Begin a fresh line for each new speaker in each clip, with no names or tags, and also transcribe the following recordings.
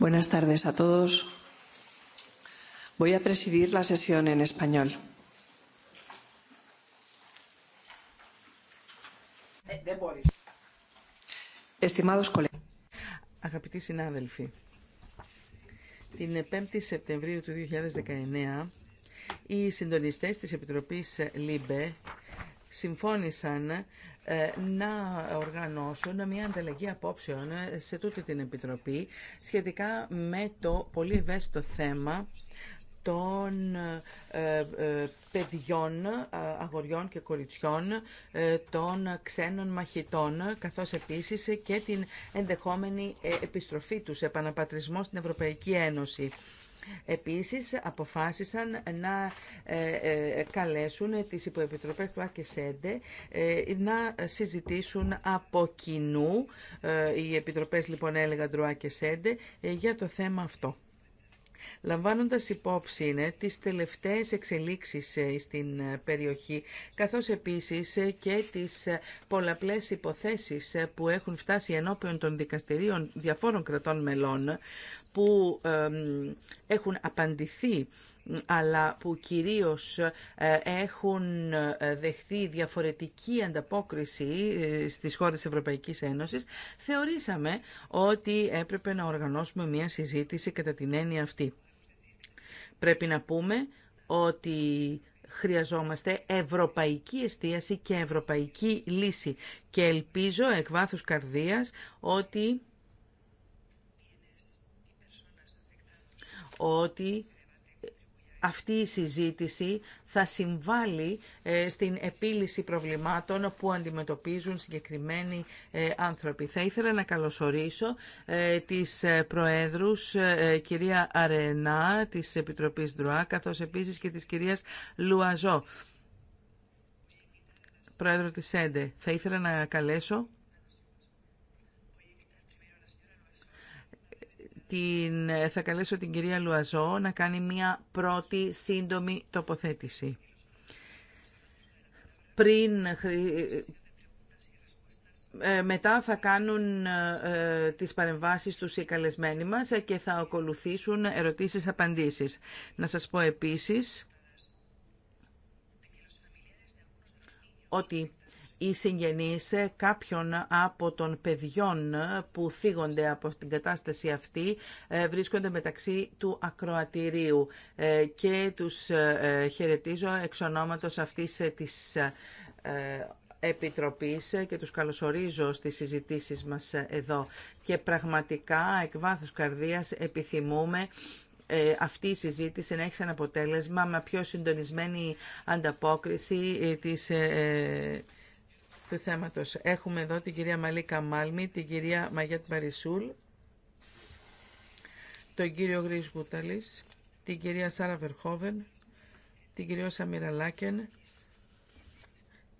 Buenas tardes a todos. Voy a presidir la sesión en Αγαπητοί συνάδελφοι, την 5η Σεπτεμβρίου του 2019 οι συντονιστές της Επιτροπής ΛΥΜΠΕ συμφώνησαν ε, να οργανώσουν μια ανταλλαγή απόψεων ε, σε τούτη την Επιτροπή σχετικά με το πολύ ευαίσθητο θέμα των ε, παιδιών, αγοριών και κοριτσιών, των ξένων μαχητών, καθώς επίσης και την ενδεχόμενη επιστροφή τους, επαναπατρισμό στην Ευρωπαϊκή Ένωση. Επίσης αποφάσισαν να ε, ε, ε, καλέσουν τις υποεπιτροπές του ΑΚΕΣΕΝΤΕ να συζητήσουν από κοινού, οι επιτροπές λοιπόν έλεγαν του για το θέμα αυτό. Λαμβάνοντας υπόψη είναι τις τελευταίες εξελίξεις στην περιοχή, καθώς επίσης και τις πολλαπλές υποθέσεις που έχουν φτάσει ενώπιον των δικαστηρίων διαφόρων κρατών μελών, που έχουν απαντηθεί αλλά που κυρίως ε, έχουν ε, δεχθεί διαφορετική ανταπόκριση ε, στις χώρες της Ευρωπαϊκής Ένωσης, θεωρήσαμε ότι έπρεπε να οργανώσουμε μια συζήτηση κατά την έννοια αυτή. Πρέπει να πούμε ότι χρειαζόμαστε ευρωπαϊκή εστίαση και ευρωπαϊκή λύση και ελπίζω εκ βάθους καρδίας ότι ότι αυτή η συζήτηση θα συμβάλλει ε, στην επίλυση προβλημάτων που αντιμετωπίζουν συγκεκριμένοι ε, άνθρωποι. Θα ήθελα να καλωσορίσω ε, τις Προέδρους κυρία Αρενά της Επιτροπής Δρουά καθώς επίσης και της κυρίας Λουαζό, Πρόεδρο της ΕΝΤΕ. Θα ήθελα να καλέσω θα καλέσω την κυρία Λουαζό να κάνει μια πρώτη σύντομη τοποθέτηση. Πριν, ε, μετά θα κάνουν ε, τις παρεμβάσεις τους οι καλεσμένοι μας και θα ακολουθήσουν ερωτήσεις-απαντήσεις. Να σας πω επίσης ότι οι συγγενείς κάποιων από των παιδιών που φύγονται από την κατάσταση αυτή ε, βρίσκονται μεταξύ του ακροατηρίου ε, και τους ε, χαιρετίζω εξ ονόματος αυτής της Επιτροπής και τους καλωσορίζω στις συζητήσεις μας εδώ και πραγματικά εκ βάθους καρδίας επιθυμούμε αυτή η συζήτηση να έχει σαν αποτέλεσμα με πιο συντονισμένη ανταπόκριση της του θέματος. Έχουμε εδώ την κυρία Μαλίκα Μάλμη, την κυρία Μαγιάτ Μαρισούλ, τον κύριο Γρής Γκούταλη, την κυρία Σάρα Βερχόβεν, την κυρία Σαμίρα Λάκεν,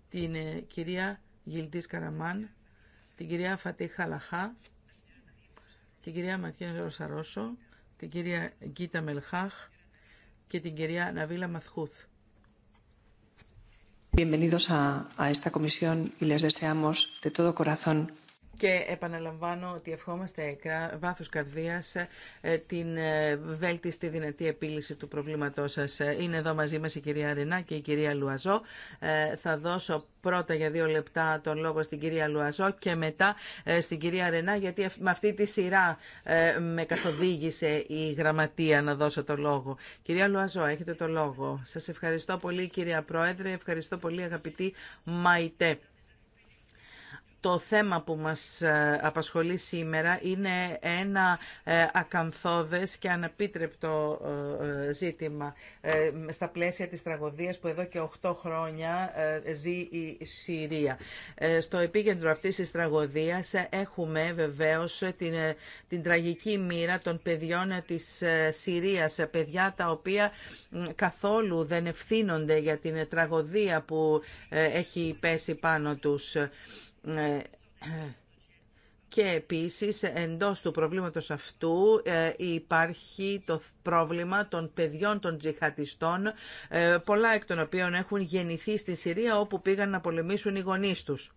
την ε, κυρία Γιλτής Καραμάν, την κυρία Φατή Χαλαχά, την κυρία Ματιά Ροσαρόσο, την κυρία Γκίτα Μελχάχ και την κυρία Ναβίλα Μαθχούθ. Bienvenidos a, a esta comisión y les deseamos de todo corazón και επαναλαμβάνω ότι ευχόμαστε βάθος καρδίας ε, την ε, βέλτιστη δυνατή επίλυση του προβλήματός σας. Ε, είναι εδώ μαζί μας η κυρία Ρενά και η κυρία Λουαζό. Θα δώσω πρώτα για δύο λεπτά τον λόγο στην κυρία Λουαζό και μετά στην κυρία Ρενά γιατί με αυτή τη σειρά με καθοδήγησε η γραμματεία να δώσω τον λόγο. Κυρία Λουαζό, έχετε το λόγο. Σας ευχαριστώ πολύ κυρία Πρόεδρε, ευχαριστώ πολύ αγαπητή Μαϊτέ το θέμα που μας ε, απασχολεί σήμερα είναι ένα ε, ακαθόδες και αναπίτρεπτο ε, ζήτημα στα πλαίσια της τραγωδίας που εδώ και 8 χρόνια ζει η Συρία. Στο επίκεντρο αυτής της τραγωδίας έχουμε βεβαίως την, τραγική μοίρα των παιδιών της Συρίας, παιδιά τα οποία καθόλου δεν ευθύνονται για την τραγωδία που έχει πέσει πάνω τους. Ναι. και επίσης εντός του προβλήματος αυτού ε, υπάρχει το πρόβλημα των παιδιών των τζιχατιστών, ε, πολλά εκ των οποίων έχουν γεννηθεί στη Συρία όπου πήγαν να πολεμήσουν οι γονείς τους.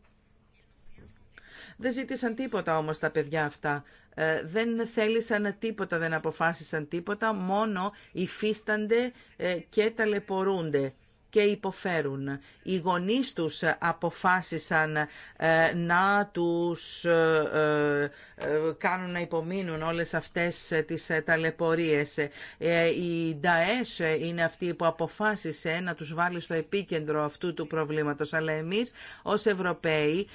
Δεν ζήτησαν τίποτα όμως τα παιδιά αυτά. Ε, δεν θέλησαν τίποτα, δεν αποφάσισαν τίποτα, μόνο υφίστανται και ταλαιπωρούνται και υποφέρουν. Οι γονείς τους αποφάσισαν ε, να τους ε, ε, κάνουν να υπομείνουν όλες αυτές τις ταλαιπωρίες. Η ΝταΕΣ είναι αυτή που αποφάσισε να τους βάλει στο επίκεντρο αυτού του προβλήματος. Αλλά εμείς ως Ευρωπαίοι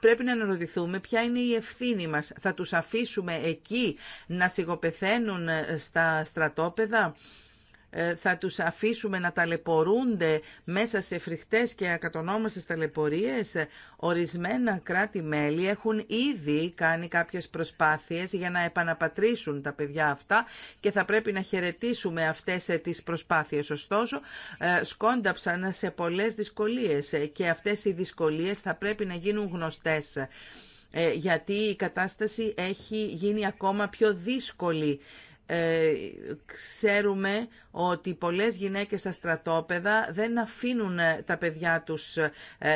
πρέπει να αναρωτηθούμε ποια είναι η ευθύνη μας. Θα τους αφήσουμε εκεί να σιγοπεθαίνουν στα στρατόπεδα. Ε, θα τους αφήσουμε να ταλαιπωρούνται μέσα σε φρικτές και ακατονόμαστες ταλαιπωρίες. Ορισμένα κράτη-μέλη έχουν ήδη κάνει κάποιες προσπάθειες για να επαναπατρίσουν τα παιδιά αυτά και θα πρέπει να χαιρετήσουμε αυτές ε, τις προσπάθειες. Ωστόσο, ε, σκόνταψαν σε πολλές δυσκολίες και αυτές οι δυσκολίες θα πρέπει να γίνουν γνωστές γιατί η κατάσταση έχει γίνει ακόμα πιο δύσκολη. Ξέρουμε ότι πολλές γυναίκες στα στρατόπεδα δεν αφήνουν ε, τα παιδιά τους ε,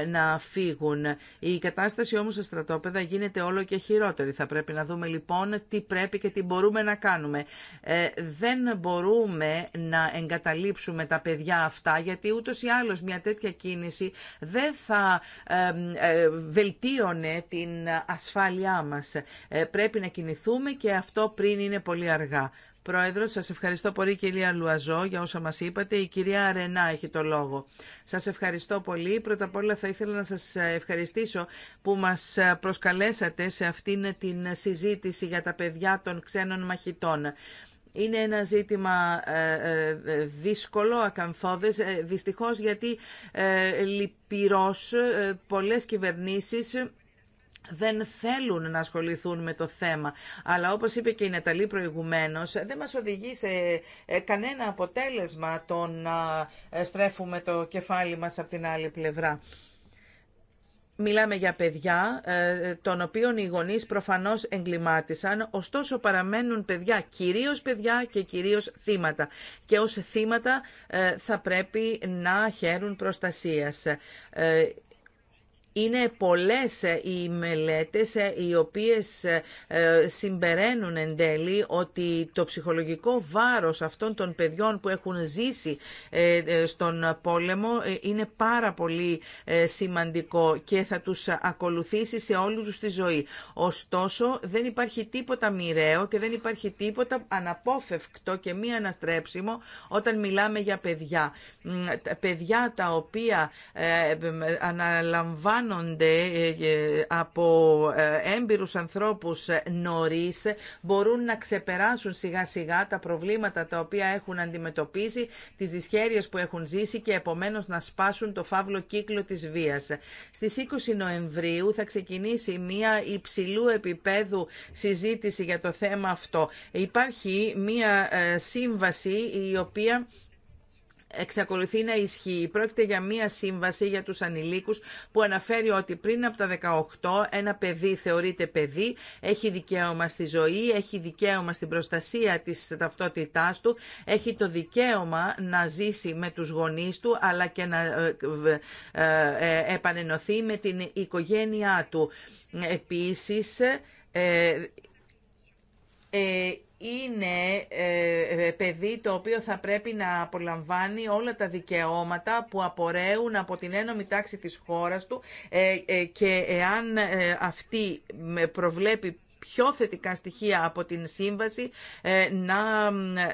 να φύγουν. Η κατάσταση όμως στα στρατόπεδα γίνεται όλο και χειρότερη. Θα πρέπει να δούμε λοιπόν τι πρέπει και τι μπορούμε να κάνουμε. Ε, δεν μπορούμε να εγκαταλείψουμε τα παιδιά αυτά γιατί ούτως ή άλλως μια τέτοια κίνηση δεν θα βελτίωνε την ασφάλειά μας. Πρέπει να κινηθούμε και αυτό πριν είναι πολύ αργά. Πρόεδρο, σας ευχαριστώ πολύ κυρία Λουαζό για όσα μας είπατε. Η κυρία Αρενά έχει το λόγο. Σας ευχαριστώ πολύ. Πρώτα απ' όλα θα ήθελα να σας ευχαριστήσω που μας προσκαλέσατε σε αυτήν την συζήτηση για τα παιδιά των ξένων μαχητών. Είναι ένα ζήτημα ε, ε, δύσκολο, ε, δυστυχώς γιατί ε, λυπηρός πολλές κυβερνήσεις δεν θέλουν να ασχοληθούν με το θέμα. Αλλά όπω είπε και η Νεταλή προηγουμένω, δεν μα οδηγεί σε ε, κανένα αποτέλεσμα το να ε, στρέφουμε το κεφάλι μα από την άλλη πλευρά. Μιλάμε για παιδιά, ε, των οποίων οι γονείς προφανώς εγκλημάτισαν, ωστόσο παραμένουν παιδιά, κυρίως παιδιά και κυρίως θύματα. Και ως θύματα θα πρέπει να χαίρουν προστασίας. Είναι πολλές ε, οι μελέτες ε, οι οποίες ε, συμπεραίνουν εν τέλει ότι το ψυχολογικό βάρος αυτών των παιδιών που έχουν ζήσει στον πόλεμο είναι πάρα πολύ σημαντικό και θα τους ακολουθήσει σε όλη τους τη ζωή. Ωστόσο δεν υπάρχει τίποτα μοιραίο και δεν υπάρχει τίποτα αναπόφευκτο και μη αναστρέψιμο όταν μιλάμε για παιδιά. Παιδιά τα οποία αναλαμβάνουν ε, ε, από ε, έμπειρους ανθρώπους νωρίς μπορούν να ξεπεράσουν σιγά σιγά τα προβλήματα τα οποία έχουν αντιμετωπίσει, τις δυσχέρειες που έχουν ζήσει και επομένως να σπάσουν το φαύλο κύκλο της βίας. Στις 20 Νοεμβρίου θα ξεκινήσει μία υψηλού επίπεδου συζήτηση για το θέμα αυτό. Υπάρχει μία σύμβαση η οποία εξακολουθεί να ισχύει. Πρόκειται για μία σύμβαση για τους ανηλίκους που αναφέρει ότι πριν από τα 18 ένα παιδί θεωρείται παιδί, έχει δικαίωμα στη ζωή, έχει δικαίωμα στην προστασία της ταυτότητάς του, έχει το δικαίωμα να ζήσει με τους γονείς του αλλά και να ε, ε, ε, επανενωθεί με την οικογένειά του. Επίσης, είναι ε, ε, παιδί το οποίο θα πρέπει να απολαμβάνει όλα τα δικαιώματα που απορρέουν από την ένωμη τάξη της χώρας του ε, και εάν αυτή προβλέπει πιο θετικά στοιχεία από την σύμβαση ε, να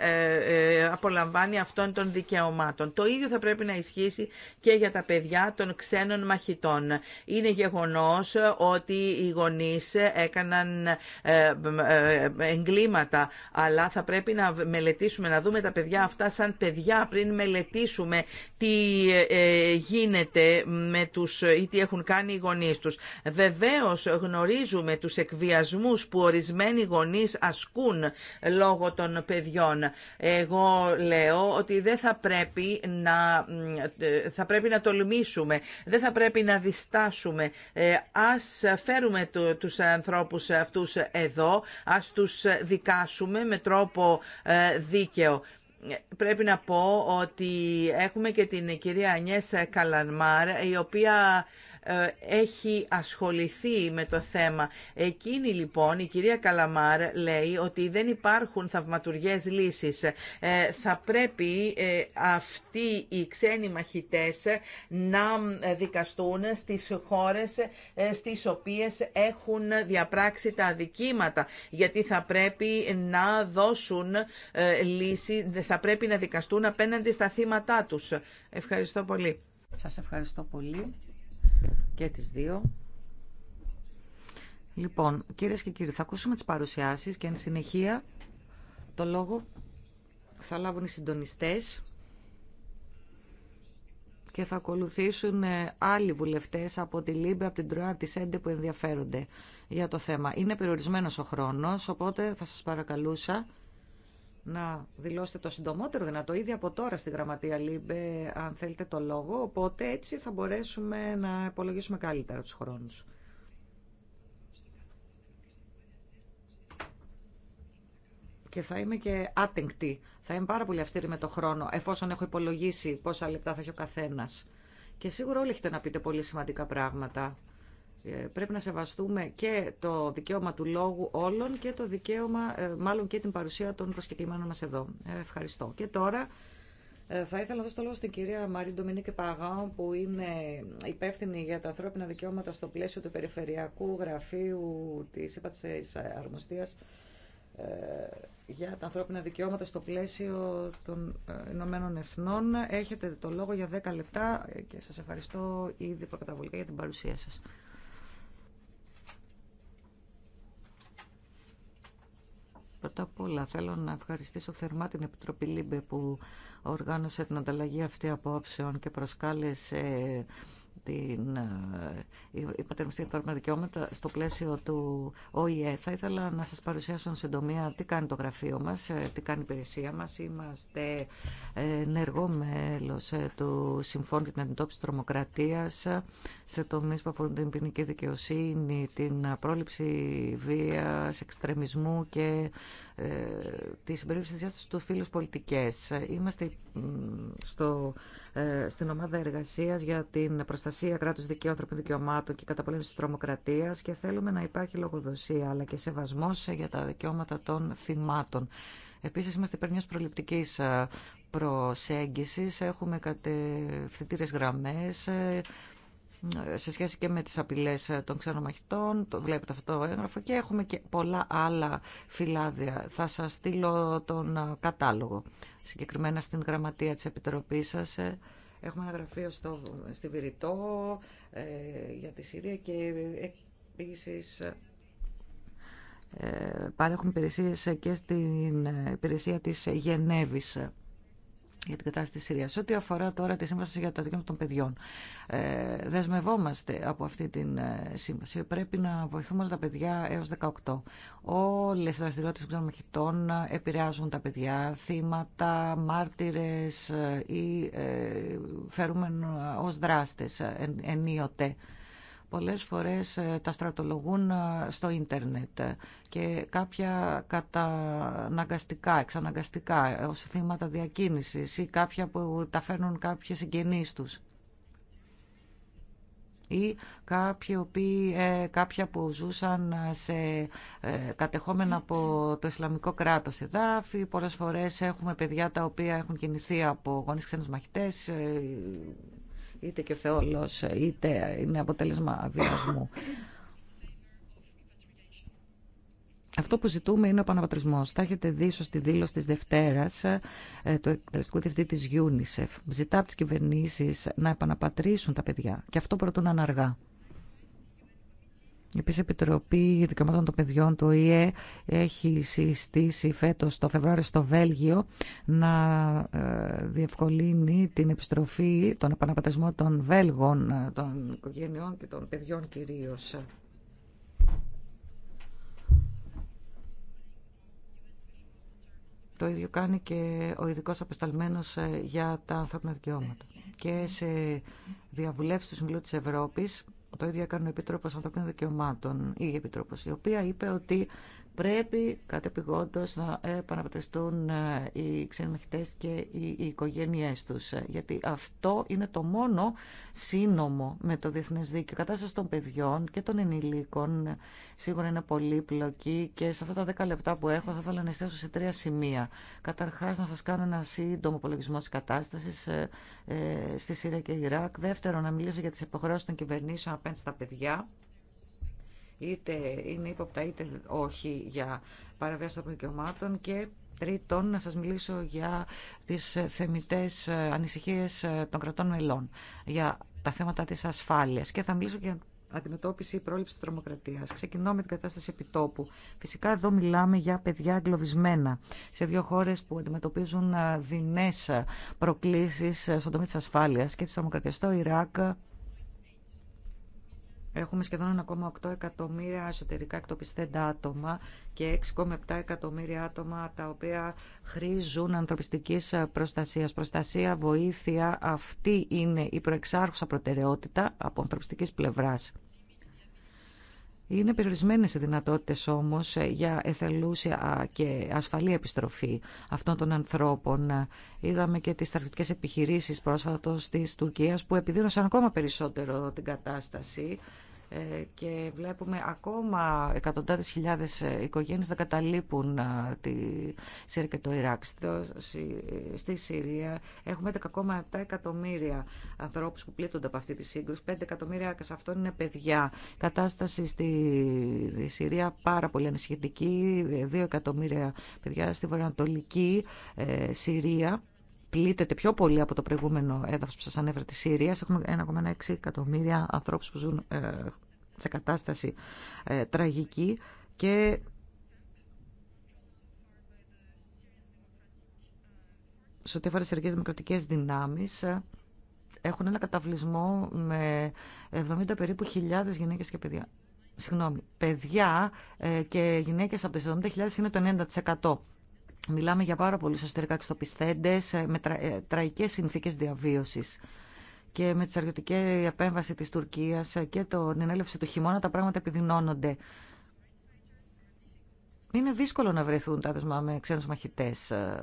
ε, ε, απολαμβάνει αυτών των δικαιωμάτων. Το ίδιο θα πρέπει να ισχύσει και για τα παιδιά των ξένων μαχητών. Είναι γεγονός ότι οι γονείς έκαναν εγκλήματα, αλλά θα πρέπει να μελετήσουμε, να δούμε τα παιδιά αυτά σαν παιδιά πριν μελετήσουμε τι γίνεται με τους ή τι έχουν κάνει οι γονείς τους. Βεβαίως γνωρίζουμε τους εκβιασμούς που ορισμένοι γονείς ασκούν λόγω των παιδιών. Εγώ λέω ότι δεν θα πρέπει να, θα πρέπει να τολμήσουμε, δεν θα πρέπει να διστάσουμε. Ε, ας φέρουμε τους ανθρώπους αυτούς εδώ, ας τους δικάσουμε με τρόπο ε, δίκαιο. Πρέπει να πω ότι έχουμε και την κυρία Ανιέσα Καλανμάρ, η οποία ε, έχει ασχοληθεί με το θέμα. Εκείνη λοιπόν, η κυρία Καλαμάρ λέει ότι δεν υπάρχουν θαυματουργές λύσεις. Ε, θα πρέπει ε, αυτοί οι ξένοι μαχητές να δικαστούν στις χώρες στις οποίες έχουν διαπράξει τα αδικήματα, γιατί θα πρέπει να δώσουν λύση, θα πρέπει να δικαστούν απέναντι στα θύματά
τους. Ευχαριστώ πολύ. Σας ευχαριστώ πολύ και τις δύο. Λοιπόν, κυρίες και κύριοι, θα ακούσουμε τις παρουσιάσεις και εν συνεχεία το λόγο θα λάβουν οι συντονιστές και θα ακολουθήσουν ε, άλλοι βουλευτές από τη Λίμπη, από την Τροιά, τη που ενδιαφέρονται για το θέμα. Είναι περιορισμένος ο χρόνος, οπότε θα σας παρακαλούσα να δηλώσετε το συντομότερο δυνατό ήδη από τώρα στη Γραμματεία ΛΥΜΠΕ αν θέλετε το λόγο, οπότε έτσι θα μπορέσουμε να υπολογίσουμε καλύτερα τους χρόνους. Και θα είμαι και άτεγκτη. Θα είμαι πάρα πολύ αυστηρή με το χρόνο, εφόσον έχω υπολογίσει πόσα λεπτά θα έχει ο καθένας. Και σίγουρα όλοι έχετε να πείτε πολύ σημαντικά πράγματα. Ε, πρέπει να σεβαστούμε και το δικαίωμα του λόγου όλων και το δικαίωμα, ε, μάλλον και την παρουσία των προσκεκλημένων μας εδώ. Ε, ευχαριστώ. Και τώρα θα ήθελα να δώσω το λόγο στην κυρία Μαρή Ντομινίκη Παγάου, που είναι υπεύθυνη για τα ανθρώπινα δικαιώματα στο πλαίσιο του Περιφερειακού Γραφείου της ΥΠΑΤΣΕΙΣ Αρμοστίας για τα ανθρώπινα δικαιώματα στο πλαίσιο των Ηνωμένων Εθνών. Έχετε το λόγο για 10 λεπτά και σας ευχαριστώ ήδη προκαταβολικά για την παρουσία σας. Πρώτα απ' όλα θέλω να ευχαριστήσω θερμά την Επιτροπή ΛΥΜΠΕ που οργάνωσε την ανταλλαγή αυτή απόψεων και προσκάλεσε στην υπατερμοστή ε, για δικαιώματα στο πλαίσιο του ΟΗΕ. Θα ήθελα να σας παρουσιάσω συντομία τι κάνει το γραφείο μας, ε, τι κάνει η υπηρεσία μας. Είμαστε ε, ενεργό μέλος του Συμφώνου για την Αντιτόπιση Τρομοκρατίας σε τομείς που αφορούν την ποινική δικαιοσύνη, την πρόληψη βίας, εξτρεμισμού και ε, τη συμπερίληψη τη διάστασης του φίλου πολιτικές. Είμαστε στο, ε, στην ομάδα εργασίας για την προστασία κράτου δικαίου, ανθρωπίνων δικαιωμάτων και καταπολέμηση της τρομοκρατίας και θέλουμε να υπάρχει λογοδοσία αλλά και σεβασμός για τα δικαιώματα των θυμάτων. Επίσης είμαστε υπέρ μιας προληπτικής ε, προσέγγισης, έχουμε κατευθυντήρες γραμμές, σε σχέση και με τις απειλές ε, των ξενομαχητών, το βλέπετε αυτό το έγγραφο και έχουμε και πολλά άλλα φυλάδια. Θα σας στείλω τον ε, κατάλογο, συγκεκριμένα στην γραμματεία της Επιτροπής σας. Ε. Έχουμε ένα γραφείο στο, στη Βηρητό για τη Συρία και επίση. Ε, παρέχουν υπηρεσίες και στην υπηρεσία της Γενέβης για την κατάσταση της Συρίας. Ό,τι αφορά τώρα τη σύμβαση για τα δικαιώματα των παιδιών, ε, δεσμευόμαστε από αυτή την ε, σύμβαση. Πρέπει να βοηθούμε τα παιδιά έως 18. Όλες οι δραστηριότητες των ξενομαχητών επηρεάζουν τα παιδιά, θύματα, μάρτυρες ε, ή ε, φέρουμε ως δράστες ενίοτε πολλές φορές ε, τα στρατολογούν ε, στο ίντερνετ και κάποια καταναγκαστικά, εξαναγκαστικά ως θύματα διακίνησης ή κάποια που τα φέρνουν κάποιες συγγενείς τους ή κάποιοι οποίοι, ε, κάποια που ζούσαν σε κατεχόμενα από το Ισλαμικό κράτος εδάφη. Πολλές φορές έχουμε παιδιά τα οποία έχουν κινηθεί από γονείς ξένους μαχητές, είτε και ο Θεόλος, είτε είναι αποτέλεσμα βιασμού. Αυτό που ζητούμε είναι ο επαναπατρισμό. Θα έχετε δει ίσω τη δήλωση τη Δευτέρα ε, του εκτελεστικού διευθυντή τη UNICEF. Ζητά από τι κυβερνήσει να επαναπατρίσουν τα παιδιά. Και αυτό προτούν αναργά. Επίσης, η Επιτροπή Δικαιωμάτων των Παιδιών του ΟΗΕ έχει συστήσει φέτος το Φεβρουάριο στο Βέλγιο να ε, διευκολύνει την επιστροφή, τον επαναπατρισμό των Βέλγων, ε, των οικογένειών και των παιδιών κυρίως. Το ίδιο κάνει και ο ειδικό απεσταλμένο ε, για τα ανθρώπινα δικαιώματα. Και σε διαβουλεύσει του Συμβουλίου τη Ευρώπη το ίδιο έκανε ο Επίτροπος Ανθρωπίνων Δικαιωμάτων, η Επίτροπος, η οποία είπε ότι Πρέπει κατεπηγόντως να επαναπατριστούν ε, οι ξένοι και οι οικογένειές τους. Ε, γιατί αυτό είναι το μόνο σύνομο με το διεθνές δίκαιο. Η κατάσταση των παιδιών και των ενηλίκων ε, σίγουρα είναι πολύπλοκη και σε αυτά τα δέκα λεπτά που έχω θα ήθελα να εστιάσω σε τρία σημεία. Καταρχάς να σας κάνω ένα σύντομο απολογισμό της κατάστασης στη Συρία και Ιράκ. Δεύτερον, να μιλήσω για τις υποχρεώσεις των κυβερνήσεων απέναντι στα παιδιά είτε είναι ύποπτα είτε όχι για παραβίαση των δικαιωμάτων και τρίτον να σας μιλήσω για τις θεμητές ανησυχίες των κρατών μελών για τα θέματα της ασφάλειας και θα μιλήσω για αντιμετώπιση ή πρόληψη της τρομοκρατίας. Ξεκινώ με την κατάσταση επιτόπου. Φυσικά εδώ μιλάμε για παιδιά εγκλωβισμένα σε δύο χώρες που αντιμετωπίζουν δεινές προκλήσεις στον τομέα της ασφάλειας και της τρομοκρατίας. Στο Ιράκ Έχουμε σχεδόν 1,8 εκατομμύρια εσωτερικά εκτοπιστέντα άτομα και 6,7 εκατομμύρια άτομα τα οποία χρήζουν ανθρωπιστικής προστασίας. Προστασία, βοήθεια, αυτή είναι η προεξάρχουσα προτεραιότητα από ανθρωπιστικής πλευράς. Είναι περιορισμένες οι δυνατότητες όμως για εθελούσια και ασφαλή επιστροφή αυτών των ανθρώπων. Είδαμε και τις στρατιωτικές επιχειρήσεις πρόσφατα της Τουρκίας που επιδίνωσαν ακόμα περισσότερο την κατάσταση ε, και βλέπουμε ακόμα εκατοντάδες χιλιάδες ε, οικογένειες να καταλείπουν ε, τη Σύρια και το Ιράκ. Στη Συρία έχουμε 10,7 εκατομμύρια ανθρώπους που πλήττονται από αυτή τη σύγκρουση. 5 εκατομμύρια σε αυτό είναι παιδιά. Κατάσταση στη Συρία πάρα πολύ ανησυχητική. 2 εκατομμύρια παιδιά στη βορειοανατολική Συρία πλήττεται πιο πολύ από το προηγούμενο έδαφος που σας ανέφερα της Συρίας. Έχουμε 1,6 εκατομμύρια ανθρώπους που ζουν ε, σε κατάσταση ε, τραγική και σε ό,τι αφορά τι Δημοκρατικές Δυνάμεις ε, έχουν ένα καταβλισμό με 70 περίπου χιλιάδες γυναίκες και παιδιά. Συγγνώμη, παιδιά και γυναίκες από τις 70.000 είναι το 90%. Μιλάμε για πάρα πολλού εσωτερικά εξοπιστέντες ε, με τραϊκέ ε, συνθήκε διαβίωση και με τη στρατιωτική επέμβαση τη Τουρκία ε, και την έλευση του χειμώνα τα πράγματα επιδεινώνονται. Είναι δύσκολο να βρεθούν τα δεσμά με ξένου μαχητέ,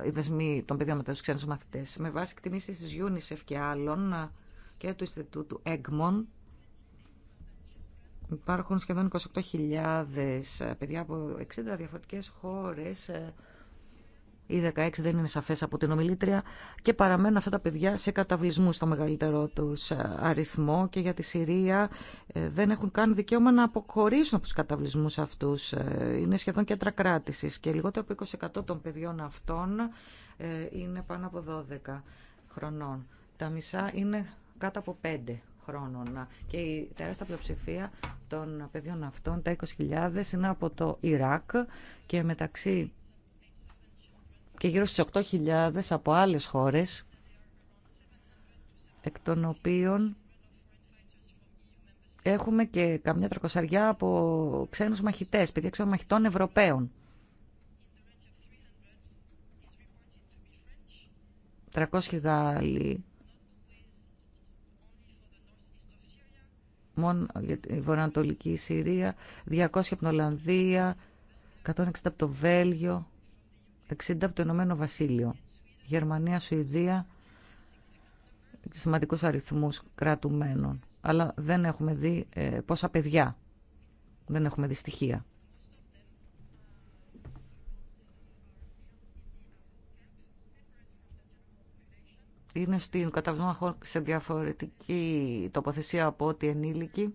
οι δεσμοί των παιδιών με του ξένου μαθητέ. Με βάση εκτιμήσει τη UNICEF και άλλων και του Ινστιτούτου EGMON, υπάρχουν σχεδόν 28.000 παιδιά από 60 διαφορετικέ χώρε ή 16 δεν είναι σαφές από την ομιλήτρια και παραμένουν αυτά τα παιδιά σε καταβλισμού στο μεγαλύτερό τους ε, αριθμό και για τη Συρία ε, δεν έχουν καν δικαίωμα να αποχωρήσουν από τους καταβλισμούς αυτούς. Ε, είναι σχεδόν κέντρα κράτηση. και λιγότερο από 20% των παιδιών αυτών είναι πάνω από 12 χρονών. Τα μισά είναι κάτω από 5 χρόνων. Και η τεράστια πλειοψηφία των παιδιών αυτών, τα 20.000, είναι από το Ιράκ και μεταξύ και γύρω στις 8.000 από άλλες χώρες, εκ των οποίων έχουμε και καμιά τρακοσαριά από ξένους μαχητές, παιδιά ξένων μαχητών Ευρωπαίων. 300 Γάλλοι, μόνο για τη βορειοανατολική Συρία, 200 από την Ολλανδία, 160 από το Βέλγιο, 60 από το Ηνωμένο Βασίλειο. Γερμανία, Σουηδία, σημαντικούς αριθμούς κρατουμένων. Αλλά δεν έχουμε δει ε, πόσα παιδιά. Δεν έχουμε δει στοιχεία. Είναι στην καταβλήμα σε διαφορετική τοποθεσία από ό,τι ενήλικη.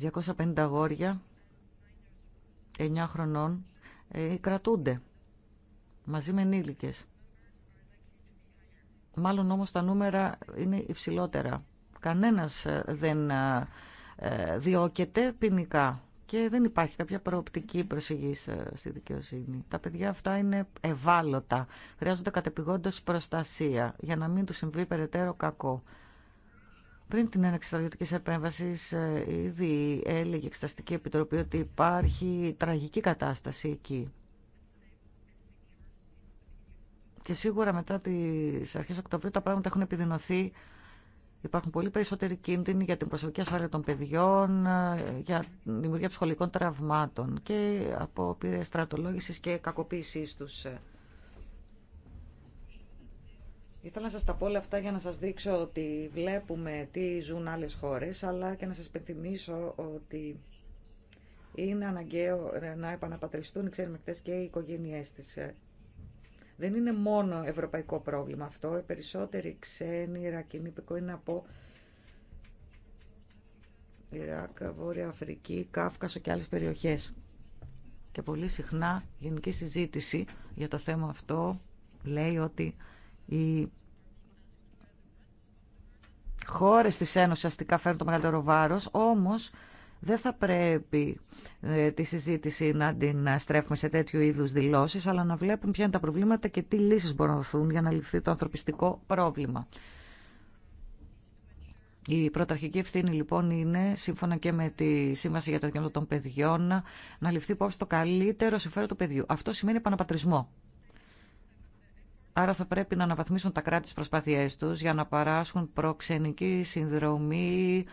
250 αγόρια 9 χρονών ε, κρατούνται μαζί με ενήλικες. Μάλλον όμως τα νούμερα είναι υψηλότερα. Κανένας ε, δεν ε, διώκεται ποινικά και δεν υπάρχει κάποια προοπτική προσφυγή στη δικαιοσύνη. Τα παιδιά αυτά είναι ευάλωτα. Χρειάζονται κατεπηγόντως προστασία για να μην τους συμβεί περαιτέρω κακό. Πριν την έναξη στρατιωτική επέμβαση, ε, ήδη έλεγε η Εξεταστική Επιτροπή ότι υπάρχει τραγική κατάσταση εκεί. Και σίγουρα μετά τι αρχέ Οκτωβρίου τα πράγματα έχουν επιδεινωθεί. Υπάρχουν πολύ περισσότεροι κίνδυνοι για την προσωπική ασφάλεια των παιδιών, ε, για δημιουργία ψυχολογικών τραυμάτων και από πήρε στρατολόγησης και κακοποίηση του. Ήθελα να σας τα πω όλα αυτά για να σας δείξω ότι βλέπουμε τι ζουν άλλες χώρες, αλλά και να σας πενθυμίσω ότι είναι αναγκαίο να επαναπατριστούν οι ξένοι και οι οικογένειές της. Δεν είναι μόνο ευρωπαϊκό πρόβλημα αυτό. Οι περισσότεροι ξένοι Ιρακινοί είναι από Ιράκ, Βόρεια Αφρική, Κάφκασο και άλλες περιοχές. Και πολύ συχνά γενική συζήτηση για το θέμα αυτό λέει ότι οι χώρες της Ένωσης αστικά φέρνουν το μεγαλύτερο βάρος, όμως δεν θα πρέπει ε, τη συζήτηση να την ε, στρέφουμε σε τέτοιου είδους δηλώσεις, αλλά να βλέπουν ποια είναι τα προβλήματα και τι λύσεις μπορούν να δοθούν για να λυθεί το ανθρωπιστικό πρόβλημα. Η πρωταρχική ευθύνη λοιπόν είναι, σύμφωνα και με τη Σύμβαση για τα Δικαιώματα των Παιδιών, να ληφθεί υπόψη το καλύτερο συμφέρον του παιδιού. Αυτό σημαίνει επαναπατρισμό Άρα θα πρέπει να αναβαθμίσουν τα κράτη τις προσπάθειές τους για να παράσχουν προξενική συνδρομή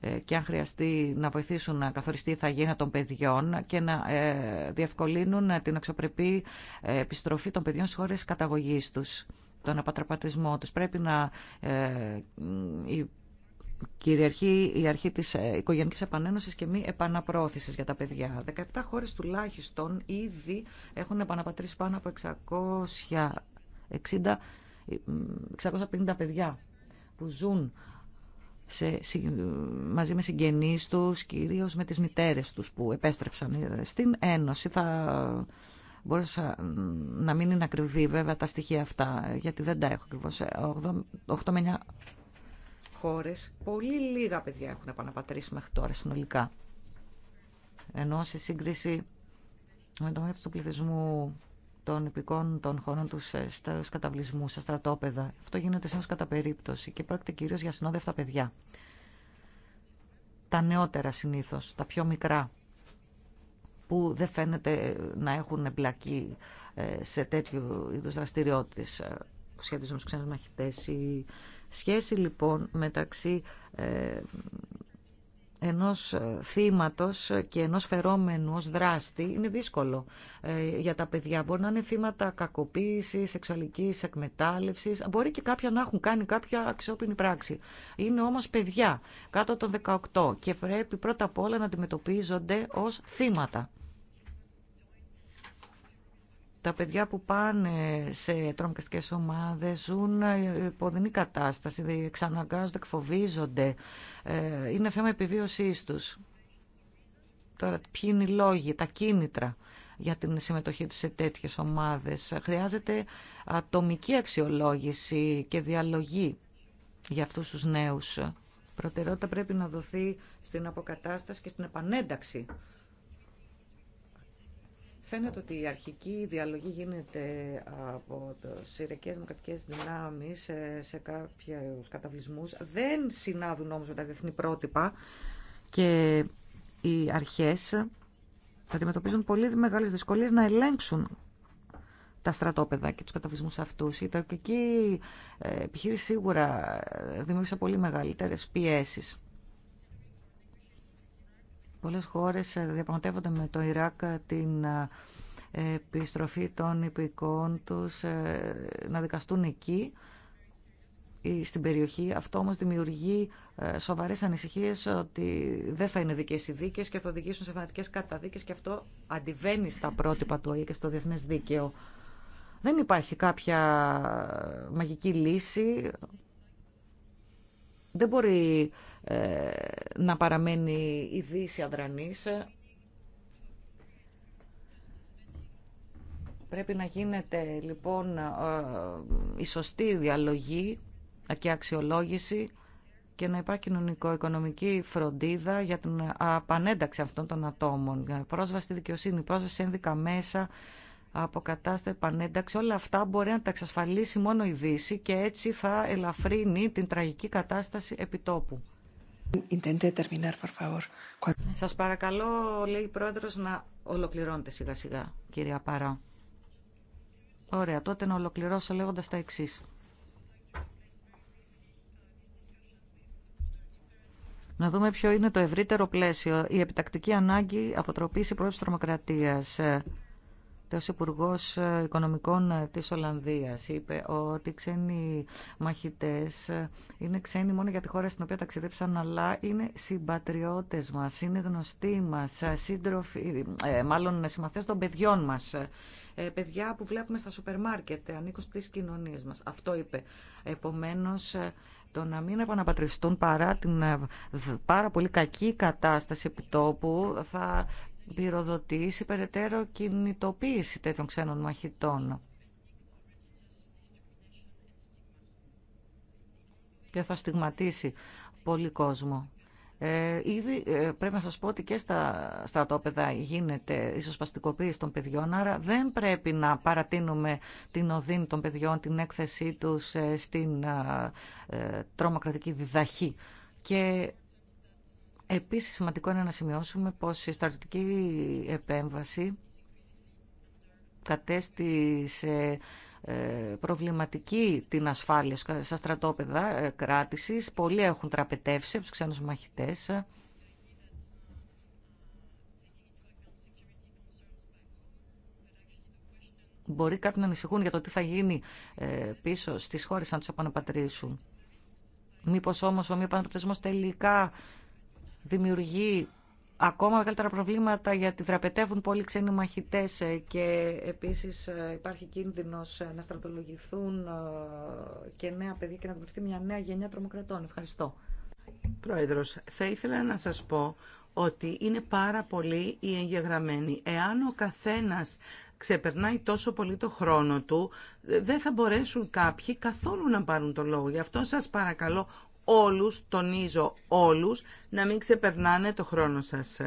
ε, και αν χρειαστεί να βοηθήσουν να καθοριστεί η θαγήνα των παιδιών και να ε, διευκολύνουν την αξιοπρεπή ε, επιστροφή των παιδιών στις χώρες καταγωγής τους, τον απατραπατισμό τους. Πρέπει να κυριαρχεί η αρχή της οικογενικής επανένωσης και μη επαναπρόθεσης για τα παιδιά. 17 χώρες τουλάχιστον ήδη έχουν επαναπατρίσει πάνω από 600 650 ε, παιδιά που ζουν μαζί με συγγενείς τους, κυρίως με τις μητέρες τους που επέστρεψαν ε, στην Ένωση. Θα μπορούσα να μην είναι ακριβή βέβαια τα στοιχεία αυτά, γιατί δεν τα έχω ακριβώς. 8 ε, με 9 χώρες, πολύ λίγα παιδιά έχουν επαναπατρίσει μέχρι τώρα συνολικά. Ενώ σε σύγκριση με το μέγεθος του πληθυσμού των υπηκών των χωρών του ε, στου καταβλισμού, στα στρατόπεδα. Αυτό γίνεται συνήθω κατά περίπτωση και πρόκειται κυρίω για συνόδευτα παιδιά. Τα νεότερα συνήθω, τα πιο μικρά, που δεν φαίνεται να έχουν εμπλακεί ε, σε τέτοιου είδου δραστηριότητε που ε, σχετίζουν του ξένου μαχητέ. Η σχέση λοιπόν μεταξύ ενός ε, θύματος και ενός φερόμενου ως δράστη είναι δύσκολο ε, για τα παιδιά. Μπορεί να είναι θύματα κακοποίησης, σεξουαλικής εκμετάλλευσης, μπορεί και κάποια να έχουν κάνει κάποια αξιόπινη πράξη. Είναι όμως παιδιά κάτω των 18 και πρέπει πρώτα απ' όλα να αντιμετωπίζονται ως θύματα. Τα παιδιά που πάνε σε τρομοκρατικέ ομάδες ζουν υποδεινή κατάσταση, εξαναγκάζονται, εκφοβίζονται. Ε, είναι θέμα επιβίωσής τους. Τώρα, ποιοι είναι οι λόγοι, τα κίνητρα για την συμμετοχή τους σε τέτοιες ομάδες. Χρειάζεται ατομική αξιολόγηση και διαλογή για αυτούς τους νέους. Προτεραιότητα πρέπει να δοθεί στην αποκατάσταση και στην επανένταξη Φαίνεται ότι η αρχική διαλογή γίνεται από τι συριακές δημοκρατικές δυνάμεις σε κάποιους καταβλισμούς. Δεν συνάδουν όμως με τα διεθνή πρότυπα και οι αρχές αντιμετωπίζουν πολύ μεγάλες δυσκολίες να ελέγξουν τα στρατόπεδα και τους καταβλισμούς αυτούς. Η τουρκική ε, επιχείρηση σίγουρα ε, δημιούργησε πολύ μεγαλύτερες πιέσεις Πολλές χώρες ε, διαπραγματεύονται με το Ιράκ ε, την ε, επιστροφή των υπηκών τους να δικαστούν εκεί ή στην περιοχή. Αυτό όμως δημιουργεί σοβαρές ανησυχίες ότι δεν θα είναι δικές οι δίκες και θα οδηγήσουν σε θανατικές καταδίκες και αυτό αντιβαίνει στα πρότυπα του ΟΗΕ και στο διεθνές δίκαιο. Δεν υπάρχει κάποια μαγική λύση. Δεν μπορεί ε, να παραμένει η Δύση αδρανής. Πρέπει να γίνεται λοιπόν ε, η σωστή διαλογή και αξιολόγηση και να υπάρχει κοινωνικο-οικονομική φροντίδα για την απανένταξη αυτών των ατόμων. Πρόσβαση στη δικαιοσύνη, πρόσβαση σε ένδικα μέσα, αποκατάσταση, επανένταξη, όλα αυτά μπορεί να τα εξασφαλίσει μόνο η Δύση και έτσι θα ελαφρύνει την τραγική κατάσταση επιτόπου. Σας παρακαλώ, λέει η Πρόεδρος, να ολοκληρώνετε σιγά σιγά, κυρία Παρά. Ωραία, τότε να ολοκληρώσω λέγοντας τα εξής. Να δούμε ποιο είναι το ευρύτερο πλαίσιο. Η επιτακτική ανάγκη αποτροπής η πρόεδρος τρομοκρατίας. Ο Υπουργό ε, Οικονομικών ε, της Ολλανδίας είπε ότι οι ξένοι μαχητές ε, είναι ξένοι μόνο για τη χώρα στην οποία ταξιδέψαν, αλλά είναι συμπατριώτες μας, είναι γνωστοί μας, σύντροφοι, μάλλον συμμαθές των παιδιών μας παιδιά που βλέπουμε στα σούπερ μάρκετ, ανήκουν στις κοινωνίες μας. Αυτό είπε. Επομένως, το να μην επαναπατριστούν παρά την πάρα πολύ κακή κατάσταση επιτόπου θα πυροδοτήσει περαιτέρω κινητοποίηση τέτοιων ξένων μαχητών. Και θα στιγματίσει πολύ κόσμο. Ε, ήδη ε, πρέπει να σας πω ότι και στα στρατόπεδα γίνεται ισοσπαστικοποίηση των παιδιών, άρα δεν πρέπει να παρατείνουμε την οδύνη των παιδιών, την έκθεσή τους ε, στην ε, τρομοκρατική διδαχή. Και Επίσης σημαντικό είναι να σημειώσουμε πως η στρατιωτική επέμβαση κατέστη ε, προβληματική την ασφάλεια στα στρατόπεδα ε, κράτησης. Πολλοί έχουν τραπετεύσει από τους ξένους μαχητές. Μπορεί κάποιοι να ανησυχούν για το τι θα γίνει ε, πίσω στις χώρες αν τους επαναπατρίσουν. Μήπως όμως ο μη επαναπατρισμός τελικά δημιουργεί ακόμα μεγαλύτερα προβλήματα γιατί δραπετεύουν πολλοί ξένοι μαχητές ε, και επίσης ε, υπάρχει κίνδυνος ε, να στρατολογηθούν και νέα παιδιά και να δημιουργηθεί μια νέα γενιά τρομοκρατών. Ευχαριστώ. Πρόεδρος, θα
ήθελα να σας πω ότι είναι πάρα
πολύ οι
εγγεγραμμένοι. Εάν ο καθένας ξεπερνάει τόσο πολύ το χρόνο του, δεν θα μπορέσουν κάποιοι καθόλου να πάρουν το λόγο. Γι' αυτό σας παρακαλώ όλους, τονίζω όλους, να μην ξεπερνάνε το χρόνο σας.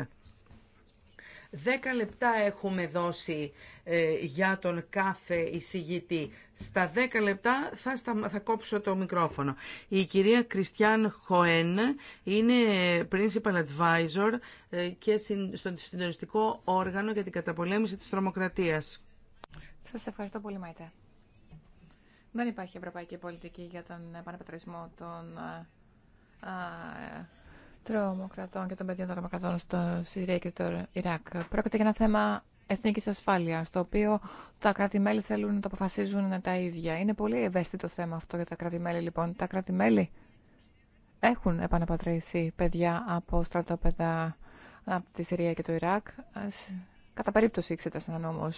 Δέκα λεπτά έχουμε δώσει ε, για τον κάθε εισηγητή. Στα δέκα λεπτά θα, θα κόψω το μικρόφωνο. Η κυρία Κριστιαν Χοέν είναι Principal Advisor ε, και συν, στο συντονιστικό όργανο για την καταπολέμηση της τρομοκρατίας.
Σας ευχαριστώ πολύ Μαϊτέ. Δεν υπάρχει ευρωπαϊκή πολιτική για τον επαναπατρισμό των ε, ε, τρομοκρατών και των παιδιών των τρομοκρατών στο Συρία και το Ιράκ. Πρόκειται για ένα θέμα εθνική ασφάλεια, το οποίο τα κράτη-μέλη θέλουν να το αποφασίζουν τα ίδια. Είναι πολύ ευαίσθητο θέμα αυτό για τα κράτη-μέλη, λοιπόν. Τα κράτη-μέλη έχουν επαναπατρίσει παιδιά από στρατόπεδα από τη Συρία και το Ιράκ. Κατά περίπτωση εξέτασαν όμω.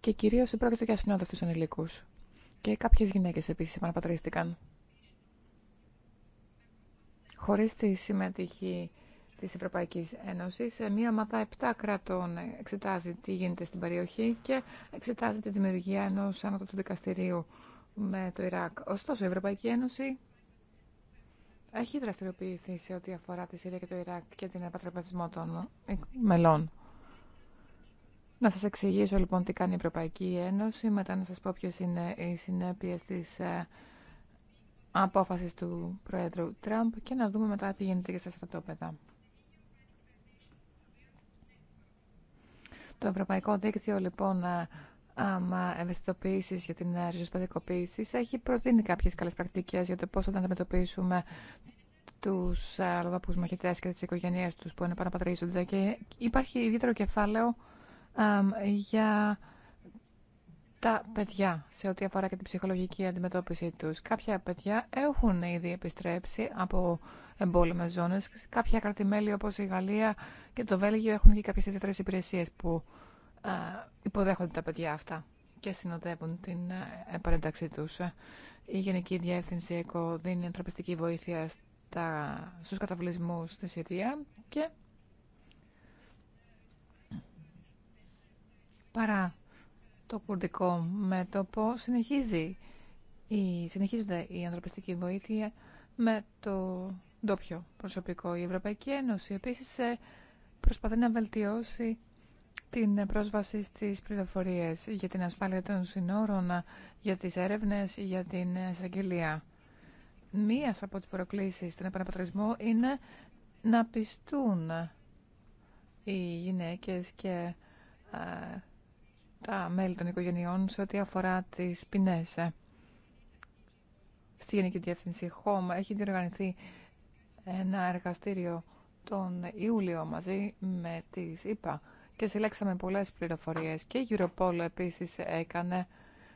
Και κυρίω πρόκειται για συνόδευτου ανηλίκου. Και κάποιες γυναίκες επίσης επαναπατρίστηκαν. Χωρίς τη συμμετοχή της Ευρωπαϊκής Ένωσης, ε, μία ομάδα 7 κρατών εξετάζει τι γίνεται στην περιοχή και εξετάζει τη δημιουργία ενός άνω του δικαστηρίου με το Ιράκ. Ωστόσο, η Ευρωπαϊκή Ένωση έχει δραστηριοποιηθεί σε ό,τι αφορά τη Συρία και το Ιράκ και την επατρεπατισμό των ε, μελών. Να σας εξηγήσω λοιπόν τι κάνει η Ευρωπαϊκή Ένωση, μετά να σας πω ποιες είναι οι συνέπειες της ε, απόφασης του Πρόεδρου Τραμπ και να δούμε μετά τι γίνεται και στα στρατόπεδα. Το Ευρωπαϊκό Δίκτυο λοιπόν ε, ευαισθητοποίηση για την ε, ριζοσπαδικοποίηση, έχει προτείνει κάποιε καλέ πρακτικέ για το πώ θα αντιμετωπίσουμε του αλλοδαπού μαχητέ και τι οικογένειέ του που είναι αναπατρίζονται. Και υπάρχει ιδιαίτερο κεφάλαιο για τα παιδιά σε ό,τι αφορά και την ψυχολογική αντιμετώπιση τους. Κάποια παιδιά έχουν ήδη επιστρέψει από εμπόλεμες ζώνες. Κάποια κρατημέλη όπως η Γαλλία και το Βέλγιο έχουν και κάποιες ιδιαίτερες υπηρεσίες που υποδέχονται τα παιδιά αυτά και συνοδεύουν την επαρένταξή τους. Η Γενική Διεύθυνση ΕΚΟ δίνει ανθρωπιστική βοήθεια στα, στους καταβλισμούς στη Συρία και παρά το κουρδικό μέτωπο συνεχίζει η, συνεχίζεται η ανθρωπιστική βοήθεια με το ντόπιο προσωπικό. Η Ευρωπαϊκή Ένωση επίσης ε, προσπαθεί να βελτιώσει την πρόσβαση στις πληροφορίες για την ασφάλεια των συνόρων, για τις έρευνες, για την εισαγγελία. Μία από τις προκλήσεις στην επαναπατρισμό είναι να πιστούν οι γυναίκες και ε, τα μέλη των οικογενειών σε ό,τι αφορά τις ποινές. Ε, στη Γενική Διεύθυνση Home έχει διοργανωθεί ένα εργαστήριο τον Ιούλιο μαζί με τις ΕΠΑ και συλλέξαμε πολλές πληροφορίες και η Europol επίσης έκανε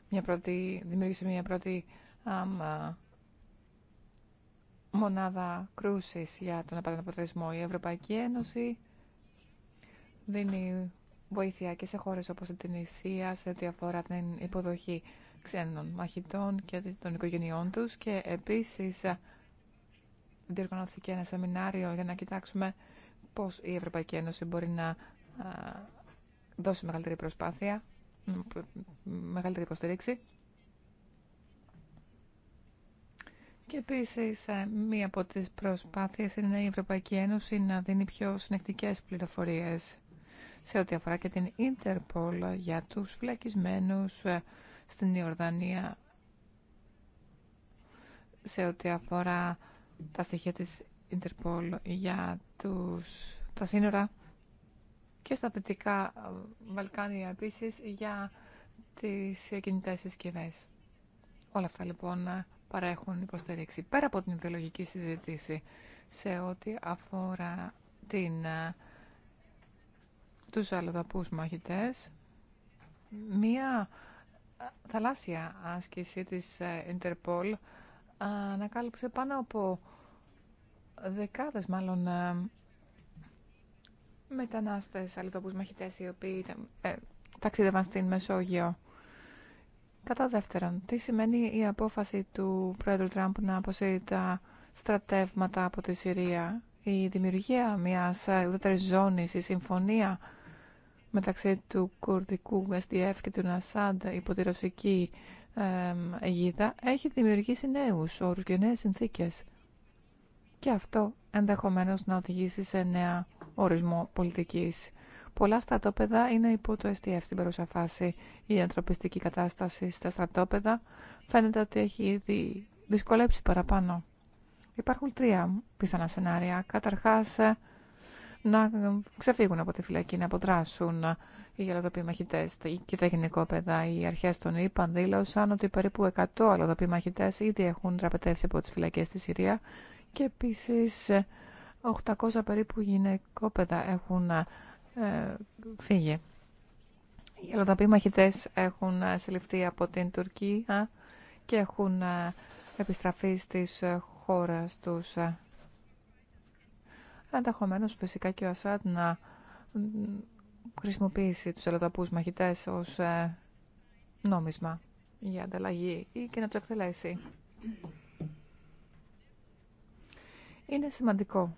μια πρώτη, δημιούργησε μια πρώτη μονάδα κρούσης για τον επαναπατρισμό. Η Ευρωπαϊκή Ένωση δίνει βοήθεια και σε χώρες όπως την Ισία σε ό,τι αφορά την υποδοχή ξένων μαχητών και των οικογενειών τους και επίσης ε, διοργανώθηκε ένα σεμινάριο για να κοιτάξουμε πώς η Ευρωπαϊκή Ένωση μπορεί να ε, δώσει μεγαλύτερη προσπάθεια, μεγαλύτερη υποστηρίξη. Και επίση, ε, μία από τι προσπάθειε είναι η Ευρωπαϊκή Ένωση να δίνει πιο συνεκτικές πληροφορίε σε ό,τι αφορά και την Ιντερπολ για τους φυλακισμένους ε, στην Ιορδανία σε ό,τι αφορά τα στοιχεία της Ιντερπολ για τους, τα σύνορα και στα Δυτικά ε, Βαλκάνια επίσης για τις κινητές συσκευέ. Όλα αυτά λοιπόν παρέχουν υποστήριξη πέρα από την ιδεολογική συζήτηση σε ό,τι αφορά την ε, τους αλλοδαπούς μαχητές μία θαλάσσια άσκηση της Interpol ε, ε, ανακάλυψε πάνω από δεκάδες μάλλον ε, μετανάστες αλλοδαπούς μαχητές οι οποίοι ταξίδευαν στην Μεσόγειο. Κατά δεύτερον, τι σημαίνει η απόφαση του πρόεδρου Τραμπ να αποσύρει τα στρατεύματα από τη Συρία, η δημιουργία μιας ουδέτερης ζώνης, η συμφωνία μεταξύ του κουρδικού SDF και του Νασάντ υπό τη ρωσική αιγίδα έχει δημιουργήσει νέους όρους και νέες συνθήκες. Και αυτό ενδεχομένως να οδηγήσει σε νέα ορισμό πολιτικής. Πολλά στρατόπεδα είναι υπό το STF στην παρούσα Η ανθρωπιστική κατάσταση στα στρατόπεδα φαίνεται ότι έχει ήδη δυσκολέψει παραπάνω. Υπάρχουν τρία πιθανά σενάρια. Καταρχάς, να ξεφύγουν από τη φυλακή, να αποτράσουν οι αλλοδοποί μαχητέ. Και τα γυναικόπαιδα. οι αρχέ των ΗΠΑ δήλωσαν ότι περίπου 100 αλλοδοποί μαχητέ ήδη έχουν τραπετεύσει από τι φυλακέ στη Συρία και επίση 800 περίπου γυναικόπαιδα έχουν ε, φύγει. Οι αλλοδοποί μαχητέ έχουν ε, συλληφθεί από την Τουρκία και έχουν ε, επιστραφεί στις ε, χώρες τους ενδεχομένω φυσικά και ο Ασάντ να χρησιμοποιήσει τους αλλοδαπούς μαχητές ως ε, νόμισμα για ανταλλαγή ή και να το εκτελέσει. Είναι σημαντικό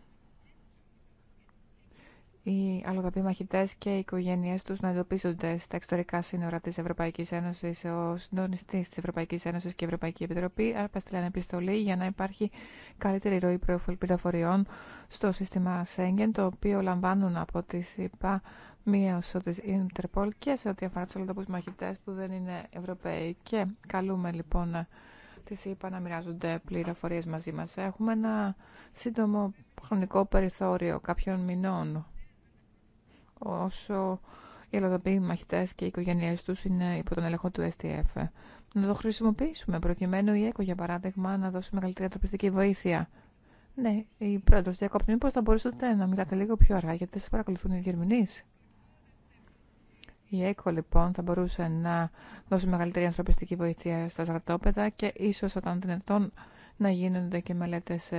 οι αλλοδαποί μαχητέ και οι οικογένειέ του να εντοπίζονται στα εξωτερικά σύνορα τη Ευρωπαϊκή Ένωση. Ο συντονιστή τη Ευρωπαϊκή Ένωση και η Ευρωπαϊκή Επιτροπή απέστειλαν επιστολή για να υπάρχει καλύτερη ροή πληροφοριών στο σύστημα Σέγγεν, το οποίο λαμβάνουν από τη ΣΥΠΑ μείωση τη Ιντερπολ και σε ό,τι αφορά του αλλοδαπού μαχητέ που δεν είναι Ευρωπαίοι. Και καλούμε λοιπόν τη ΣΥΠΑ να μοιράζονται πληροφορίε μαζί μα. Έχουμε ένα σύντομο χρονικό περιθώριο κάποιων μηνών όσο οι αλλοδαποί μαχητέ και οι οικογένειε του είναι υπό τον έλεγχο του STF. Να το χρησιμοποιήσουμε προκειμένου η ΕΚΟ, για παράδειγμα, να δώσει μεγαλύτερη ανθρωπιστική βοήθεια. Ναι, η πρόεδρος διακόπτη, Μήπω θα μπορούσατε να μιλάτε λίγο πιο αργά, γιατί σα παρακολουθούν οι διερμηνεί. Η ΕΚΟ λοιπόν θα μπορούσε να δώσει μεγαλύτερη ανθρωπιστική βοήθεια στα στρατόπεδα και ίσω όταν δυνατόν να γίνονται και μελέτε, ε,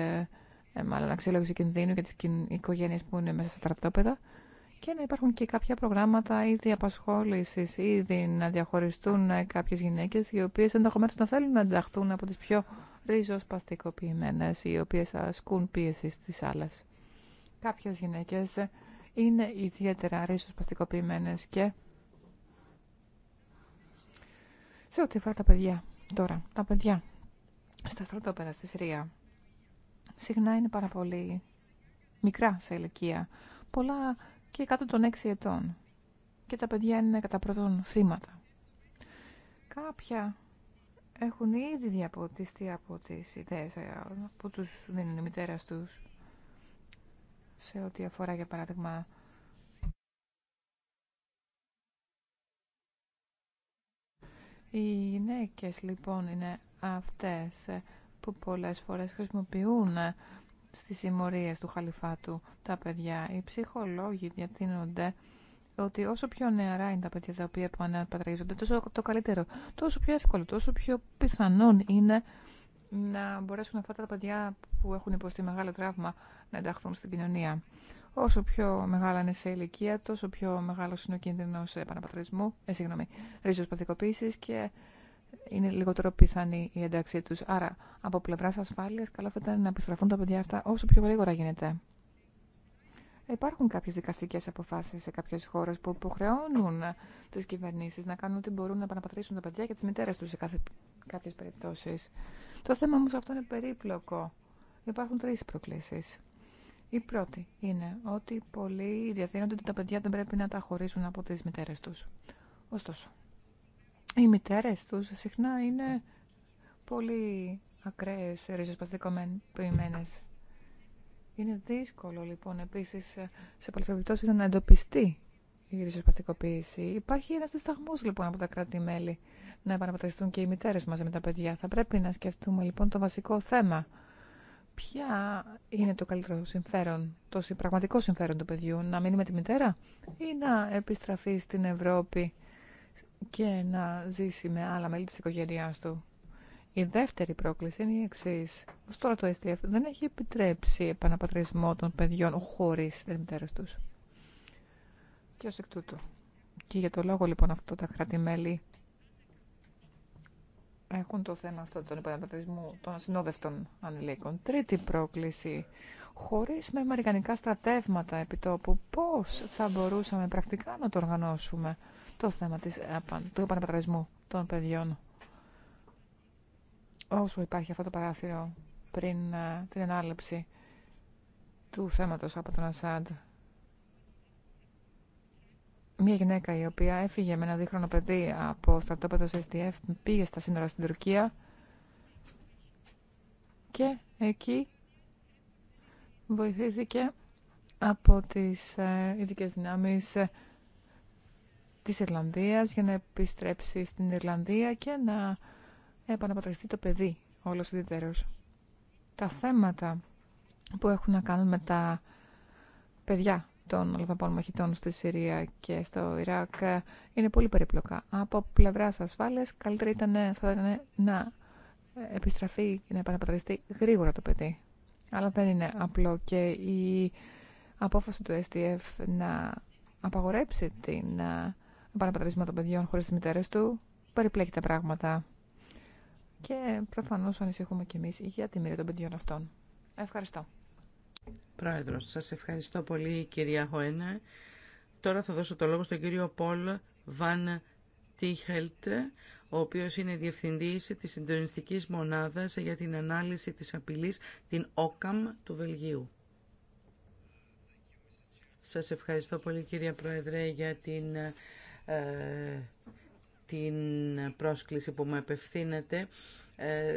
ε, μάλλον αξιολόγηση κινδύνου για τι οικογένειε που είναι μέσα στα στρατόπεδα και να υπάρχουν και κάποια προγράμματα ήδη απασχόληση, ήδη να διαχωριστούν κάποιε γυναίκε οι οποίε ενδεχομένω να θέλουν να ενταχθούν από τι πιο ριζοσπαστικοποιημένε, οι οποίε ασκούν πίεση στι άλλε. Κάποιε γυναίκε είναι ιδιαίτερα ριζοσπαστικοποιημένε και. Σε ό,τι αφορά τα παιδιά τώρα, τα παιδιά στα στρατόπεδα στη Συρία, συχνά είναι πάρα πολύ μικρά σε ηλικία. Πολλά και κάτω των 6 ετών. Και τα παιδιά είναι κατά πρώτον θύματα. Κάποια έχουν ήδη διαποτιστεί από τις ιδέες ε, που τους δίνουν οι μητέρα τους σε ό,τι αφορά για παράδειγμα Οι γυναίκε λοιπόν είναι αυτές που πολλές φορές χρησιμοποιούν στις συμμορίες του χαλιφάτου τα παιδιά. Οι ψυχολόγοι διατείνονται ότι όσο πιο νεαρά είναι τα παιδιά τα οποία επαναπατραγίζονται, τόσο το καλύτερο, τόσο πιο εύκολο, τόσο πιο πιθανόν είναι να μπορέσουν αυτά τα παιδιά που έχουν υποστεί μεγάλο τραύμα να ενταχθούν στην κοινωνία. Όσο πιο μεγάλα είναι σε ηλικία, τόσο πιο μεγάλο είναι ο κίνδυνο επαναπατρισμού, ε, συγγνώμη, ριζοσπαθικοποίηση και είναι λιγότερο πιθανή η ένταξή τους. Άρα, από πλευρά ασφάλεια καλό θα ήταν να επιστραφούν τα παιδιά αυτά όσο πιο γρήγορα γίνεται. Υπάρχουν κάποιε δικαστικέ αποφάσει σε κάποιε χώρε που υποχρεώνουν τι κυβερνήσει, να κάνουν ό,τι μπορούν να επαναπατρίσουν τα παιδιά και τι μητέρες του σε κάποιε κάποιες περιπτώσεις. Το θέμα όμω αυτό είναι περίπλοκο. Υπάρχουν τρει προκλήσει. Η πρώτη είναι ότι πολλοί διαθέτονται ότι τα παιδιά δεν πρέπει να τα χωρίσουν από τι μητέρε του. Ωστόσο, οι μητέρε του συχνά είναι πολύ ακραίε ριζοσπαστικοποιημένε. Είναι δύσκολο λοιπόν επίση σε πολλέ περιπτώσει να εντοπιστεί η ριζοσπαστικοποίηση. Υπάρχει ένα δισταγμό λοιπόν από τα κράτη-μέλη να επαναπατριστούν και οι μητέρε μαζί με τα παιδιά. Θα πρέπει να σκεφτούμε λοιπόν το βασικό θέμα. Ποια είναι το καλύτερο συμφέρον, το πραγματικό συμφέρον του παιδιού, να μείνει με τη μητέρα ή να επιστραφεί στην Ευρώπη και να ζήσει με άλλα μέλη της οικογένειάς του. Η δεύτερη πρόκληση είναι η εξή. τώρα το STF δεν έχει επιτρέψει επαναπατρισμό των παιδιών χωρίς τι μητέρες του. Και ω εκ τούτου. Και για το λόγο λοιπόν αυτό τα κράτη-μέλη έχουν το θέμα αυτό των επαναπατρισμού των ασυνόδευτων ανηλίκων. Τρίτη πρόκληση. Χωρίς με αμερικανικά στρατεύματα επιτόπου, πώ θα μπορούσαμε πρακτικά να το οργανώσουμε το θέμα της, ε, του επαναπατρισμού των παιδιών. Όσο υπάρχει αυτό το παράθυρο πριν ε, την ανάληψη του θέματος από τον Ασάντ. Μία γυναίκα η οποία έφυγε με ένα δίχρονο παιδί από στρατόπεδο SDF, πήγε στα σύνορα στην Τουρκία και εκεί βοηθήθηκε από τις ε, ειδικές δυνάμεις τη Ιρλανδίας για να επιστρέψει στην Ιρλανδία και να επαναπατριστεί το παιδί όλος ιδιαίτερος. Τα θέματα που έχουν να κάνουν με τα παιδιά των Αλδαπών μαχητών στη Συρία και στο Ιράκ είναι πολύ περίπλοκα. Από πλευρά ασφάλεια, καλύτερα ήταν, θα ήταν να επιστραφεί και να επαναπατριστεί γρήγορα το παιδί. Αλλά δεν είναι απλό και η απόφαση του STF να απαγορέψει την επαναπατρισμό των παιδιών χωρίς τις μητέρες του, περιπλέκει τα πράγματα. Και προφανώς ανησυχούμε κι εμείς για τη μοίρα των παιδιών αυτών. Ευχαριστώ.
Πρόεδρος, σας ευχαριστώ πολύ κυρία Χοένα. Τώρα θα δώσω το λόγο στον κύριο Πολ Βαν Τίχελτ, ο οποίος είναι διευθυντής της συντονιστικής μονάδας για την ανάλυση της απειλής, την ΟΚΑΜ του Βελγίου. Σας ευχαριστώ πολύ κυρία Πρόεδρε για την ε, την πρόσκληση που μου απευθύνεται. Ε,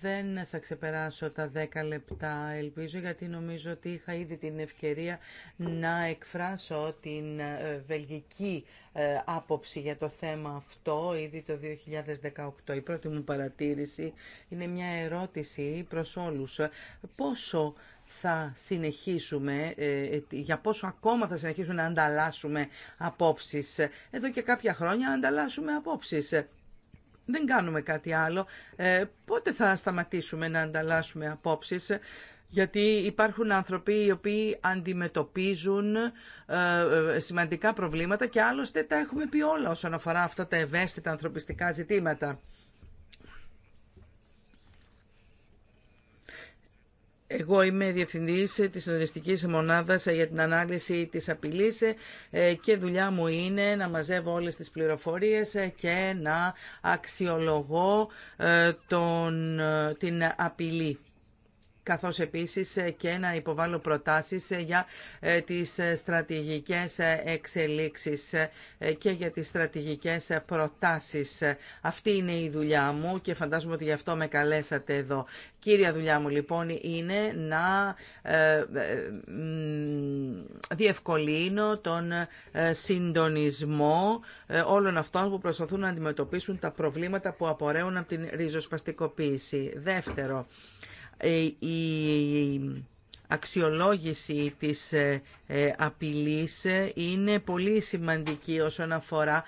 δεν θα ξεπεράσω τα 10 λεπτά, ελπίζω, γιατί νομίζω ότι είχα ήδη την ευκαιρία να εκφράσω την ε, βελγική άποψη για το θέμα αυτό ήδη το 2018. Η πρώτη μου παρατήρηση είναι μια ερώτηση προς όλους. Πόσο θα συνεχίσουμε, ε, ε, για πόσο ακόμα θα συνεχίσουμε να ανταλλάσσουμε απόψεις. Εδώ και κάποια χρόνια ανταλλάσσουμε απόψεις. Δεν κάνουμε κάτι άλλο. Ε, πότε θα σταματήσουμε να ανταλλάσσουμε απόψεις. Γιατί υπάρχουν άνθρωποι οι οποίοι αντιμετωπίζουν σημαντικά προβλήματα και άλλωστε τα έχουμε πει όλα όσον αφορά αυτά τα ευαίσθητα ανθρωπιστικά ζητήματα. Εγώ είμαι διευθυντής τη συντονιστική Μονάδα για την ανάλυση της απειλή ε, και δουλειά μου είναι να μαζεύω όλες τις πληροφορίες ε, και να αξιολογώ ε, την απειλή καθώς επίσης ε, και να υποβάλω προτάσεις ε, για ε, τις στρατηγικές εξελίξεις και για τις στρατηγικές προτάσεις. Αυτή είναι η δουλειά μου και φαντάζομαι ότι γι' αυτό με καλέσατε εδώ. Κύρια δουλειά μου λοιπόν είναι να διευκολύνω τον συντονισμό όλων αυτών που προσπαθούν να αντιμετωπίσουν τα προβλήματα που απορρέουν από την ριζοσπαστικοποίηση. Δεύτερο, ε, η αξιολόγηση της ε, ε, απειλής είναι πολύ σημαντική όσον αφορά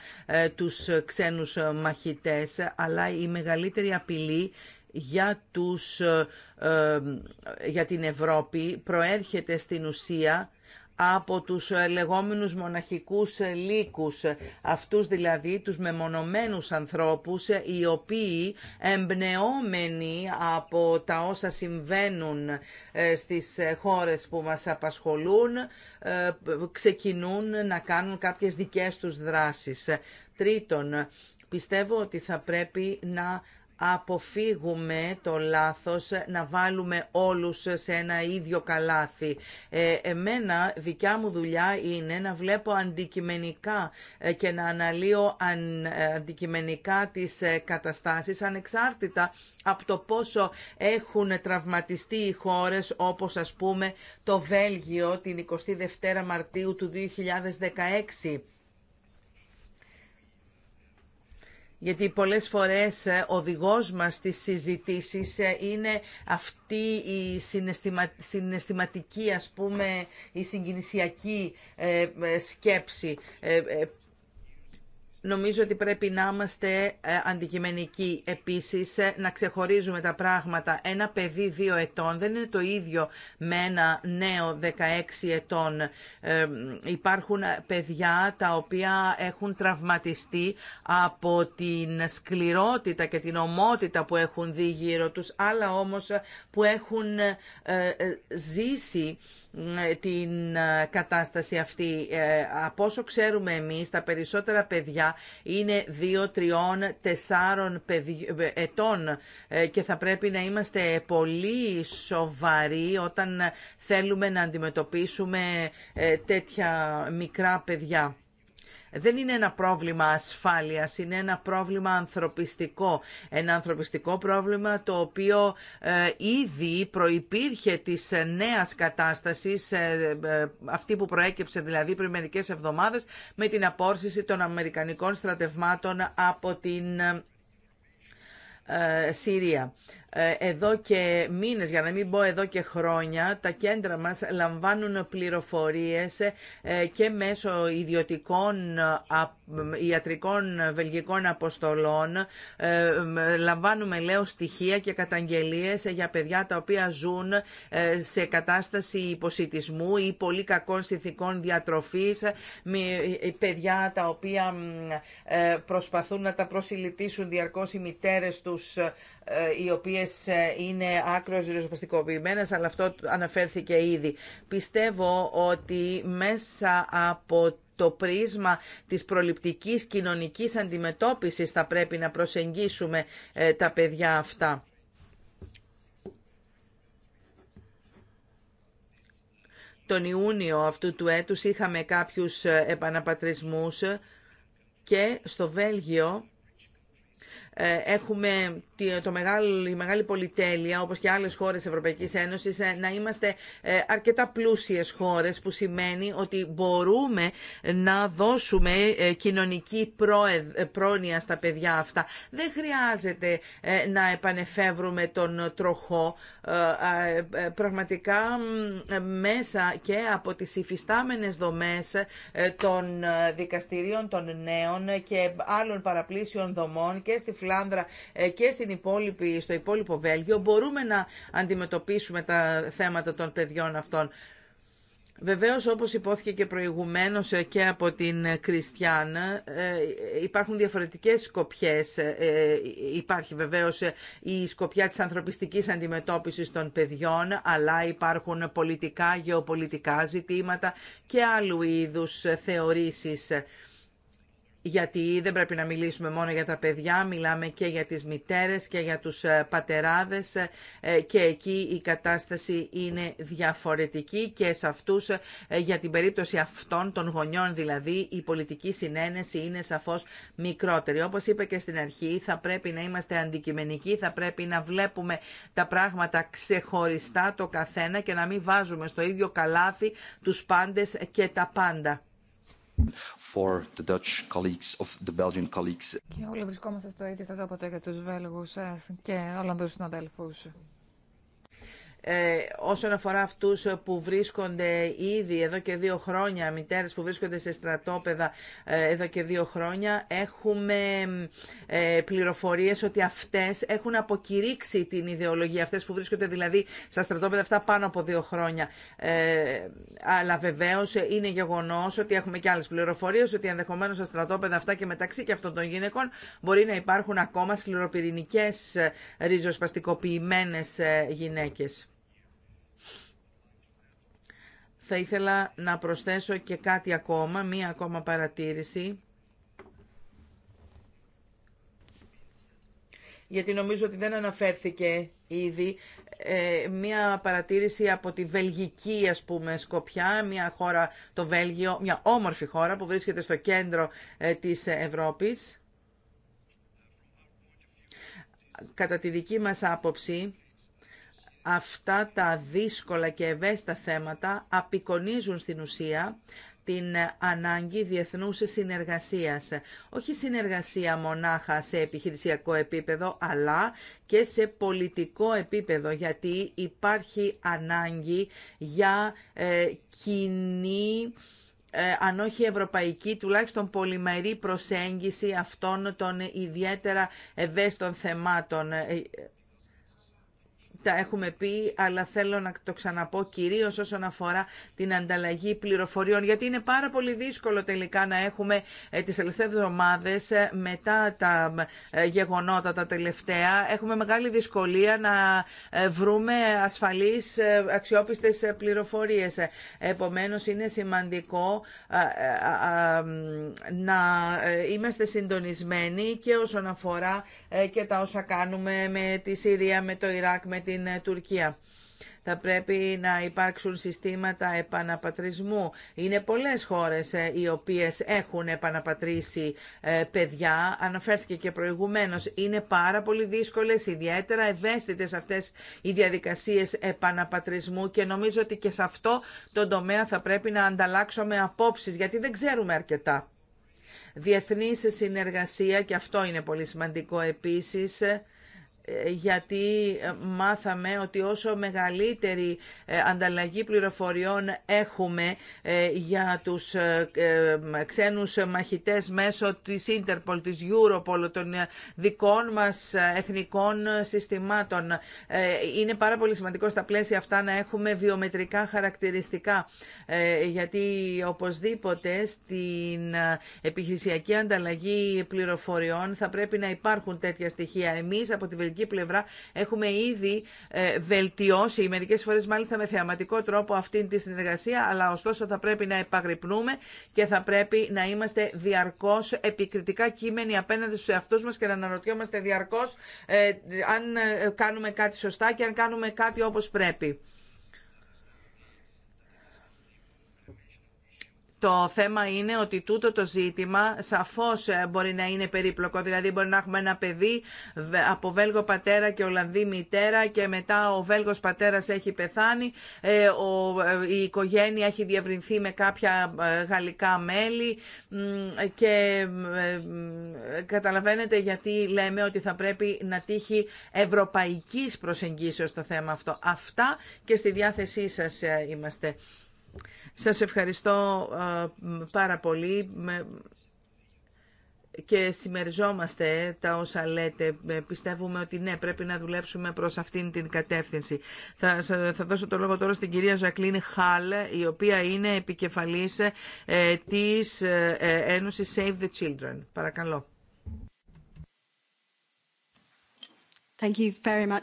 τους ξένους μαχητές, αλλά η μεγαλύτερη απειλή για, τους, για την Ευρώπη προέρχεται στην ουσία από τους ε, λεγόμενους μοναχικούς ε, λύκους, ε, αυτούς δηλαδή τους μεμονωμένους ανθρώπους οι οποίοι εμπνεόμενοι από τα όσα συμβαίνουν στις χώρες που μας απασχολούν ξεκινούν να κάνουν κάποιες δικές τους δράσεις. Τρίτον, πιστεύω ότι θα πρέπει να αποφύγουμε το λάθος να βάλουμε όλους σε ένα ίδιο καλάθι. Ε, εμένα δικιά μου δουλειά είναι να βλέπω αντικειμενικά ε, και να αναλύω αν, ε, αντικειμενικά τις καταστάσεις ανεξάρτητα από το πόσο έχουν τραυματιστεί οι χώρες όπως ας πούμε το Βέλγιο την 22 Μαρτίου του 2016 γιατί πολλές φορές ε, οδηγός μας στις συζητήσεις ε, είναι αυτή η συναισθηματική, ας πούμε, η συγκινησιακή ε, σκέψη. Νομίζω ότι πρέπει να είμαστε ε, αντικειμενικοί επίσης, ε, να ξεχωρίζουμε τα πράγματα. Ένα παιδί δύο ετών δεν είναι το ίδιο με ένα νέο 16 ετών. υπάρχουν παιδιά τα οποία έχουν τραυματιστεί από την σκληρότητα και την ομότητα που έχουν δει γύρω τους, άλλα όμως που έχουν ε, ζήσει ναι, την ε, κατάσταση αυτή. Ε, από όσο ξέρουμε εμείς, τα περισσότερα παιδιά είναι 2, 3, 4 ετών ε, και θα πρέπει να είμαστε πολύ σοβαροί όταν θέλουμε να αντιμετωπίσουμε τέτοια μικρά παιδιά δεν είναι ένα πρόβλημα ασφάλειας, είναι ένα πρόβλημα ανθρωπιστικό. Ένα ανθρωπιστικό πρόβλημα το οποίο ε, ήδη προϋπήρχε της ε, νέας κατάστασης, ε, αυτή που προέκυψε δηλαδή πριν μερικές εβδομάδες, με την απόρριση των Αμερικανικών στρατευμάτων από την Συρία. Ε, εδώ και μήνες, για να μην πω εδώ και χρόνια, τα κέντρα μας λαμβάνουν πληροφορίες ε, και μέσω ιδιωτικών ιατρικών βελγικών αποστολών ε, λαμβάνουμε, λέω, στοιχεία και καταγγελίες για παιδιά τα οποία ζουν σε κατάσταση υποσυτισμού ή πολύ κακών συνθηκών διατροφής, παιδιά τα οποία προσπαθούν να τα προσιλητήσουν διαρκώς οι μητέρες τους ε, οι οποίες ε, είναι άκρως ριζοσπαστικοποιημένες, αλλά αυτό αναφέρθηκε ήδη. Πιστεύω ότι μέσα από το πρίσμα της προληπτικής κοινωνικής αντιμετώπισης θα πρέπει να προσεγγίσουμε ε, τα παιδιά αυτά. Τον Ιούνιο αυτού του έτους είχαμε κάποιους επαναπατρισμούς και στο Βέλγιο ε, έχουμε το μεγάλο, η μεγάλη πολυτέλεια, όπως και άλλες χώρες Ευρωπαϊκής Ένωσης, ε, να είμαστε ε, αρκετά πλούσιες χώρες, που σημαίνει ότι μπορούμε να δώσουμε κοινωνική πρόνοια στα παιδιά αυτά. Δεν χρειάζεται να επανεφεύρουμε τον τροχό. Πραγματικά μέσα και από τις υφιστάμενες δομές των δικαστηρίων των νέων και άλλων παραπλήσιων δομών και στη ε, και στην υπόλοιπη, στο υπόλοιπο Βέλγιο μπορούμε να αντιμετωπίσουμε τα θέματα των παιδιών αυτών. Βεβαίως, όπως υπόθηκε και προηγουμένως ε, και από την Κριστιαν, ε, υπάρχουν διαφορετικές σκοπιές. Υπάρχει βεβαίως η σκοπιά της ανθρωπιστικής αντιμετώπισης των παιδιών, αλλά υπάρχουν πολιτικά, γεωπολιτικά ζητήματα και άλλου είδου θεωρήσει γιατί δεν πρέπει να μιλήσουμε μόνο για τα παιδιά, μιλάμε και για τις μητέρες και για τους ε, πατεράδες ε, και εκεί η κατάσταση είναι διαφορετική και σε αυτούς, ε, για την περίπτωση αυτών των γονιών δηλαδή, η πολιτική συνένεση είναι σαφώς μικρότερη. Όπως είπε και στην αρχή, θα πρέπει να είμαστε αντικειμενικοί, θα πρέπει να βλέπουμε τα πράγματα ξεχωριστά το καθένα και να μην βάζουμε στο ίδιο καλάθι τους πάντες και τα πάντα.
Και όλοι βρισκόμαστε στο ίδιο τρόπο για τους Βέλγους ε, και Ολλανδούς συναδέλφους. Ε, όσον αφορά
αυτούς που βρίσκονται ήδη εδώ και δύο χρόνια, μητέρες που βρίσκονται σε στρατόπεδα ε, εδώ και δύο χρόνια, έχουμε ε, πληροφορίες ότι αυτές έχουν αποκηρύξει την ιδεολογία, αυτές που βρίσκονται δηλαδή στα στρατόπεδα αυτά πάνω από δύο χρόνια. αλλά βεβαίως είναι γεγονός ότι έχουμε και άλλες πληροφορίες, ότι ενδεχομένως στα στρατόπεδα αυτά και μεταξύ και αυτών των γυναικών μπορεί να υπάρχουν ακόμα σκληροπυρηνικές ριζοσπαστικοποιημένες γυναίκες. Θα ήθελα να προσθέσω και κάτι ακόμα, μία ακόμα παρατήρηση. Γιατί νομίζω ότι δεν αναφέρθηκε ήδη ε, μία παρατήρηση από τη βελγική ας πούμε σκοπιά, μία χώρα, το Βέλγιο, μια ακομα παρατηρηση γιατι νομιζω οτι δεν αναφερθηκε ηδη μια παρατηρηση απο χώρα που βρίσκεται στο κέντρο ε, της Ευρώπης. Κατά τη δική μας άποψη, αυτά τα δύσκολα και ευαίσθητα θέματα απεικονίζουν στην ουσία την ανάγκη διεθνούς συνεργασίας. Όχι συνεργασία μονάχα σε επιχειρησιακό επίπεδο, αλλά και σε πολιτικό επίπεδο, γιατί υπάρχει ανάγκη για ε, κοινή ε, αν όχι ευρωπαϊκή, τουλάχιστον πολυμερή προσέγγιση αυτών των ιδιαίτερα ευαίσθητων θεμάτων. Ε, τα έχουμε πει, αλλά θέλω να το ξαναπώ κυρίως όσον αφορά την ανταλλαγή πληροφοριών, γιατί είναι πάρα πολύ δύσκολο τελικά να έχουμε ε, τις τελευταίες εβδομάδε ε, μετά τα ε, γεγονότα τα τελευταία. Έχουμε μεγάλη δυσκολία να βρούμε ασφαλείς αξιόπιστες πληροφορίες. Επομένως είναι σημαντικό να είμαστε συντονισμένοι και όσον αφορά και τα όσα κάνουμε με τη Συρία, με το Ιράκ, με τη ε, Τουρκία. Θα πρέπει να υπάρξουν συστήματα επαναπατρισμού. Είναι πολλές χώρες ε, οι οποίες έχουν επαναπατρίσει ε, παιδιά. Αναφέρθηκε και προηγουμένως. Είναι πάρα πολύ δύσκολες, ιδιαίτερα ευαίσθητες αυτές οι διαδικασίες επαναπατρισμού και νομίζω ότι και σε αυτό το τομέα θα πρέπει να ανταλλάξουμε απόψεις, γιατί δεν ξέρουμε αρκετά. Διεθνή συνεργασία, και αυτό είναι πολύ σημαντικό επίσης, γιατί ε, μάθαμε ότι όσο μεγαλύτερη ε, ανταλλαγή πληροφοριών έχουμε ε, για τους ξένους μαχητές μέσω της Interpol, της Europol, των δικών μας εθνικών συστημάτων. Είναι πάρα πολύ σημαντικό στα πλαίσια αυτά να έχουμε βιομετρικά χαρακτηριστικά, γιατί οπωσδήποτε στην επιχειρησιακή ανταλλαγή πληροφοριών θα πρέπει να υπάρχουν τέτοια στοιχεία. Εμείς από τη ιατρική πλευρά έχουμε ήδη ε, βελτιώσει, μερικές φορές μάλιστα με θεαματικό τρόπο αυτή τη συνεργασία, αλλά ωστόσο θα πρέπει να επαγρυπνούμε και θα πρέπει να είμαστε διαρκώς επικριτικά κείμενοι απέναντι στους εαυτούς μας και να αναρωτιόμαστε διαρκώς ε, αν ε, κάνουμε κάτι σωστά και αν κάνουμε κάτι όπως πρέπει. Το θέμα είναι ότι τούτο το ζήτημα σαφώς ε, μπορεί να είναι περίπλοκο. Δηλαδή μπορεί να έχουμε ένα παιδί από Βέλγο πατέρα και Ολλανδή μητέρα και μετά ο Βέλγος πατέρας έχει πεθάνει, ε, ε, η οικογένεια έχει διευρυνθεί με κάποια γαλλικά μέλη και καταλαβαίνετε γιατί λέμε ότι θα πρέπει να τύχει ευρωπαϊκής προσεγγίσεως το θέμα αυτό. Αυτά και στη διάθεσή σας είμαστε. Σας ευχαριστώ πάρα πολύ και συμμεριζόμαστε τα όσα λέτε. Ε, πιστεύουμε ότι ναι, πρέπει να δουλέψουμε προς αυτήν την κατεύθυνση. Θα, θα δώσω το λόγο τώρα στην κυρία Ζακλίν Χάλ, η οποία είναι επικεφαλής ε, της ε, Ένωσης Save the Children. Παρακαλώ.
Thank you very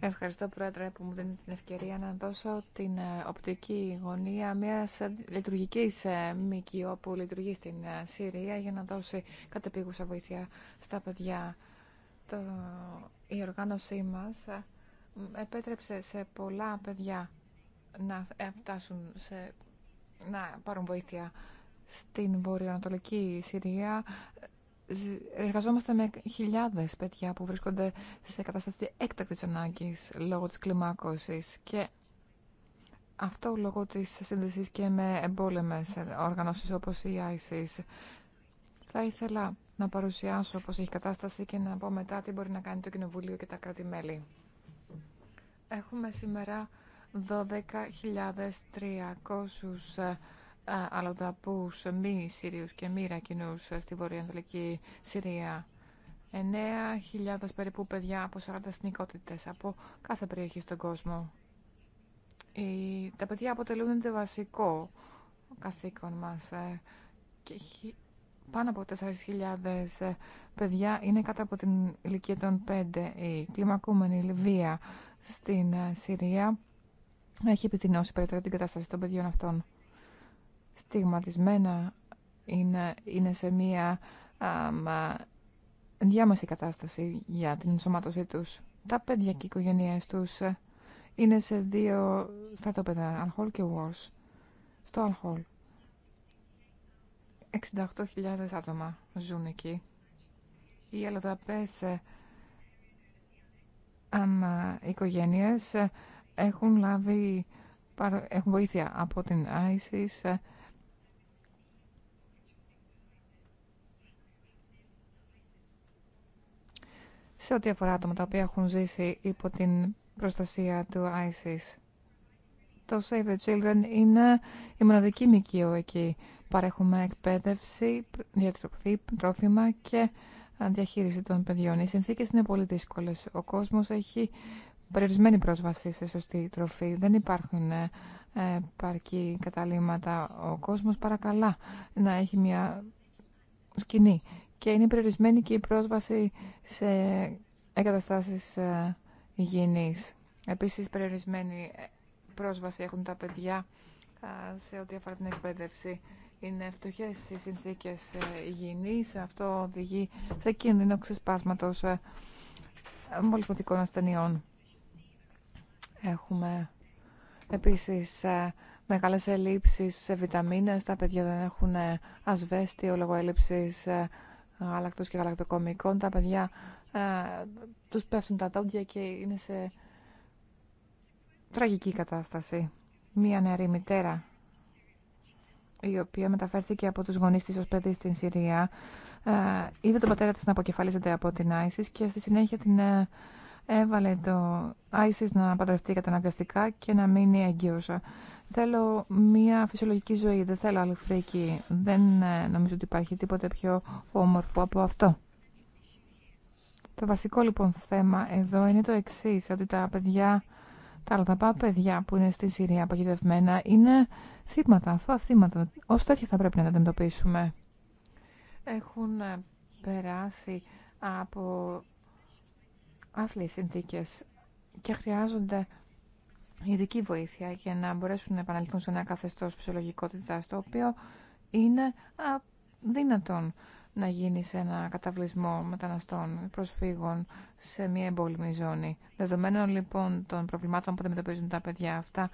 Ευχαριστώ, Πρόεδρε, που μου δίνετε την ευκαιρία να δώσω την ε, οπτική γωνία μια ε, λειτουργική ε, ΜΚΟ που λειτουργεί στην Συρία για να δώσει κατεπίγουσα βοήθεια στα παιδιά. Το... Η οργάνωσή μας επέτρεψε σε πολλά παιδιά να φτάσουν σε... να πάρουν βοήθεια στην βορειοανατολική Συρία Εργαζόμαστε με χιλιάδες παιδιά που βρίσκονται σε κατάσταση έκτακτης ανάγκης λόγω της κλιμάκωση. και αυτό λόγω της σύνδεση και με εμπόλεμε οργανώσει όπω η ISIS. Θα ήθελα να παρουσιάσω πώς έχει κατάσταση και να πω μετά τι μπορεί να κάνει το Κοινοβούλιο και τα κράτη-μέλη. Έχουμε σήμερα 12.300 αλλοδαπούς μη Σύριους και μη Ρακινούς ε, στη βορειοανατολική Συρία. 9.000 περίπου παιδιά από 40 εθνικότητες από κάθε περιοχή στον κόσμο. Οι, τα παιδιά αποτελούν το βασικό καθήκον μας ε, και πάνω από 4.000 ε, παιδιά είναι κάτω από την ηλικία των 5. Η κλιμακούμενη Λιβύα στην Συρία έχει επιθυνώσει περαιτέρω την κατάσταση των παιδιών αυτών στιγματισμένα είναι, είναι σε μία διάμεση κατάσταση για την ενσωμάτωσή τους. Τα παιδιά και οι οικογένειές τους ε, είναι σε δύο στρατόπεδα, αλχόλ και ουόρς. Στο αλχόλ. 68.000 άτομα ζουν εκεί. Οι αλλοδαπές ε, οικογένειες ε, έχουν λάβει έχουν βοήθεια από την ISIS σε ό,τι αφορά άτομα τα οποία έχουν ζήσει υπό την προστασία του ISIS. Το Save the Children είναι η μοναδική μοικείο εκεί. Παρέχουμε εκπαίδευση, διατροφή, τρόφιμα και διαχείριση των παιδιών. Οι συνθήκες είναι πολύ δύσκολες. Ο κόσμος έχει περιορισμένη πρόσβαση σε σωστή τροφή. Δεν υπάρχουν ε, παρκή καταλήμματα. Ο κόσμος παρακαλά να έχει μια σκηνή και είναι περιορισμένη και η πρόσβαση σε εγκαταστάσεις ε, υγιεινής. Επίσης, περιορισμένη ε, πρόσβαση έχουν τα παιδιά ε, σε ό,τι αφορά την εκπαίδευση. Είναι φτωχέ οι συνθήκε υγιεινή. Αυτό οδηγεί σε κίνδυνο ξεσπάσματο μολυποθικών ασθενειών. Έχουμε επίση μεγάλε ελλείψει σε βιταμίνε. Τα παιδιά δεν έχουν ασβέστη λόγω έλλειψη γάλακτος και γαλακτοκομικών, τα παιδιά ε, τους πέφτουν τα τόντια και είναι σε τραγική κατάσταση. Μία νεαρή μητέρα, η οποία μεταφέρθηκε από τους γονείς της ως παιδί στην Συρία, ε, είδε τον πατέρα της να αποκεφαλίζεται από την Άισις και στη συνέχεια την ε, έβαλε το ISIS να παντρευτεί καταναγκαστικά και να μείνει αγκίωσα. Θέλω μια φυσιολογική ζωή, δεν θέλω άλλη Δεν ε, νομίζω ότι υπάρχει τίποτε πιο όμορφο από αυτό. Το βασικό λοιπόν θέμα εδώ είναι το εξή, ότι τα παιδιά, τα λαταπά παιδιά που είναι στη Συρία απαγιδευμένα είναι θύματα, αθώα θύματα. Ω τέτοια θα πρέπει να τα αντιμετωπίσουμε. Έχουν ε, περάσει από άθλιες συνθήκες και χρειάζονται ειδική βοήθεια για να μπορέσουν να επαναληφθούν σε ένα καθεστώς φυσιολογικότητας, το οποίο είναι δυνατόν να γίνει σε ένα καταβλισμό μεταναστών, προσφύγων, σε μια εμπόλυμη ζώνη. Δεδομένων λοιπόν των προβλημάτων που αντιμετωπίζουν τα παιδιά αυτά,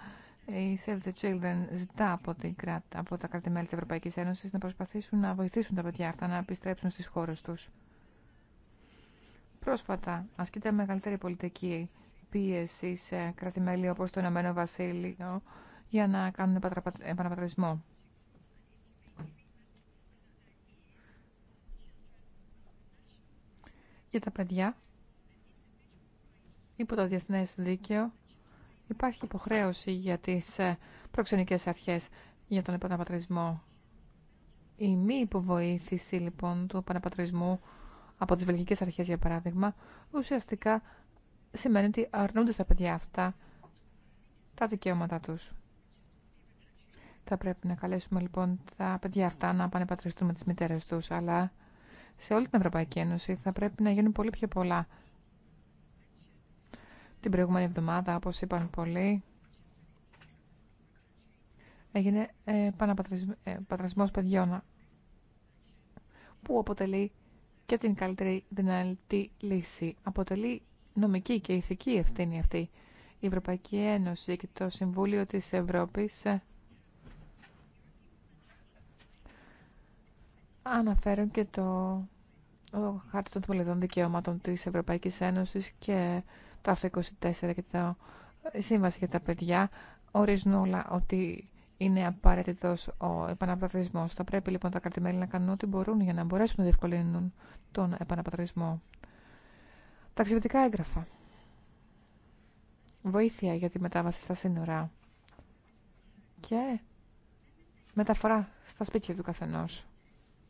η Save the Children ζητά από, την, από τα κράτη-μέλη της Ευρωπαϊκής Ένωσης να προσπαθήσουν να βοηθήσουν τα παιδιά αυτά να επιστρέψουν στις χώρες τους. Πρόσφατα ασκείται μεγαλύτερη πολιτική πίεση σε κρατημέλη όπως το Ηνωμένο Βασίλειο για να κάνουν επαναπατρισμό. Για τα παιδιά, υπό το διεθνές δίκαιο, υπάρχει υποχρέωση για τις ε, προξενικές αρχές για τον επαναπατρισμό. Η μη υποβοήθηση λοιπόν του επαναπατρισμού από τις βελγικές αρχές για παράδειγμα, ουσιαστικά σημαίνει ότι αρνούνται στα παιδιά αυτά τα δικαιώματά τους. Θα πρέπει να καλέσουμε λοιπόν τα παιδιά αυτά να πάνε πατριστούν με τις μητέρες τους, αλλά σε όλη την Ευρωπαϊκή Ένωση θα πρέπει να γίνουν πολύ πιο πολλά. Την προηγούμενη εβδομάδα, όπως είπαν πολλοί, έγινε ε, παναπατρισμός ε, παιδιών που αποτελεί και την καλύτερη δυνατή λύση. Αποτελεί νομική και ηθική ευθύνη αυτή. Η Ευρωπαϊκή Ένωση και το Συμβούλιο της Ευρώπης ε, αναφέρουν και το χάρτη των θεμελιωδών δικαιωμάτων της Ευρωπαϊκής Ένωσης και το άρθρο 24 και το, Σύμβαση για τα Παιδιά ορίζουν όλα ότι είναι απαραίτητο ο επαναπατρισμό. Θα πρέπει λοιπόν τα κρατημέλη να κάνουν ό,τι μπορούν για να μπορέσουν να διευκολύνουν τον επαναπατρισμό. Ταξιδιωτικά έγγραφα. Βοήθεια για τη μετάβαση στα σύνορα. Και μεταφορά στα σπίτια του καθενό.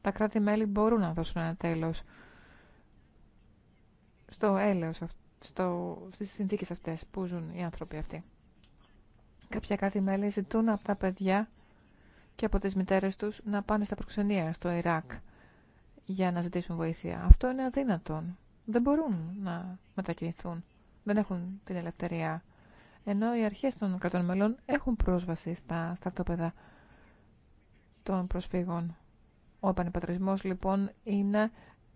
Τα κράτη-μέλη μπορούν να δώσουν ένα τέλο στο έλεος, στο, στις συνθήκες αυτές που ζουν οι άνθρωποι αυτοί. Κάποια κράτη-μέλη ζητούν από τα παιδιά και από τις μητέρες τους να πάνε στα προξενία στο Ιράκ για να ζητήσουν βοήθεια. Αυτό είναι αδύνατον. Δεν μπορούν να μετακινηθούν. Δεν έχουν την ελευθερία. Ενώ οι αρχές των κρατών μελών έχουν πρόσβαση στα στρατόπεδα των προσφύγων. Ο επανεπατρισμός λοιπόν είναι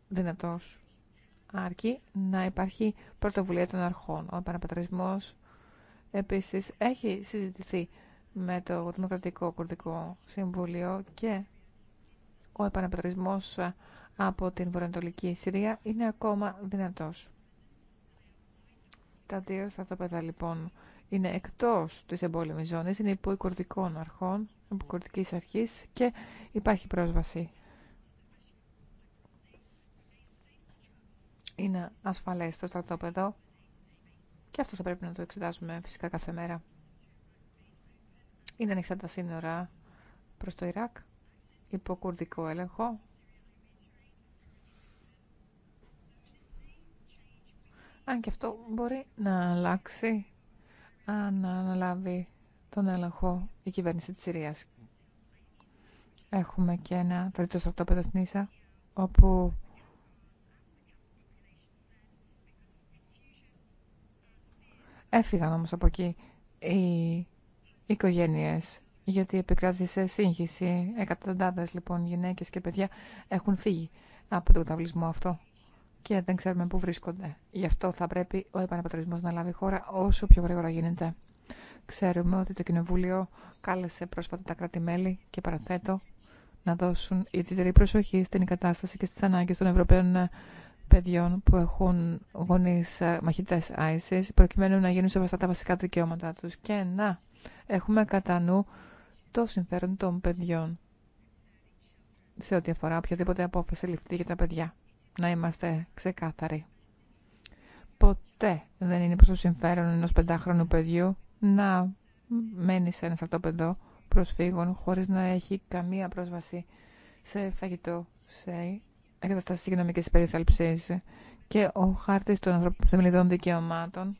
δυνατός. Αρκεί να υπάρχει πρωτοβουλία των αρχών. Ο επίσης έχει συζητηθεί με το Δημοκρατικό Κουρδικό Συμβούλιο και ο επαναπατρισμός από την βορειοανατολική Συρία είναι ακόμα δυνατός. Τα δύο στρατόπεδα λοιπόν είναι εκτός της εμπόλεμης ζώνης, είναι υπό κουρδικών αρχών, υπό κουρδικής αρχής και υπάρχει πρόσβαση. Είναι ασφαλές το στρατόπεδο και αυτό θα πρέπει να το εξετάζουμε φυσικά κάθε μέρα. Είναι ανοιχτά τα σύνορα προς το Ιράκ, υπό κουρδικό έλεγχο. Αν και αυτό μπορεί να αλλάξει αν αναλάβει τον έλεγχο η κυβέρνηση της Συρίας. Έχουμε και ένα τρίτο στρατόπεδο στην Ίσα, όπου Έφυγαν όμως από εκεί οι οικογένειες γιατί επικράτησε σύγχυση. Εκατοντάδες λοιπόν γυναίκες και παιδιά έχουν φύγει από τον καταβλισμό αυτό και δεν ξέρουμε πού βρίσκονται. Γι' αυτό θα πρέπει ο επαναπατρισμός να λάβει χώρα όσο πιο γρήγορα γίνεται. Ξέρουμε ότι το Κοινοβούλιο κάλεσε πρόσφατα τα κράτη-μέλη και παραθέτω να δώσουν ιδιαίτερη προσοχή στην κατάσταση και στις ανάγκες των Ευρωπαίων παιδιών που έχουν γονείς ε, μαχητές ISIS προκειμένου να γίνουν σεβαστά τα βασικά δικαιώματά του και να έχουμε κατά νου το συμφέρον των παιδιών σε ό,τι αφορά οποιαδήποτε απόφαση ληφθεί για τα παιδιά. Να είμαστε ξεκάθαροι. Ποτέ δεν είναι προς το συμφέρον ενός πεντάχρονου παιδιού να μένει σε ένα στρατόπεδο προσφύγων χωρίς να έχει καμία πρόσβαση σε φαγητό, σε εγκαταστάσεις οικονομικής περιθαλψής και ο χάρτης των θεμελιδών δικαιωμάτων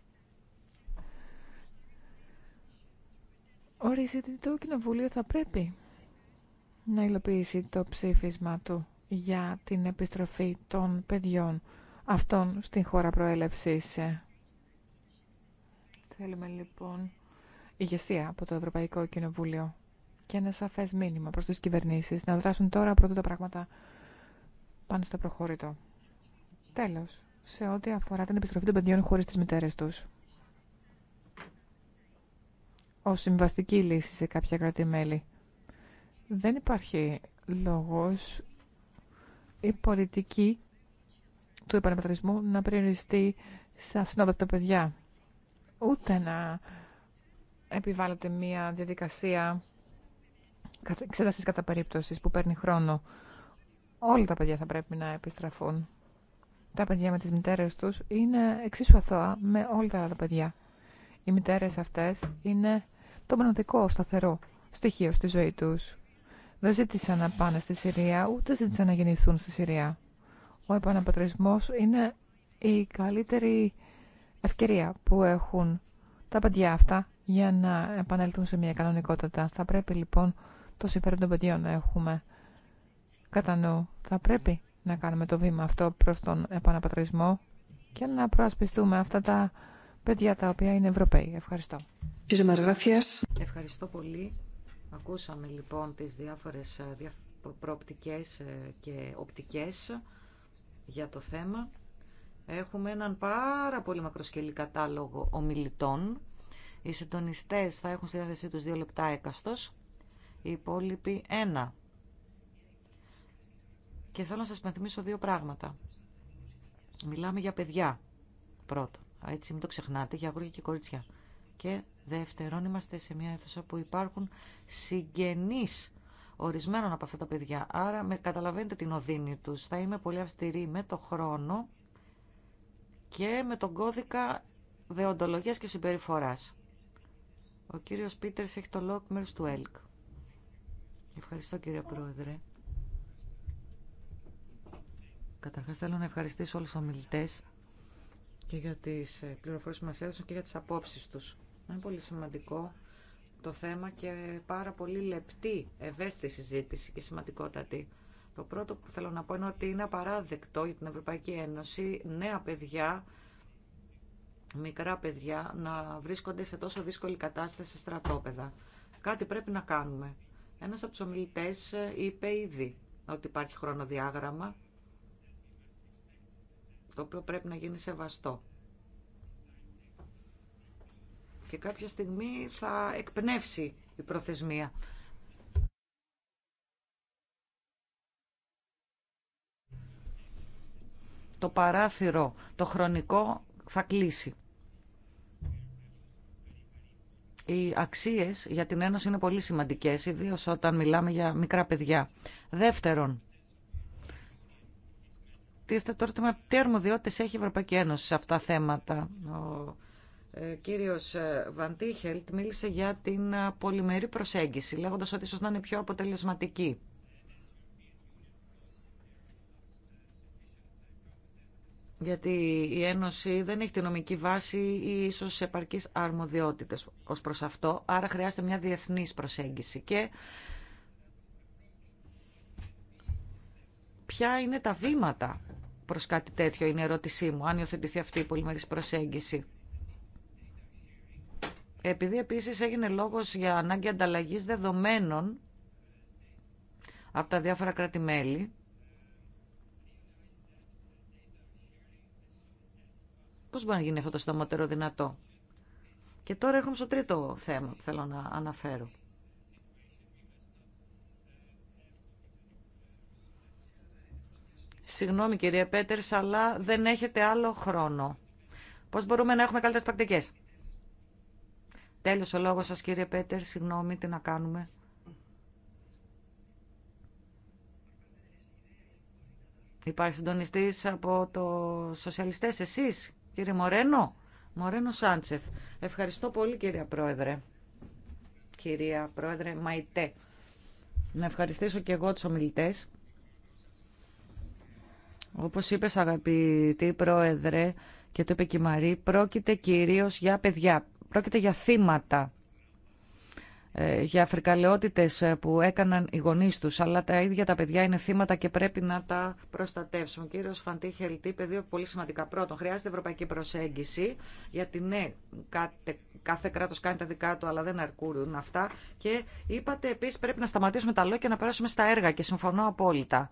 ορίζει ότι το Κοινοβούλιο θα πρέπει να υλοποιήσει το ψήφισμα του για την επιστροφή των παιδιών αυτών στην χώρα προέλευσης. Θέλουμε λοιπόν ηγεσία από το Ευρωπαϊκό Κοινοβούλιο και ένα σαφές μήνυμα προς τις κυβερνήσεις να δράσουν τώρα πρώτα τα πράγματα πάνω στο προχώρητο. Τέλος, σε ό,τι αφορά την επιστροφή των παιδιών χωρίς τις μητέρε του. Ω συμβαστική λύση σε κάποια κράτη-μέλη. Δεν υπάρχει λόγος η πολιτική του επαναπατρισμού να περιοριστεί σε ασυνόδευτα παιδιά. Ούτε να επιβάλλεται μια διαδικασία εξέταση κατά περίπτωση που παίρνει χρόνο Όλα τα παιδιά θα πρέπει να επιστραφούν. Τα παιδιά με τις μητέρες τους είναι εξίσου αθώα με όλα τα άλλα παιδιά. Οι μητέρες αυτές είναι το μοναδικό σταθερό στοιχείο στη ζωή τους. Δεν ζήτησαν να πάνε στη Συρία, ούτε ζήτησαν να γεννηθούν στη Συρία. Ο επαναπατρισμός είναι η καλύτερη ευκαιρία που έχουν τα παιδιά αυτά για να επανέλθουν σε μια κανονικότητα. Θα πρέπει λοιπόν το συμφέρον των παιδιών να έχουμε κατά Θα πρέπει να κάνουμε το βήμα αυτό προς τον επαναπατρισμό και να προασπιστούμε αυτά τα παιδιά τα οποία είναι Ευρωπαίοι. Ευχαριστώ.
Ευχαριστώ πολύ. Ακούσαμε λοιπόν τις διάφορες ε, προοπτικές ε, και οπτικές για το θέμα. Έχουμε έναν πάρα πολύ μακροσκελή κατάλογο ομιλητών. Οι συντονιστές θα έχουν στη διάθεσή τους δύο λεπτά έκαστος, οι υπόλοιποι ένα. Και θέλω να σας πενθυμίσω δύο πράγματα. Μιλάμε για παιδιά, πρώτο. Έτσι μην το ξεχνάτε, για αγόρια και κορίτσια. Και δεύτερον, είμαστε σε μια αίθουσα που υπάρχουν συγγενείς ορισμένων από αυτά τα παιδιά. Άρα με, καταλαβαίνετε την οδύνη τους. Θα είμαι πολύ αυστηρή με το χρόνο και με τον κώδικα δεοντολογίας και συμπεριφοράς. Ο κύριος Πίτερς έχει το λόγο μέρους του ΕΛΚ. Ευχαριστώ κύριε Πρόεδρε. Καταρχάς θέλω να ευχαριστήσω όλους τους ομιλητές και για τις ε, πληροφορίες που μας έδωσαν και για τις απόψεις τους. Είναι πολύ σημαντικό το θέμα και πάρα πολύ λεπτή, ευαίσθητη συζήτηση και σημαντικότατη. Το πρώτο που θέλω να πω είναι ότι είναι απαράδεκτο για την Ευρωπαϊκή Ένωση νέα παιδιά, μικρά παιδιά, να βρίσκονται σε τόσο δύσκολη κατάσταση σε στρατόπεδα. Κάτι πρέπει να κάνουμε. Ένας από τους ομιλητές ε, είπε ήδη ότι υπάρχει χρονοδιάγραμμα το οποίο πρέπει να γίνει σεβαστό. Και κάποια στιγμή θα εκπνεύσει η προθεσμία. Το παράθυρο, το χρονικό θα κλείσει. Οι αξίες για την Ένωση είναι πολύ σημαντικές, ιδίως όταν μιλάμε για μικρά παιδιά. Δεύτερον, τίθεται το ερώτημα τι αρμοδιότητε έχει η Ευρωπαϊκή Ένωση σε αυτά τα θέματα. Ο ε, κύριος ε, Βαντίχελτ μίλησε για την ε, πολυμερή προσέγγιση, λέγοντας ότι ίσω να είναι πιο αποτελεσματική. γιατί η Ένωση δεν έχει τη νομική βάση ή ίσως επαρκείς αρμοδιότητες ως προς αυτό, άρα χρειάζεται μια διεθνής προσέγγιση. Και ποια είναι τα βήματα προς κάτι τέτοιο είναι η ερώτησή μου, αν υιοθετηθεί αυτή η πολυμερής προσέγγιση. Επειδή επίσης έγινε λόγος για ανάγκη ανταλλαγής δεδομένων από τα διάφορα κράτη-μέλη, πώς μπορεί να γίνει αυτό το συντομότερο δυνατό. Και τώρα έχουμε στο τρίτο θέμα που θέλω να αναφέρω. Συγγνώμη κυρία Πέτερς, αλλά δεν έχετε άλλο χρόνο. Πώς μπορούμε να έχουμε καλύτερες πρακτικές. Τέλος ο λόγος σας κύριε Πέτερ, συγγνώμη, τι να κάνουμε. Υπάρχει συντονιστή από το Σοσιαλιστές, εσείς, κύριε Μορένο. Μορένο Σάντσεφ. Ευχαριστώ πολύ κύριε Πρόεδρε. Κυρία Πρόεδρε Μαϊτέ. Να ευχαριστήσω και εγώ τους ομιλητές όπως είπες αγαπητή πρόεδρε και το είπε και η Μαρή, πρόκειται κυρίως για παιδιά, πρόκειται για θύματα, ε, για αφρικαλαιότητες ε, που έκαναν οι γονείς τους, αλλά τα ίδια τα παιδιά είναι θύματα και πρέπει να τα προστατεύσουμε. Κύριος Φαντή Χελτή, παιδί πολύ σημαντικά. Πρώτον, χρειάζεται ευρωπαϊκή προσέγγιση, γιατί ναι, κάθε, κάθε κράτος κάνει τα δικά του, αλλά δεν αρκούν αυτά. Και είπατε επίσης πρέπει να σταματήσουμε τα λόγια και να περάσουμε στα έργα και συμφωνώ απόλυτα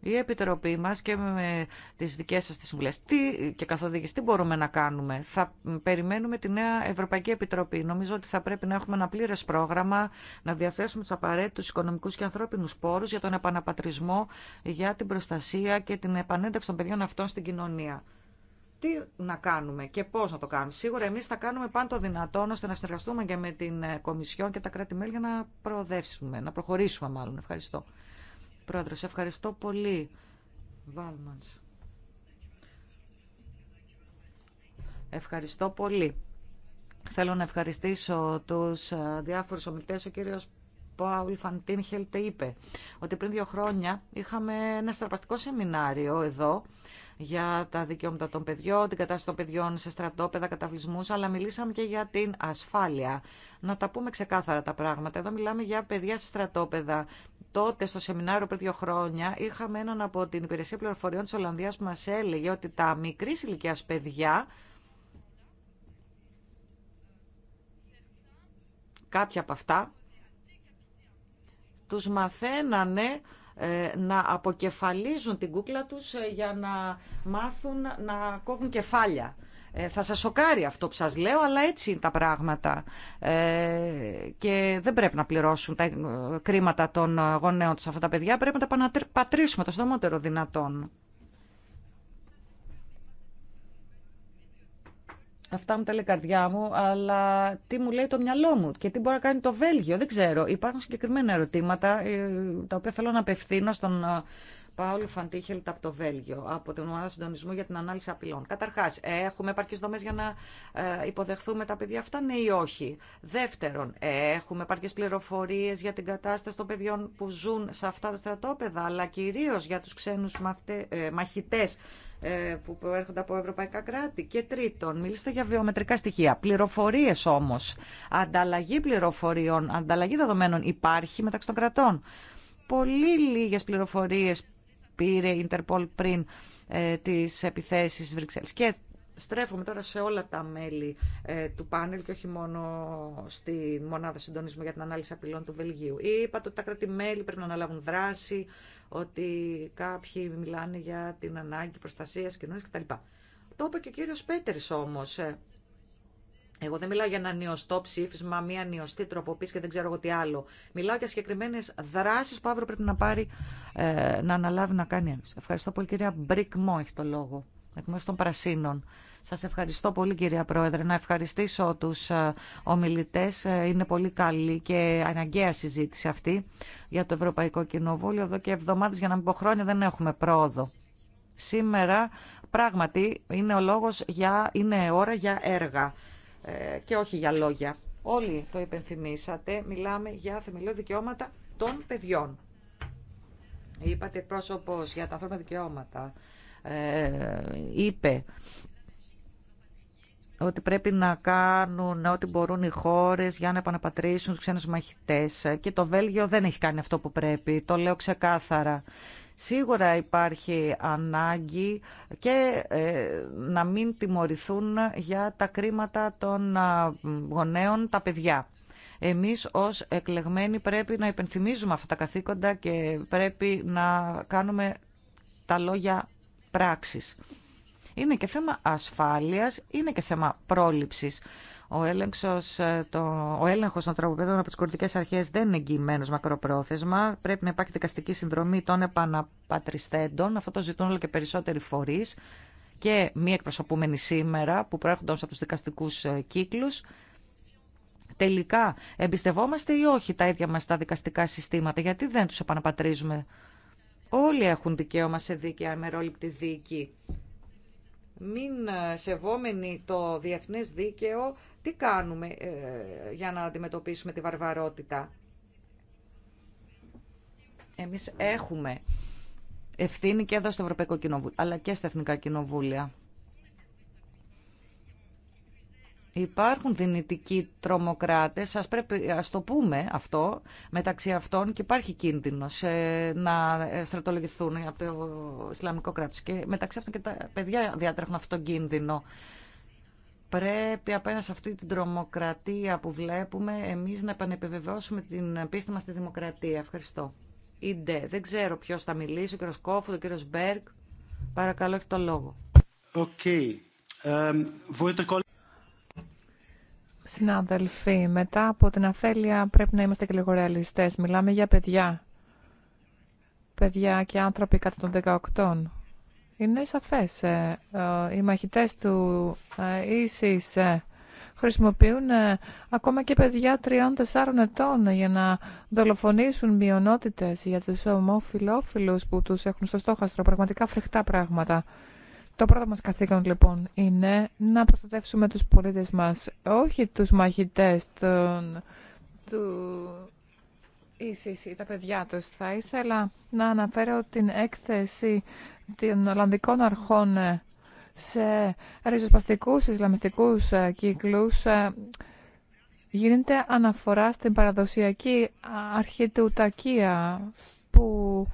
η Επιτροπή μας και με τις δικές σας τις συμβουλές τι και καθοδήγηση, τι μπορούμε να κάνουμε. Θα περιμένουμε τη νέα Ευρωπαϊκή Επιτροπή. Νομίζω ότι θα πρέπει να έχουμε ένα πλήρες πρόγραμμα, να διαθέσουμε τους απαραίτητους οικονομικούς και ανθρώπινους πόρους για τον επαναπατρισμό, για την προστασία και την επανένταξη των παιδιών αυτών στην κοινωνία τι να κάνουμε και πώ να το κάνουμε. Σίγουρα εμεί θα κάνουμε πάντα δυνατόν ώστε να συνεργαστούμε και με την Κομισιόν και τα κράτη-μέλη για να προοδεύσουμε, να προχωρήσουμε μάλλον. Ευχαριστώ σε ευχαριστώ πολύ. Βάλμανς. Ευχαριστώ πολύ. Θέλω να ευχαριστήσω τους διάφορους ομιλητές. Ο κύριος Πάουλ Φαντίνχελτ είπε ότι πριν δύο χρόνια είχαμε ένα στραπαστικό σεμινάριο εδώ για τα δικαιώματα των παιδιών, την κατάσταση των παιδιών σε στρατόπεδα, καταβλισμού, αλλά μιλήσαμε και για την ασφάλεια. Να τα πούμε ξεκάθαρα τα πράγματα. Εδώ μιλάμε για παιδιά σε στρατόπεδα. Τότε στο σεμινάριο πριν δύο χρόνια είχαμε έναν από την Υπηρεσία Πληροφοριών τη Ολλανδίας που μα έλεγε ότι τα μικρή ηλικία παιδιά κάποια από αυτά τους μαθαίνανε ε, να αποκεφαλίζουν την κούκλα τους ε, για να μάθουν να κόβουν κεφάλια. Ε, θα σας σοκάρει αυτό που σας λέω, αλλά έτσι είναι τα πράγματα. Και δεν πρέπει να πληρώσουν τα κρίματα των γονέων τους αυτά τα παιδιά, πρέπει να τα πατρίσουμε το στομότερο δυνατόν. Αυτά μου τα λέει η καρδιά μου, αλλά τι μου λέει το μυαλό μου και τι μπορεί να κάνει το Βέλγιο, δεν ξέρω. Υπάρχουν συγκεκριμένα ερωτήματα ε, τα οποία θέλω να απευθύνω στον Πάολο Φαντίχελτ από το Βέλγιο, από την Ομάδα Συντονισμού για την Ανάλυση Απειλών. Καταρχά, έχουμε επαρκεί δομέ για να ε, υποδεχθούμε τα παιδιά αυτά, ναι ή όχι. Δεύτερον, έχουμε επαρκεί πληροφορίε για την κατάσταση των παιδιών που ζουν σε αυτά τα στρατόπεδα, αλλά κυρίω για του ξένου ε, μαχητέ ε, που έρχονται από ευρωπαϊκά κράτη. Και τρίτον, μιλήστε για βιομετρικά στοιχεία. Πληροφορίε όμω, ανταλλαγή πληροφοριών, ανταλλαγή δεδομένων υπάρχει μεταξύ των κρατών. Πολύ λίγε πληροφορίες πήρε η Interpol πριν ε, τις επιθέσεις Βρυξέλλες. Και στρέφομαι τώρα σε όλα τα μέλη ε, του πάνελ και όχι μόνο στη μονάδα συντονισμού για την ανάλυση απειλών του Βελγίου. Είπατε ότι τα κράτη-μέλη πρέπει να αναλάβουν δράση, ότι κάποιοι μιλάνε για την ανάγκη προστασίας κοινωνίας κτλ. Το είπε και ο κύριος Πέτερς όμως, ε, εγώ δεν μιλάω για ένα νιωστό ψήφισμα, μία νιωστή τροποποίηση και δεν ξέρω εγώ τι άλλο. Μιλάω για συγκεκριμένε δράσει που αύριο πρέπει να πάρει, ε, να αναλάβει να κάνει ένα. Ευχαριστώ πολύ, κυρία Μπρικμό, έχει το λόγο. Εκ μέρου των Πρασίνων. Σα ευχαριστώ πολύ, κυρία Πρόεδρε. Να ευχαριστήσω του ε, ομιλητέ. Ε, είναι πολύ καλή και αναγκαία συζήτηση αυτή για το Ευρωπαϊκό Κοινοβούλιο. Εδώ και εβδομάδε, για να μην πω χρόνια, δεν έχουμε πρόοδο. Σήμερα πράγματι είναι, ο λόγος για, είναι ώρα για έργα. Ε, και όχι για λόγια. Όλοι το υπενθυμίσατε, μιλάμε για θεμελιώδη δικαιώματα των παιδιών. Είπατε πρόσωπος για τα ανθρώπινα δικαιώματα. Ε, είπε ότι πρέπει να κάνουν ό,τι μπορούν οι χώρες για να επαναπατρίσουν τους ξένους μαχητές. Και το Βέλγιο δεν έχει κάνει αυτό που πρέπει, το λέω ξεκάθαρα. Σίγουρα υπάρχει ανάγκη και ε, να μην τιμωρηθούν για τα κρίματα των γονέων τα παιδιά. Εμείς ως εκλεγμένοι πρέπει να υπενθυμίζουμε αυτά τα καθήκοντα και πρέπει να κάνουμε τα λόγια πράξης. Είναι και θέμα ασφάλειας, είναι και θέμα πρόληψης. Ο, έλεγξος, ε, το, ο έλεγχος των τραγουδών από τις κουρδικές αρχές δεν είναι εγγυημένος μακροπρόθεσμα. Πρέπει να υπάρχει δικαστική συνδρομή των επαναπατριστέντων. Αυτό το ζητούν όλο και περισσότεροι φορείς και μη εκπροσωπούμενοι σήμερα που προέρχονται από τους δικαστικούς ε, κύκλους τελικά εμπιστευόμαστε ή όχι τα ίδια μας τα δικαστικά συστήματα, γιατί δεν τους επαναπατρίζουμε. Όλοι έχουν δικαίωμα σε δίκαια, αμερόληπτη δίκη μην ε, σεβόμενοι το διεθνές δίκαιο, τι κάνουμε ε, για να αντιμετωπίσουμε τη βαρβαρότητα. Εμείς έχουμε ευθύνη και εδώ στο Ευρωπαϊκό Κοινοβούλιο, αλλά και στα Εθνικά Κοινοβούλια. Υπάρχουν δυνητικοί τρομοκράτες, ας, πρέπει, το πούμε αυτό, μεταξύ αυτών και υπάρχει κίνδυνος ε, να στρατολογηθούν από το Ισλαμικό κράτος. Και μεταξύ αυτών και τα παιδιά διατρέχουν αυτόν τον κίνδυνο. Πρέπει απέναντι σε αυτή την τρομοκρατία που βλέπουμε εμείς να επανεπιβεβαιώσουμε την πίστη μας στη δημοκρατία. Ευχαριστώ. δεν ξέρω ποιο θα μιλήσει, ο κ. Κόφου, ο κ. Μπέργκ. Παρακαλώ, έχει το λόγο.
Okay. Um, Συνάδελφοι, μετά από την αφέλεια πρέπει να είμαστε και λίγο ρεαλιστές. Μιλάμε για παιδιά. Παιδιά και άνθρωποι κάτω των 18. Είναι σαφές. Ε, ε, οι μαχητές του ε, ίσης χρησιμοποιούν ακόμα και παιδιά 3-4 ετών για να δολοφονήσουν μειονότητες για τους ομοφιλόφιλους που τους έχουν στο στόχαστρο. Πραγματικά φρικτά πράγματα. Το πρώτο μας καθήκον λοιπόν είναι να προστατεύσουμε τους πολίτες μας, όχι τους μαχητές των, του ίσης τα παιδιά τους. Θα ήθελα να αναφέρω την έκθεση των Ολλανδικών Αρχών σε ριζοσπαστικούς Ισλαμιστικούς κύκλους. Γίνεται αναφορά στην παραδοσιακή αρχή του που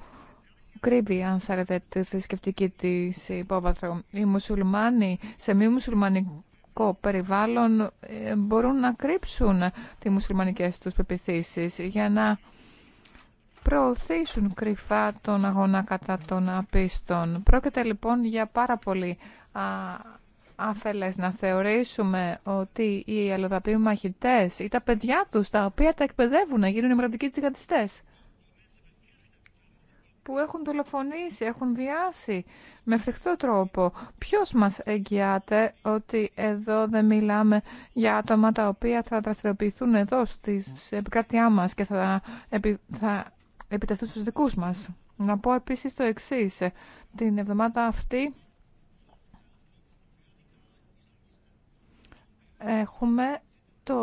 Κρύβει, αν θέλετε, τη θρησκευτική τη υπόβαθρο. Οι μουσουλμάνοι σε μη μουσουλμανικό περιβάλλον ε, μπορούν να κρύψουν τι μουσουλμανικέ του πεπιθήσει για να προωθήσουν κρυφά τον αγώνα κατά των απίστων. Πρόκειται λοιπόν για πάρα πολύ α, αφελές να θεωρήσουμε ότι οι αλλοδαποί μαχητές ή τα παιδιά τους τα οποία τα εκπαιδεύουν να γίνουν τσιγαντιστές που έχουν δολοφονήσει, έχουν βιάσει με φρικτό τρόπο. Ποιος μας εγγυάται ότι εδώ δεν μιλάμε για άτομα τα οποία θα δραστηριοποιηθούν εδώ στις επικράτειά μας και θα, επι, θα επιτεθούν στους δικούς μας. Να πω επίσης το εξής. Την εβδομάδα αυτή έχουμε το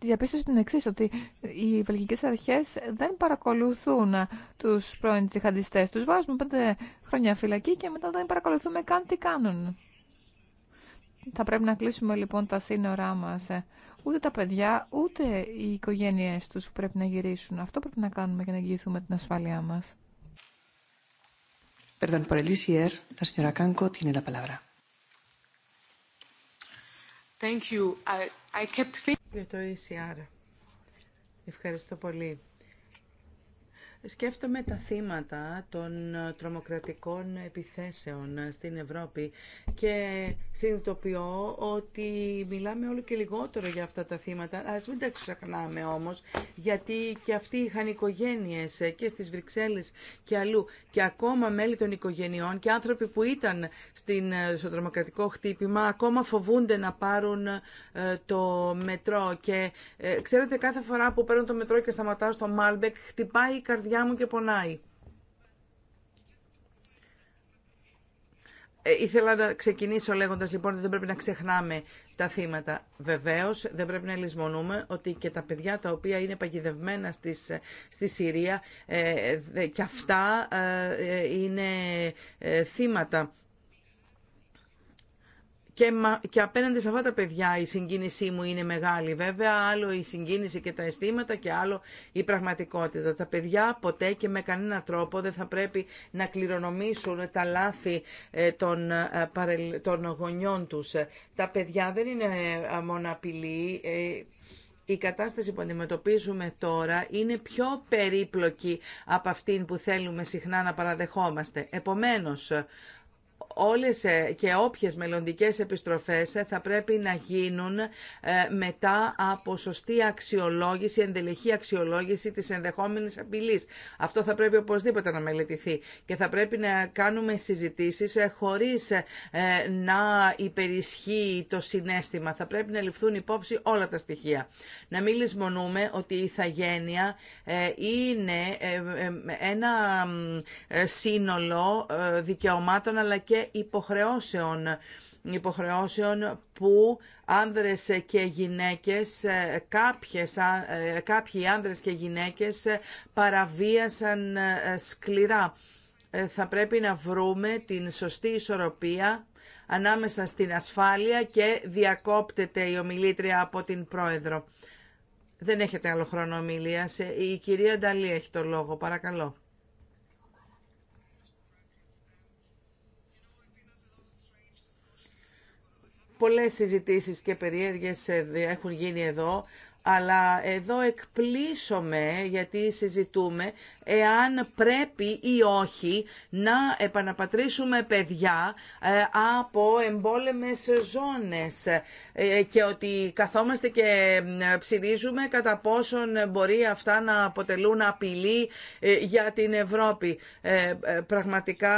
διαπίστωση την εξή, ότι οι βελγικέ αρχές δεν παρακολουθούν τους πρώην τσιχαντιστές. Τους βάζουν πέντε χρόνια φυλακή και μετά δεν παρακολουθούμε καν τι κάνουν. Θα πρέπει να κλείσουμε λοιπόν τα σύνορά μας. Ούτε τα παιδιά, ούτε οι οικογένειε τους πρέπει να γυρίσουν. Αυτό πρέπει να κάνουμε για να εγγυηθούμε την ασφάλειά μα.
Perdón, por el ICR, la señora Canco tiene la palabra.
Thank you. I, I kept για το ECR. Ευχαριστώ πολύ. Σκέφτομαι τα θύματα των ε, τρομοκρατικών επιθέσεων ε, στην Ευρώπη και συνειδητοποιώ ότι μιλάμε όλο και λιγότερο για αυτά τα θύματα. Ας μην τα ξεχνάμε όμως, γιατί και αυτοί είχαν οικογένειες ε, και στις Βρυξέλλες και αλλού και ακόμα μέλη των οικογενειών και άνθρωποι που ήταν στην, στο τρομοκρατικό χτύπημα ακόμα φοβούνται να πάρουν το μετρό και ξέρετε κάθε φορά που παίρνω το μετρό και σταματάω στο Μάλμπεκ χτυπάει η καρδιά καρδιά μου και πονάει. Ε, ήθελα να ξεκινήσω λέγοντας λοιπόν ότι δεν πρέπει να ξεχνάμε τα θύματα. Βεβαίως δεν πρέπει να λησμονούμε ότι και τα παιδιά τα οποία είναι παγιδευμένα στις, ε, στη Συρία ε, και αυτά είναι ε, θύματα και, απέναντι σε αυτά τα παιδιά η συγκίνησή μου είναι μεγάλη. Βέβαια, άλλο η συγκίνηση και τα αισθήματα και άλλο η πραγματικότητα. Τα παιδιά ποτέ και με κανένα τρόπο δεν θα πρέπει να κληρονομήσουν τα λάθη ε, των, ε, των γονιών τους. Τα παιδιά δεν είναι ε, μόνο απειλή. Η κατάσταση που αντιμετωπίζουμε τώρα είναι πιο περίπλοκη από αυτήν που θέλουμε συχνά να παραδεχόμαστε. Επομένως, όλες ε, και όποιες μελλοντικές επιστροφές ε, θα πρέπει να γίνουν ε, μετά από σωστή αξιολόγηση, εντελεχή αξιολόγηση της ενδεχόμενης απειλής. Αυτό θα πρέπει οπωσδήποτε να μελετηθεί και θα πρέπει να κάνουμε συζητήσεις χωρίς να υπερισχύει το συνέστημα. Θα πρέπει να ληφθούν υπόψη όλα τα στοιχεία. Να μην λησμονούμε ότι η ηθαγένεια είναι ένα σύνολο δικαιωμάτων αλλά και υποχρεώσεων υποχρεώσεων που άνδρες και γυναίκες, ε, κάποιες, ε, κάποιοι άνδρες και γυναίκες ε, παραβίασαν σκληρά. Θα πρέπει να βρούμε την σωστή ισορροπία ανάμεσα στην ασφάλεια και διακόπτεται η ομιλήτρια από την πρόεδρο. Δεν έχετε άλλο χρόνο ομιλίας. Η κυρία Νταλή έχει το λόγο. Παρακαλώ. Πολλές συζητήσεις και περιέργειες ε, έχουν γίνει εδώ, αλλά εδώ εκπλήσωμε γιατί συζητούμε εάν πρέπει ή όχι να επαναπατρίσουμε παιδιά ε, από εμπόλεμες ζώνες ε, και ότι καθόμαστε και ψηρίζουμε κατά πόσον μπορεί αυτά να αποτελούν απειλή για την Ευρώπη. Πραγματικά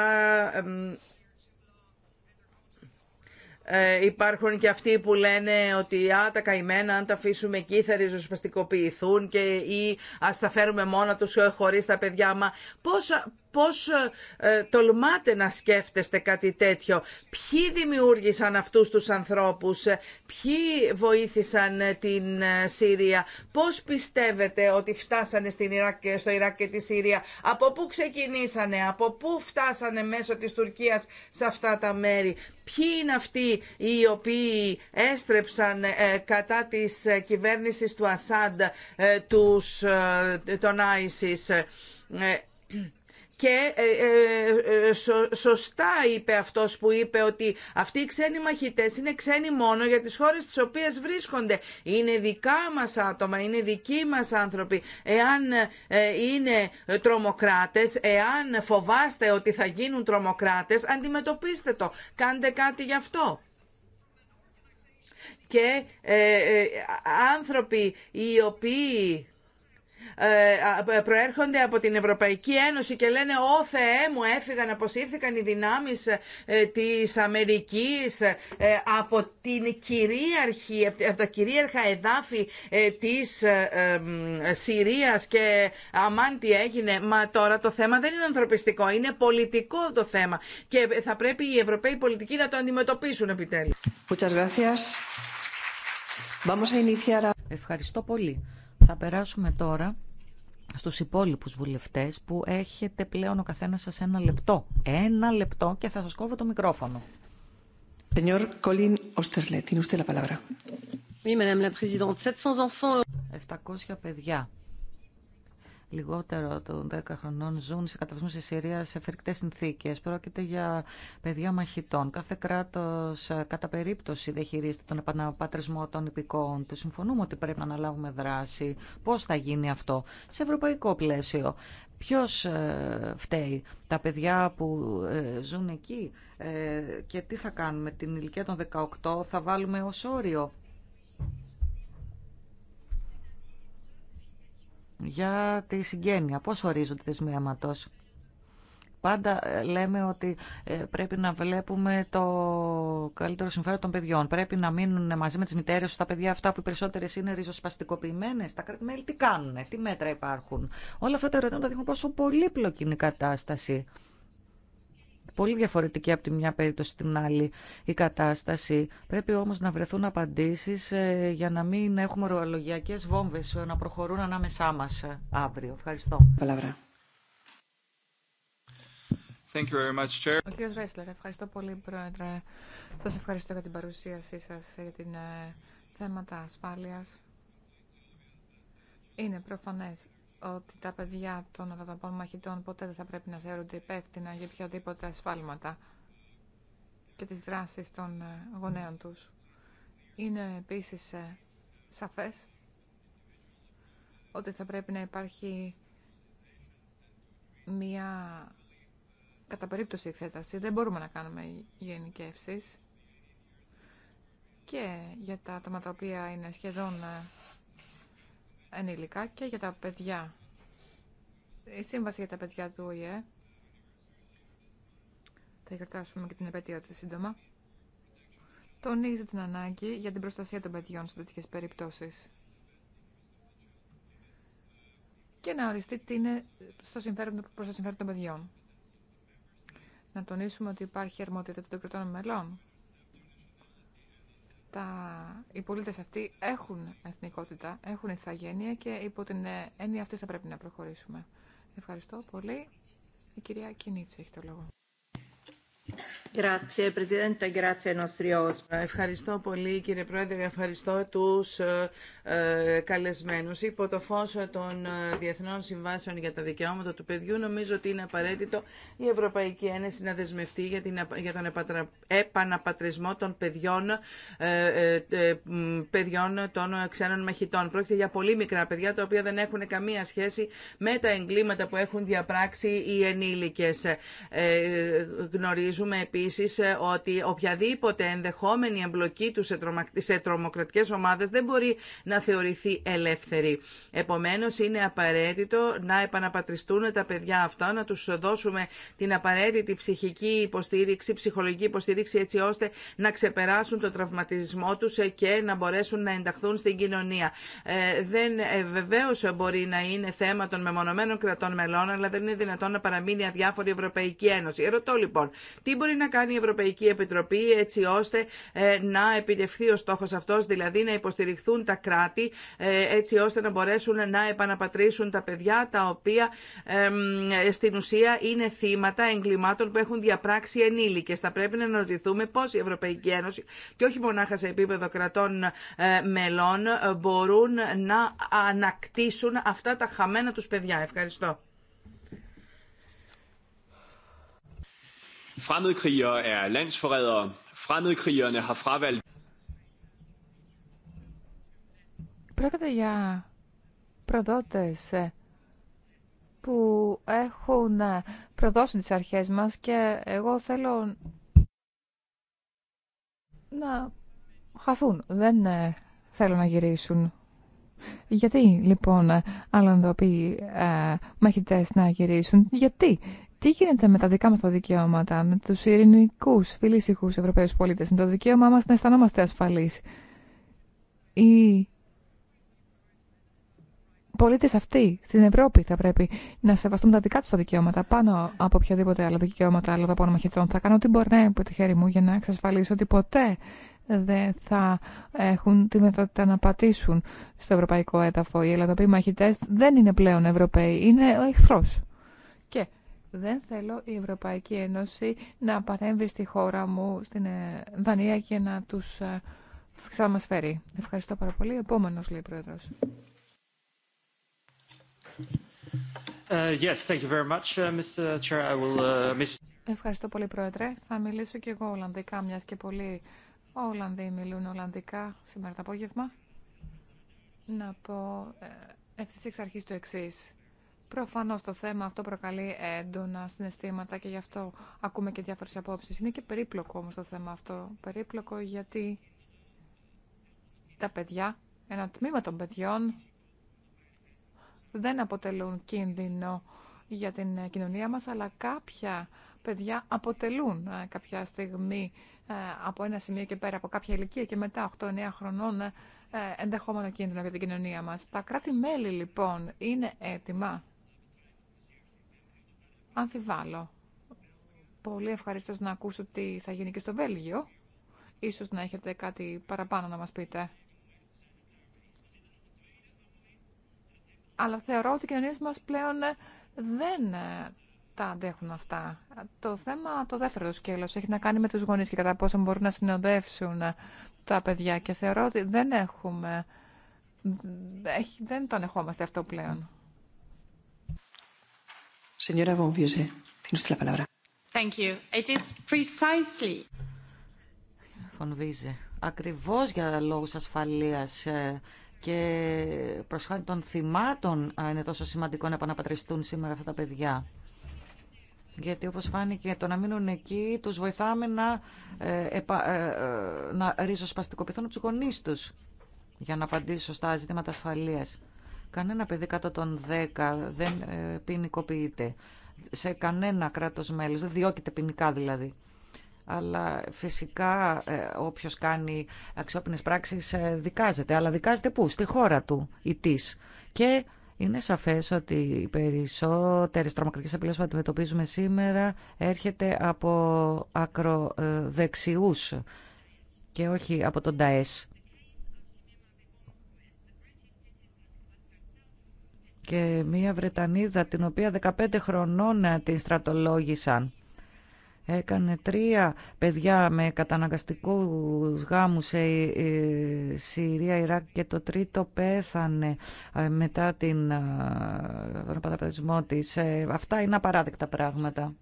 ε, υπάρχουν και αυτοί που λένε ότι α, τα καημένα αν τα αφήσουμε εκεί θα ριζοσπαστικοποιηθούν και, ή ας τα φέρουμε μόνα τους χωρίς τα παιδιά. Μα πόσα, πώς ε, ε, τολμάτε να σκέφτεστε κάτι τέτοιο. Ποιοι δημιούργησαν αυτούς τους ανθρώπους, ε, ποιοι βοήθησαν την Σύρια, πώς πιστεύετε ότι φτάσανε στην Ιράκ, στο Ιράκ και τη Σύρια, από πού ξεκινήσανε, από πού φτάσανε μέσω της Τουρκίας σε αυτά τα μέρη. Ποιοι είναι αυτοί οι οποίοι έστρεψαν κατά της κυβέρνησης του Ασάντ τους, τον Άισις και ε, ε, ε, σωστά είπε αυτός που είπε ότι αυτοί οι ξένοι μαχητές είναι ξένοι μόνο για τις χώρες τις οποίες βρίσκονται. Είναι δικά μας άτομα, είναι δικοί μας άνθρωποι. Εάν είναι τρομοκράτες, εάν φοβάστε ότι θα γίνουν τρομοκράτες, αντιμετωπίστε το. Κάντε κάτι γι' αυτό και άνθρωποι οι οποίοι ε, ε, προέρχονται από την Ευρωπαϊκή Ένωση και λένε «Ω Θεέ μου, έφυγαν, αποσύρθηκαν οι δυνάμεις ε, της Αμερικής από την κυρίαρχη, από τα κυρίαρχα εδάφη της Συρίας και αμάν τι έγινε». Μα τώρα το θέμα δεν είναι ανθρωπιστικό, είναι πολιτικό το θέμα και θα πρέπει οι Ευρωπαίοι πολιτικοί να το αντιμετωπίσουν επιτέλους.
Ευχαριστώ πολύ. Θα περάσουμε τώρα στους υπόλοιπους βουλευτές που έχετε πλέον ο καθένας σας ένα λεπτό. Ένα λεπτό και θα σας κόβω το μικρόφωνο. Señor Colin Osterlet, tiene usted la palabra. Oui, madame la présidente. 700 enfants. 700 παιδιά λιγότερο των 10 χρονών ζουν σε καταβλισμούς σε Συρία σε φρικτές συνθήκες. Πρόκειται για παιδιά μαχητών. Κάθε κράτος ε, κατά περίπτωση δεν χειρίζεται τον επαναπατρισμό των υπηκόων του. Συμφωνούμε ότι πρέπει να αναλάβουμε δράση. Πώς θα γίνει αυτό σε ευρωπαϊκό πλαίσιο. Ποιος ε, φταίει, τα παιδιά που ε, ζουν εκεί και τι θα κάνουμε την ηλικία των 18 θα βάλουμε ως όριο για τη συγγένεια. Πώς ορίζονται τις αίματος. Πάντα ε, λέμε ότι ε, πρέπει να βλέπουμε το καλύτερο συμφέρον των παιδιών. Πρέπει να μείνουν μαζί με τις μητέρες τα παιδιά αυτά που οι περισσότερες είναι ριζοσπαστικοποιημένες. Τα κρατη τι κάνουν, τι μέτρα υπάρχουν. Όλα αυτά τα ερωτήματα δείχνουν πόσο πολύπλοκη είναι η κατάσταση πολύ διαφορετική από τη μια περίπτωση στην άλλη η κατάσταση. Πρέπει όμως να βρεθούν απαντήσεις ε, για να μην έχουμε ρολογιακές βόμβες ε, να προχωρούν ανάμεσά μας ε, αύριο. Ευχαριστώ. Παλαβρά.
Thank you very much, Chair. Ο
κ. Ρέσλερ, ευχαριστώ πολύ, Πρόεδρε. Σας ευχαριστώ για την παρουσίασή σας, για την θέματα ασφάλειας. Είναι προφανές ότι τα παιδιά των Ροδοπών μαχητών ποτέ δεν θα πρέπει να θεωρούνται υπεύθυνα για οποιαδήποτε ασφάλματα και τις δράσεις των ε, γονέων τους. Είναι επίσης ε, σαφές ότι θα πρέπει να υπάρχει μία κατά περίπτωση εξέταση. Δεν μπορούμε να κάνουμε γενικεύσεις και για τα άτομα τα οποία είναι σχεδόν ε, ενήλικα και για τα παιδιά. Η σύμβαση για τα παιδιά του ΟΗΕ. Θα γιορτάσουμε και την επέτειο του σύντομα. Τονίζει την ανάγκη για την προστασία των παιδιών σε τέτοιες περιπτώσει. Και να οριστεί τι είναι στο συμφέρον, προς το συμφέρον των παιδιών. Να τονίσουμε ότι υπάρχει αρμοδιότητα των κρατών μελών τα, οι πολίτε αυτοί έχουν εθνικότητα, έχουν ηθαγένεια και υπό την ε, έννοια αυτή θα πρέπει να προχωρήσουμε. Ευχαριστώ πολύ. Η κυρία Κινίτση έχει το λόγο.
Ευχαριστώ πολύ κύριε Πρόεδρε, ευχαριστώ τους ε, ε καλεσμένους. Υπό το φως των ε, Διεθνών Συμβάσεων για τα Δικαιώματα του Παιδιού νομίζω ότι είναι απαραίτητο η Ευρωπαϊκή Ένωση να δεσμευτεί για, τον επαναπατρισμό των ε, παιδιών, των ξένων μαχητών. Πρόκειται για πολύ μικρά παιδιά τα οποία δεν έχουν καμία σχέση με τα εγκλήματα που έχουν διαπράξει οι ενήλικες. γνωρίζουμε επίσης ε, ότι οποιαδήποτε ενδεχόμενη εμπλοκή του σε τρομοκρατικές ομάδες δεν μπορεί να θεωρηθεί ελεύθερη. Επομένως είναι απαραίτητο να επαναπατριστούν τα παιδιά αυτά, να τους δώσουμε την απαραίτητη ψυχική υποστήριξη, ψυχολογική υποστήριξη έτσι ώστε να ξεπεράσουν το τραυματισμό τους ε, και να μπορέσουν να ενταχθούν στην κοινωνία. Ε, δεν ε, βεβαίως μπορεί να είναι θέμα των μεμονωμένων κρατών μελών, αλλά δεν είναι δυνατόν να παραμείνει αδιάφορη η Ευρωπαϊκή Ένωση. Ερωτώ λοιπόν, τι μπορεί να κάνει η Ευρωπαϊκή Επιτροπή έτσι ώστε ε, να επιτευχθεί ο στόχος αυτός, δηλαδή να υποστηριχθούν τα κράτη ε, έτσι ώστε να μπορέσουν να επαναπατρίσουν τα παιδιά τα οποία στην ουσία είναι θύματα εγκλημάτων που έχουν διαπράξει ενήλικες. Θα πρέπει να αναρωτηθούμε πώς η Ευρωπαϊκή Ένωση και όχι μονάχα σε επίπεδο κρατών ε, μελών μπορούν να ανακτήσουν αυτά τα χαμένα τους παιδιά. Ευχαριστώ.
Fremmedkrigere er Πρόκειται για προδότες ε, που έχουν ε, προδώσει τις αρχές μας και εγώ θέλω να χαθούν. Δεν ε, θέλω να γυρίσουν. Γιατί λοιπόν άλλοι ανθρωποί μαχητές να γυρίσουν. Γιατί τι γίνεται με τα δικά μα τα δικαιώματα, με του ειρηνικού φιλήσυχου ευρωπαίου πολίτε. με το δικαίωμά μας να αισθανόμαστε ασφαλείς. Οι πολίτε αυτοί στην Ευρώπη θα πρέπει να σεβαστούν τα δικά του τα δικαιώματα πάνω από οποιαδήποτε άλλα δικαιώματα άλλα από μαχητών. Θα κάνω ό,τι μπορεί να από το χέρι μου για να εξασφαλίσω ότι ποτέ δεν θα έχουν τη δυνατότητα να πατήσουν στο ευρωπαϊκό έδαφο. Οι Ελλαδοποί μαχητέ δεν είναι πλέον Ευρωπαίοι, είναι ο εχθρό. Δεν θέλω η Ευρωπαϊκή Ένωση να παρέμβει στη χώρα μου, στην ε, Δανία και να τους ξαναμασφέρει. Ε, Ευχαριστώ πάρα πολύ. Επόμενος, λέει Πρόεδρος. Ευχαριστώ πολύ, Πρόεδρε. Θα μιλήσω και εγώ Ολλανδικά, μιας και πολλοί Ολλανδοί μιλούν Ολλανδικά σήμερα το απόγευμα. Να πω ε, ευθύ εξ αρχή το εξή. Προφανώς το θέμα αυτό προκαλεί έντονα συναισθήματα και γι' αυτό ακούμε και διάφορες απόψεις. Είναι και περίπλοκο όμως το θέμα αυτό. Περίπλοκο γιατί τα παιδιά, ένα τμήμα των παιδιών δεν αποτελούν κίνδυνο για την κοινωνία μας, αλλά κάποια παιδιά αποτελούν ε, κάποια στιγμή ε, από ένα σημείο και πέρα, από κάποια ηλικία και μετά 8-9 χρονών ε, ενδεχόμενο κίνδυνο για την κοινωνία μας. Τα κράτη-μέλη λοιπόν είναι έτοιμα αμφιβάλλω. Πολύ ευχαριστώ να ακούσω τι θα γίνει και στο Βέλγιο. Ίσως να έχετε κάτι παραπάνω να μας πείτε. Αλλά θεωρώ ότι οι κοινωνίες μας πλέον ε, δεν ε, τα αντέχουν αυτά. Το θέμα, το δεύτερο σκέλος, έχει να κάνει με τους γονείς και κατά πόσο μπορούν να συνοδεύσουν ε, τα παιδιά. Και θεωρώ ότι δεν έχουμε, δεν το ανεχόμαστε αυτό πλέον. Señora Bonviese, tiene usted la palabra. Thank you. It is precisely...
Ακριβώς για λόγους ασφαλείας ε, και προς χάρη των θυμάτων είναι τόσο σημαντικό να επαναπατριστούν σήμερα αυτά τα παιδιά. Γιατί όπως φάνηκε το να μείνουν εκεί τους βοηθάμε να, ε, ε, ε να ριζοσπαστικοποιηθούν τους γονείς τους για να απαντήσουν σωστά ζητήματα ασφαλείας. Κανένα παιδί κάτω των 10 δεν ε, ποινικοποιείται. Σε κανένα κράτος μέλος, δεν διώκεται ποινικά δηλαδή. Αλλά φυσικά ε, όποιος κάνει αξιόπινες πράξεις ε, δικάζεται. Αλλά δικάζεται πού, στη χώρα του ή της. Και είναι σαφές ότι οι περισσότερες τρομακτικές απειλές που αντιμετωπίζουμε σήμερα έρχεται από ακροδεξιούς και όχι από τον ΤΑΕΣ. και μία Βρετανίδα την οποία 15 χρονών ε, την στρατολόγησαν. Έκανε τρία παιδιά με καταναγκαστικούς γάμους σε ε, Συρία, Ιράκ και το τρίτο πέθανε ε, μετά την, τον της. Αυτά είναι απαράδεκτα πράγματα.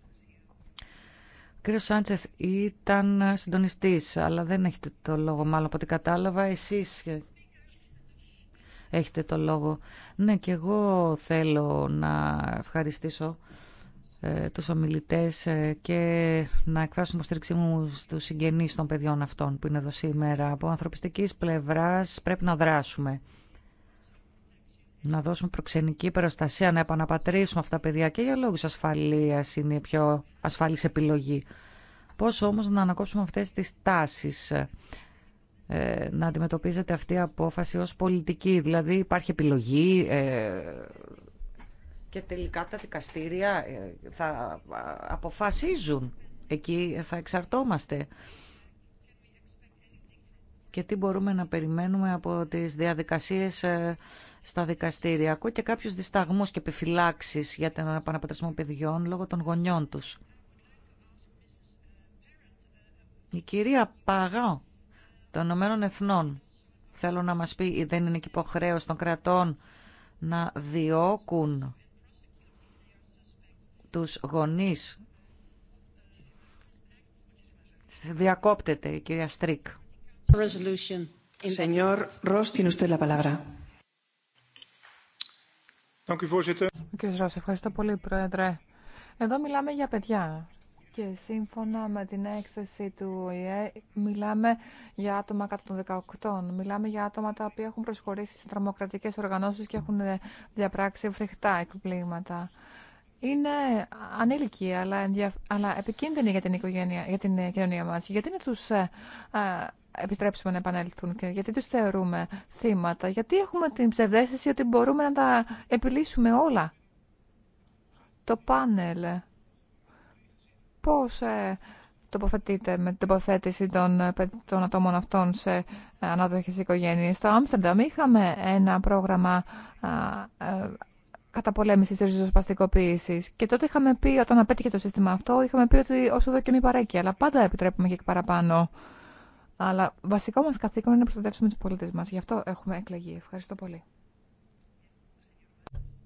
Ο κύριος Σάντσεθ ήταν συντονιστής, αλλά δεν έχετε το λόγο μάλλον από ό,τι κατάλαβα. Εσείς Έχετε το λόγο. Ναι, και εγώ θέλω να ευχαριστήσω ε, τους ομιλητές ε, και να εκφράσω την στήριξή μου στους συγγενείς των παιδιών αυτών που είναι εδώ σήμερα. Από ανθρωπιστικής πλευράς πρέπει να δράσουμε. Να δώσουμε προξενική προστασία, να επαναπατρίσουμε αυτά τα παιδιά και για λόγους ασφαλείας είναι η πιο ασφαλής επιλογή. Πώς όμως να ανακόψουμε αυτές τις τάσεις ε, να αντιμετωπίζεται αυτή η απόφαση ως πολιτική. Δηλαδή υπάρχει επιλογή ε, και τελικά τα δικαστήρια ε, θα αποφασίζουν. Εκεί θα εξαρτόμαστε. Και τι μπορούμε να περιμένουμε από τις διαδικασίες στα δικαστήρια. Ακούω και κάποιους δισταγμούς και επιφυλάξεις για τον επαναπατρισμό παιδιών λόγω των γονιών τους. Η κυρία Παγάο των Ηνωμένων Εθνών. Θέλω να μας πει, δεν είναι και υποχρέωση των κρατών να διώκουν τους γονείς. Διακόπτεται η κυρία Στρίκ.
Σενιόρ
Ρος,
Κύριε Ρος, ευχαριστώ πολύ, Πρόεδρε. Εδώ μιλάμε για παιδιά. Και σύμφωνα με την έκθεση του ΟΗΕ, μιλάμε για άτομα κάτω των 18. Μιλάμε για άτομα τα οποία έχουν προσχωρήσει σε τρομοκρατικέ οργανώσει και έχουν ε, διαπράξει φρικτά εκπλήματα. Είναι ανήλικοι, αλλά, ενδια... αλλά επικίνδυνοι για την, οικογένεια, για την ε, κοινωνία μα. Γιατί να του ε, επιστρέψουμε να επανέλθουν και γιατί τους θεωρούμε θύματα, γιατί έχουμε την ψευδέστηση ότι μπορούμε να τα επιλύσουμε όλα. Το πάνελ πώς ε, τοποθετείτε με την τοποθέτηση των, ε, των ατόμων αυτών σε ε, ανάδοχες οικογένειες. Στο Άμστερνταμ είχαμε ένα πρόγραμμα καταπολέμησης της ριζοσπαστικοποίησης και τότε είχαμε πει, όταν απέτυχε το σύστημα αυτό, είχαμε πει ότι όσο εδώ και μη παρέκει, αλλά πάντα επιτρέπουμε και παραπάνω. Αλλά βασικό μας καθήκον είναι να προστατεύσουμε τους πολίτες μας. Γι' αυτό έχουμε εκλεγεί. Ευχαριστώ πολύ.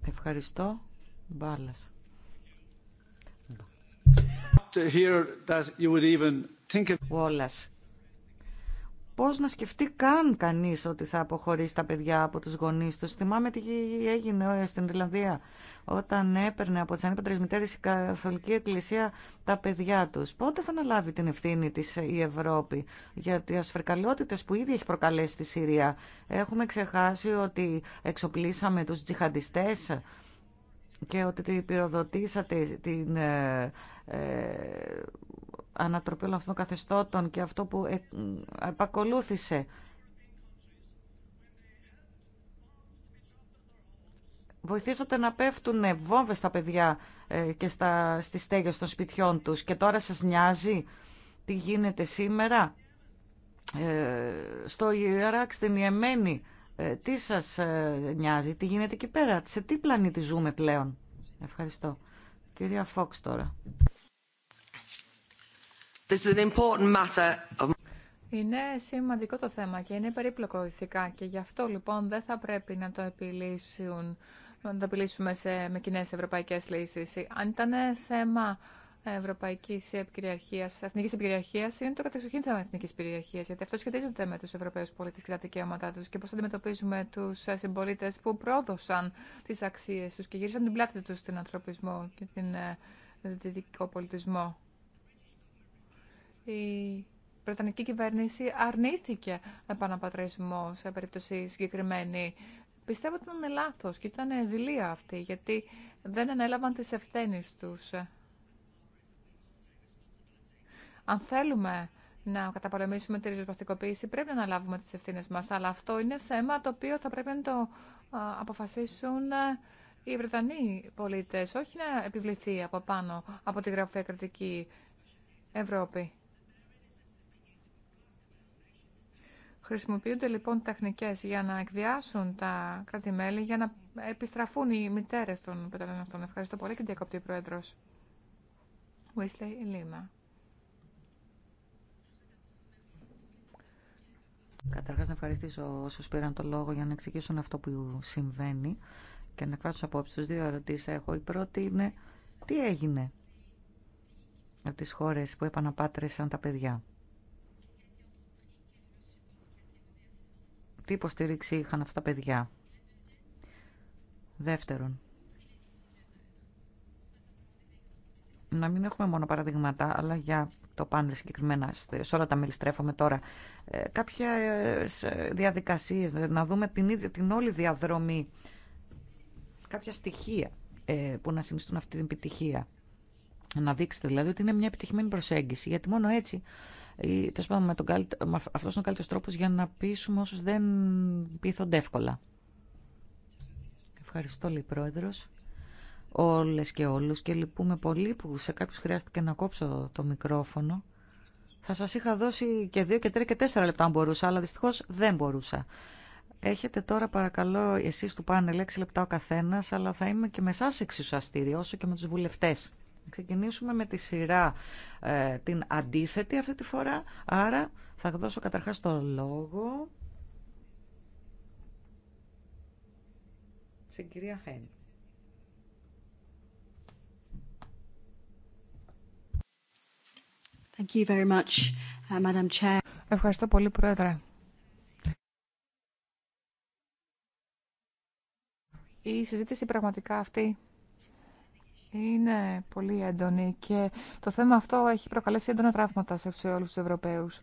Ευχαριστώ. Μπάλας. Πώ Πώς να σκεφτεί καν κανείς ότι θα αποχωρήσει τα παιδιά από τους γονείς τους. Θυμάμαι τι έγινε ε, στην Ιρλανδία όταν έπαιρνε από τις ανήπαντρες μητέρες η Καθολική Εκκλησία τα παιδιά τους. Πότε θα αναλάβει την ευθύνη της η Ευρώπη για τις ασφερκαλαιότητες που ήδη έχει προκαλέσει στη Συρία. Έχουμε ξεχάσει ότι εξοπλίσαμε τους τζιχαντιστές και ότι πυροδοτήσατε την ε, ε, ανατροπή όλων αυτών των καθεστώτων και αυτό που ε, επακολούθησε. Βοηθήσατε να πέφτουν βόμβες στα παιδιά ε, και στα, στις στέγες των σπιτιών τους και τώρα σας νοιάζει τι γίνεται σήμερα ε, στο Ιράκ, στην Ιεμένη ε, τι σας ε, νοιάζει, τι γίνεται εκεί πέρα, σε τι πλανήτη ζούμε πλέον. Ευχαριστώ. Κυρία Φόξ τώρα. This is an
Είναι σημαντικό το θέμα και είναι περίπλοκο ηθικά και γι' αυτό λοιπόν δεν θα πρέπει να το επιλύσουν να τα επιλύσουμε σε, με κοινέ ευρωπαϊκές λύσεις. Αν ήταν θέμα Ευρωπαϊκή Επικυριαρχία, Εθνική Επικυριαρχία, είναι το κατεξοχήν θέμα Εθνική Επικυριαρχία. Γιατί αυτό σχετίζεται με του Ευρωπαίου πολίτε και τα δικαιώματά του και πώ αντιμετωπίζουμε του ε, συμπολίτε που πρόδωσαν τι αξίε του και γύρισαν την πλάτη του Στον ανθρωπισμό και την ε, δυτικό πολιτισμό. Η Βρετανική κυβέρνηση αρνήθηκε επαναπατρισμό σε περίπτωση συγκεκριμένη. Πιστεύω ότι ήταν λάθο και ήταν δειλία αυτή, γιατί δεν ανέλαβαν τι ευθύνε του. Αν θέλουμε να καταπολεμήσουμε τη ριζοσπαστικοποίηση, πρέπει να αναλάβουμε τις ευθύνε μας. Αλλά αυτό είναι θέμα το οποίο θα πρέπει να το αποφασίσουν ε, οι Βρετανοί πολίτες, όχι να επιβληθεί από πάνω από τη γραφειοκρατική Ευρώπη. Χρησιμοποιούνται λοιπόν τεχνικές για να εκβιάσουν τα κράτη-μέλη, για να επιστραφούν οι μητέρες των πετρελαίων αυτών. Ευχαριστώ πολύ και διακόπτει ο Πρόεδρος. Wesley Lima.
Καταρχάς να ευχαριστήσω όσους πήραν το λόγο για να εξηγήσουν αυτό που συμβαίνει και να εκφράσουν απόψεις. του δύο ερωτήσει έχω. Η πρώτη είναι τι έγινε από τι χώρε που επαναπάτρεσαν τα παιδιά. Τι υποστήριξη είχαν αυτά τα παιδιά. Δεύτερον, να μην έχουμε μόνο παραδείγματα, αλλά για το πάνελ συγκεκριμένα, σε όλα τα μέλη στρέφομαι τώρα, ε, κάποιες ε, διαδικασίες, δηλαδή να δούμε την, ίδια, την όλη διαδρομή, κάποια στοιχεία ε, που να συνιστούν αυτή την επιτυχία. Να δείξετε δηλαδή ότι είναι μια επιτυχημένη προσέγγιση, γιατί μόνο έτσι τέλος πάνω, με τον αυτός είναι ο καλύτερος τρόπος για να πείσουμε όσους δεν πείθονται εύκολα. Ευχαριστώ, λέει Πρόεδρος όλες και όλους και λυπούμε πολύ που σε κάποιους χρειάστηκε να κόψω το μικρόφωνο. Θα σας είχα δώσει και δύο και τρία και τέσσερα λεπτά αν μπορούσα, αλλά δυστυχώς δεν μπορούσα. Έχετε τώρα παρακαλώ εσείς του πάνελ 6 λεπτά ο καθένας, αλλά θα είμαι και με εσάς εξισουαστήρι, όσο και με τους βουλευτές. Να ξεκινήσουμε με τη σειρά ε, την αντίθετη αυτή τη φορά, άρα θα δώσω καταρχάς το λόγο στην κυρία Χέν.
Uh, Ευχαριστώ πολύ, Πρόεδρε. Η συζήτηση πραγματικά αυτή είναι πολύ έντονη και το θέμα αυτό έχει προκαλέσει έντονα τραύματα σε όλους τους Ευρωπαίους.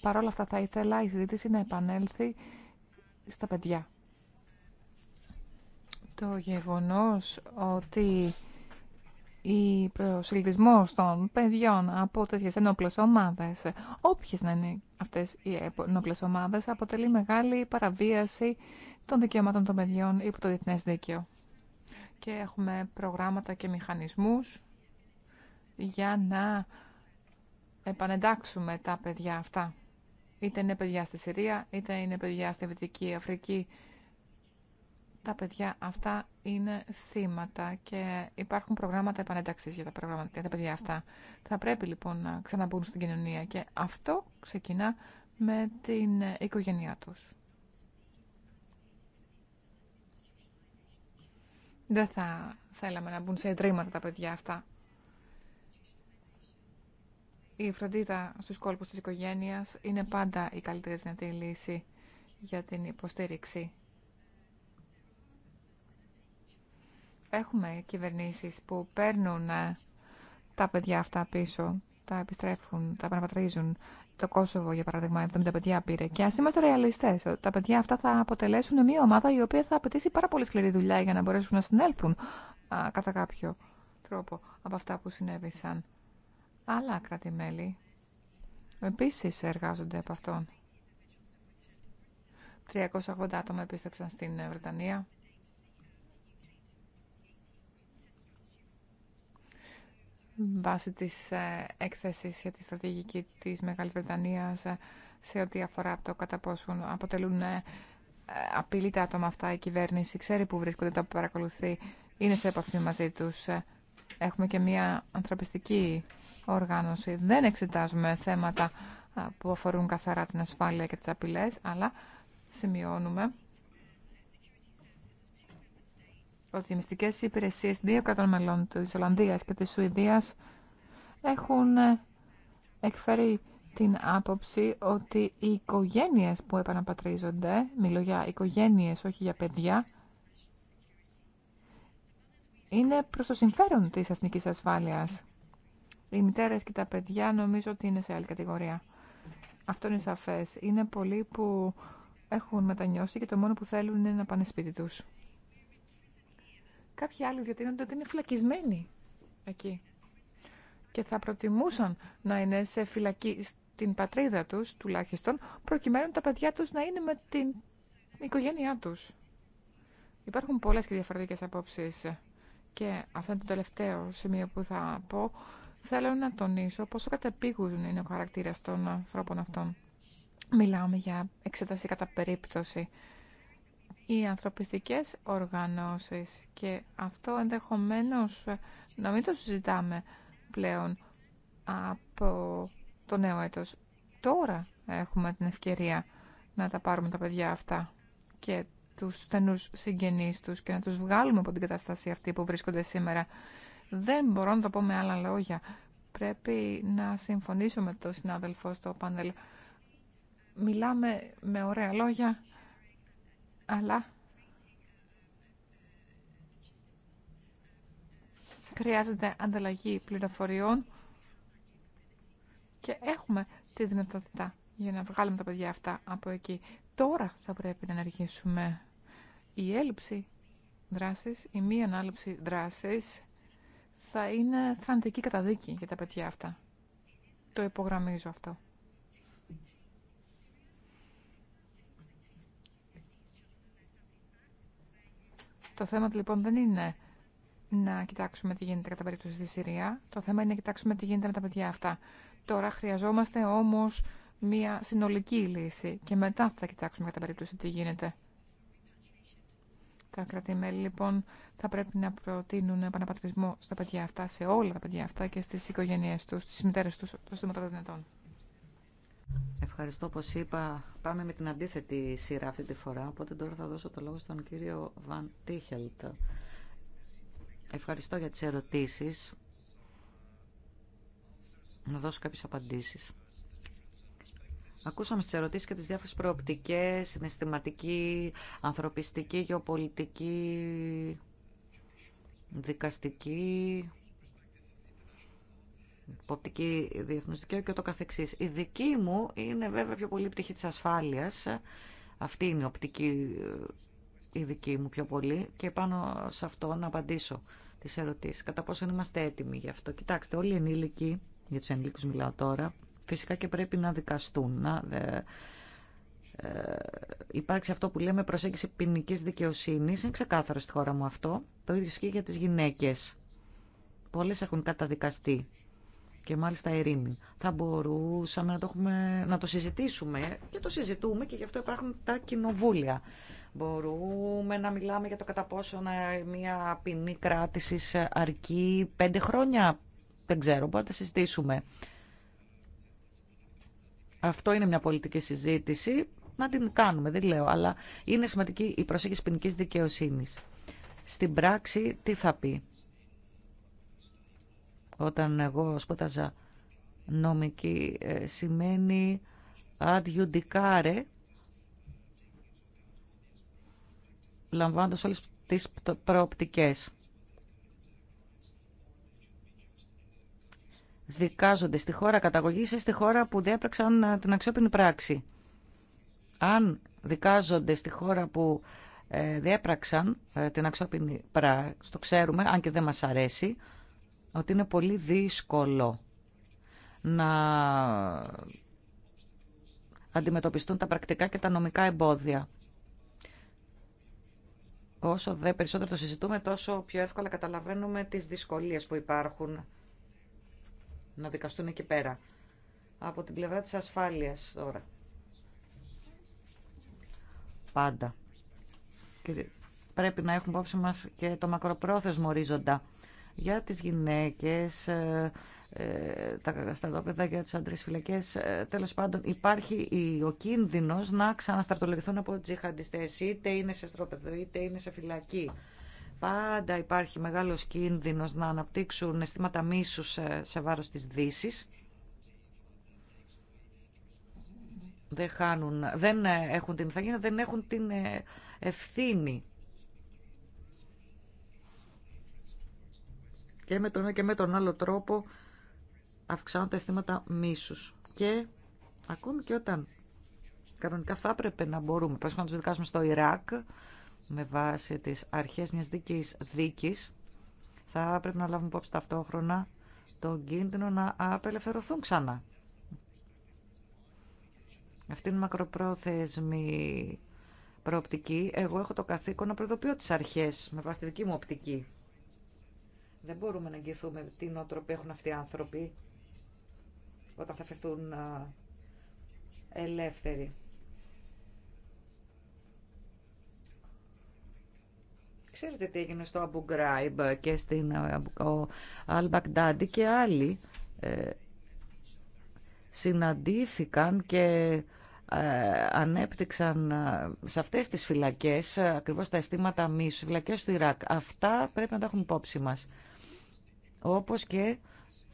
Παρ' όλα αυτά θα ήθελα η συζήτηση να επανέλθει στα παιδιά. Το γεγονός ότι η προσελκυσμός των παιδιών από τέτοιε ενόπλε ομάδε, όποιε να είναι αυτές οι ενόπλε ομάδε, αποτελεί μεγάλη παραβίαση των δικαιωμάτων των παιδιών υπό το διεθνέ δίκαιο. Και έχουμε προγράμματα και μηχανισμούς για να επανεντάξουμε τα παιδιά αυτά. Είτε είναι παιδιά στη Συρία, είτε είναι παιδιά στη Βυτική Αφρική, τα παιδιά αυτά είναι θύματα και υπάρχουν προγράμματα επανένταξη για τα, για τα παιδιά αυτά. Θα πρέπει λοιπόν να ξαναμπούν στην κοινωνία και αυτό ξεκινά με την οικογένειά τους. Δεν θα θέλαμε να μπουν σε ιδρύματα τα παιδιά αυτά. Η φροντίδα στους κόλπους της οικογένειας είναι πάντα η καλύτερη δυνατή λύση για την υποστήριξη έχουμε κυβερνήσεις που παίρνουν ε, τα παιδιά αυτά πίσω, τα επιστρέφουν, τα επαναπατρίζουν. Το Κόσοβο, για παράδειγμα, 70 παιδιά πήρε. Και α είμαστε ρεαλιστέ, τα παιδιά αυτά θα αποτελέσουν μια ομάδα η οποία θα απαιτήσει πάρα πολύ σκληρή δουλειά για να μπορέσουν να συνέλθουν κατά κάποιο τρόπο από αυτά που συνέβησαν. Άλλα κράτη-μέλη επίση εργάζονται από αυτόν. 380 άτομα επίστρεψαν στην ε, Βρετανία. βάσει της ε, έκθεσης για τη στρατηγική της Μεγάλης Βρετανίας ε, σε ό,τι αφορά το κατά πόσο αποτελούν ε, απειλή τα άτομα αυτά. Η κυβέρνηση ξέρει που βρίσκονται, τα παρακολουθεί, είναι σε επαφή μαζί τους. Έχουμε και μια ανθρωπιστική οργάνωση. Δεν εξετάζουμε θέματα που αφορούν καθαρά την ασφάλεια και τις απειλές, αλλά σημειώνουμε ρυθμιστικές υπηρεσίες δύο κρατών μελών της Ολλανδίας και της Σουηδίας έχουν ε, εκφέρει την άποψη ότι οι οικογένειες που επαναπατρίζονται, μιλώ για οικογένειες, όχι για παιδιά, είναι προς το συμφέρον της εθνικής ασφάλειας. Οι μητέρες και τα παιδιά νομίζω ότι είναι σε άλλη κατηγορία. Αυτό είναι σαφές. Είναι πολλοί που έχουν μετανιώσει και το μόνο που θέλουν είναι να πάνε σπίτι τους. Κάποιοι άλλοι διατείνονται ότι είναι φυλακισμένοι εκεί και θα προτιμούσαν να είναι σε φυλακή στην πατρίδα τους τουλάχιστον προκειμένου τα παιδιά τους να είναι με την οικογένειά τους. Υπάρχουν πολλές και διαφορετικές απόψεις και αυτό είναι το τελευταίο σημείο που θα πω. Θέλω να τονίσω πόσο κατεπήγουν είναι ο χαρακτήρας των ανθρώπων αυτών. Μιλάμε για εξέταση κατά περίπτωση οι ανθρωπιστικές οργανώσεις και αυτό ενδεχομένως ε, να μην το συζητάμε πλέον από το νέο έτος. Τώρα έχουμε την ευκαιρία να τα πάρουμε τα παιδιά αυτά και τους στενούς συγγενείς τους και να τους βγάλουμε από την κατάσταση αυτή που βρίσκονται σήμερα. Δεν μπορώ να το πω με άλλα λόγια. Πρέπει να συμφωνήσω με τον συνάδελφο στο πάνελ. Μιλάμε με ωραία λόγια, αλλά χρειάζεται ανταλλαγή πληροφοριών και έχουμε τη δυνατότητα για να βγάλουμε τα παιδιά αυτά από εκεί. Τώρα θα πρέπει να ενεργήσουμε η έλλειψη δράσης, η μη ανάληψη δράσης θα είναι θαντική καταδίκη για τα παιδιά αυτά. Το υπογραμμίζω αυτό. Το θέμα λοιπόν δεν είναι να κοιτάξουμε τι γίνεται κατά περίπτωση στη Συρία. Το θέμα είναι να κοιτάξουμε τι γίνεται με τα παιδιά αυτά. Τώρα χρειαζόμαστε όμως μια συνολική λύση και μετά θα κοιτάξουμε κατά περίπτωση τι γίνεται. Τα κρατημέλη λοιπόν θα πρέπει να προτείνουν επαναπατρισμό στα παιδιά αυτά, σε όλα τα παιδιά αυτά και στι οικογένειε του, στι μητέρε του στο σύντομα των δυνατών.
Ευχαριστώ, όπως είπα, πάμε με την αντίθετη σειρά αυτή τη φορά, οπότε τώρα θα δώσω το λόγο στον κύριο Βαν Τίχελτ. Ευχαριστώ για τις ερωτήσεις. Να δώσω κάποιες απαντήσεις. Ακούσαμε τις ερωτήσεις και τις διάφορες προοπτικές, συναισθηματική, ανθρωπιστική, γεωπολιτική, δικαστική, οπτική διεθνούς δικαίου και το καθεξής. Η δική μου είναι βέβαια πιο πολύ η πτυχή της ασφάλειας. Αυτή είναι η οπτική ε, η δική μου πιο πολύ και πάνω σε αυτό να απαντήσω τις ερωτήσεις. Κατά πόσο είμαστε έτοιμοι γι' αυτό. Κοιτάξτε, όλοι οι ενήλικοι, για τους ενήλικους μιλάω τώρα, φυσικά και πρέπει να δικαστούν, να ε, αυτό που λέμε προσέγγιση ποινική δικαιοσύνη. Είναι ξεκάθαρο στη χώρα μου αυτό. Το ίδιο ισχύει για τι γυναίκε. Πολλέ έχουν καταδικαστεί και μάλιστα ειρήνη. Θα μπορούσαμε να το, έχουμε, να το συζητήσουμε και το συζητούμε και γι' αυτό υπάρχουν τα κοινοβούλια. Μπορούμε να μιλάμε για το κατά πόσο μια ποινή κράτηση αρκεί πέντε χρόνια. Δεν ξέρω, μπορούμε να τα συζητήσουμε. Αυτό είναι μια πολιτική συζήτηση. Να την κάνουμε, δεν λέω, αλλά είναι σημαντική η προσέγγιση ποινική δικαιοσύνη. Στην πράξη, τι θα πει. Όταν εγώ σπούδαζα νομική ε, σημαίνει adjudicare, λαμβάνοντας όλες τις προοπτικές. Δικάζονται στη χώρα καταγωγής ή στη χώρα που διέπραξαν ε, την αξιόπινη πράξη. Αν δικάζονται στη χώρα που ε, διέπραξαν την αξιόπινη πράξη, το ξέρουμε, αν και δεν μας αρέσει, ότι είναι πολύ δύσκολο να αντιμετωπιστούν τα πρακτικά και τα νομικά εμπόδια. Όσο δε περισσότερο το συζητούμε, τόσο πιο εύκολα καταλαβαίνουμε τις δυσκολίες που υπάρχουν να δικαστούν εκεί πέρα. Από την πλευρά της ασφάλειας τώρα. Πάντα. πρέπει να έχουμε υπόψη μας και το μακροπρόθεσμο ορίζοντα για τις γυναίκες, ε, ε, τα στρατόπεδα για τους άντρες φυλακές. Ε, τέλος πάντων υπάρχει ο κίνδυνος να ξαναστρατολογηθούν από τζιχαντιστές, είτε είναι σε στρόπεδο είτε είναι σε φυλακή. Πάντα υπάρχει μεγάλος κίνδυνος να αναπτύξουν αισθήματα μίσους σε βάρος της δύση. Δεν, έχουν την δεν έχουν την ευθύνη και με τον ένα και με τον άλλο τρόπο αυξάνουν τα αισθήματα μίσους. Και ακόμη και όταν κανονικά θα έπρεπε να μπορούμε, πρέπει να τους δικάσουμε στο Ιράκ, με βάση τις αρχές μιας δίκης δίκης, θα πρέπει να λάβουμε υπόψη ταυτόχρονα τον κίνδυνο να απελευθερωθούν ξανά. Αυτή είναι η μακροπρόθεσμη προοπτική. Εγώ έχω το καθήκον να προειδοποιώ τις αρχές με βάση τη δική μου οπτική. Δεν μπορούμε να εγγυηθούμε τι που έχουν αυτοί οι άνθρωποι όταν θα φεθούν ελεύθεροι. Ξέρετε τι έγινε στο Ghraib και στην Baghdadi και άλλοι ε, συναντήθηκαν και ε, ανέπτυξαν σε αυτές τις φυλακές ακριβώς τα αισθήματα μίσου, φυλακές του Ιράκ. Αυτά πρέπει να τα έχουμε υπόψη μας όπως και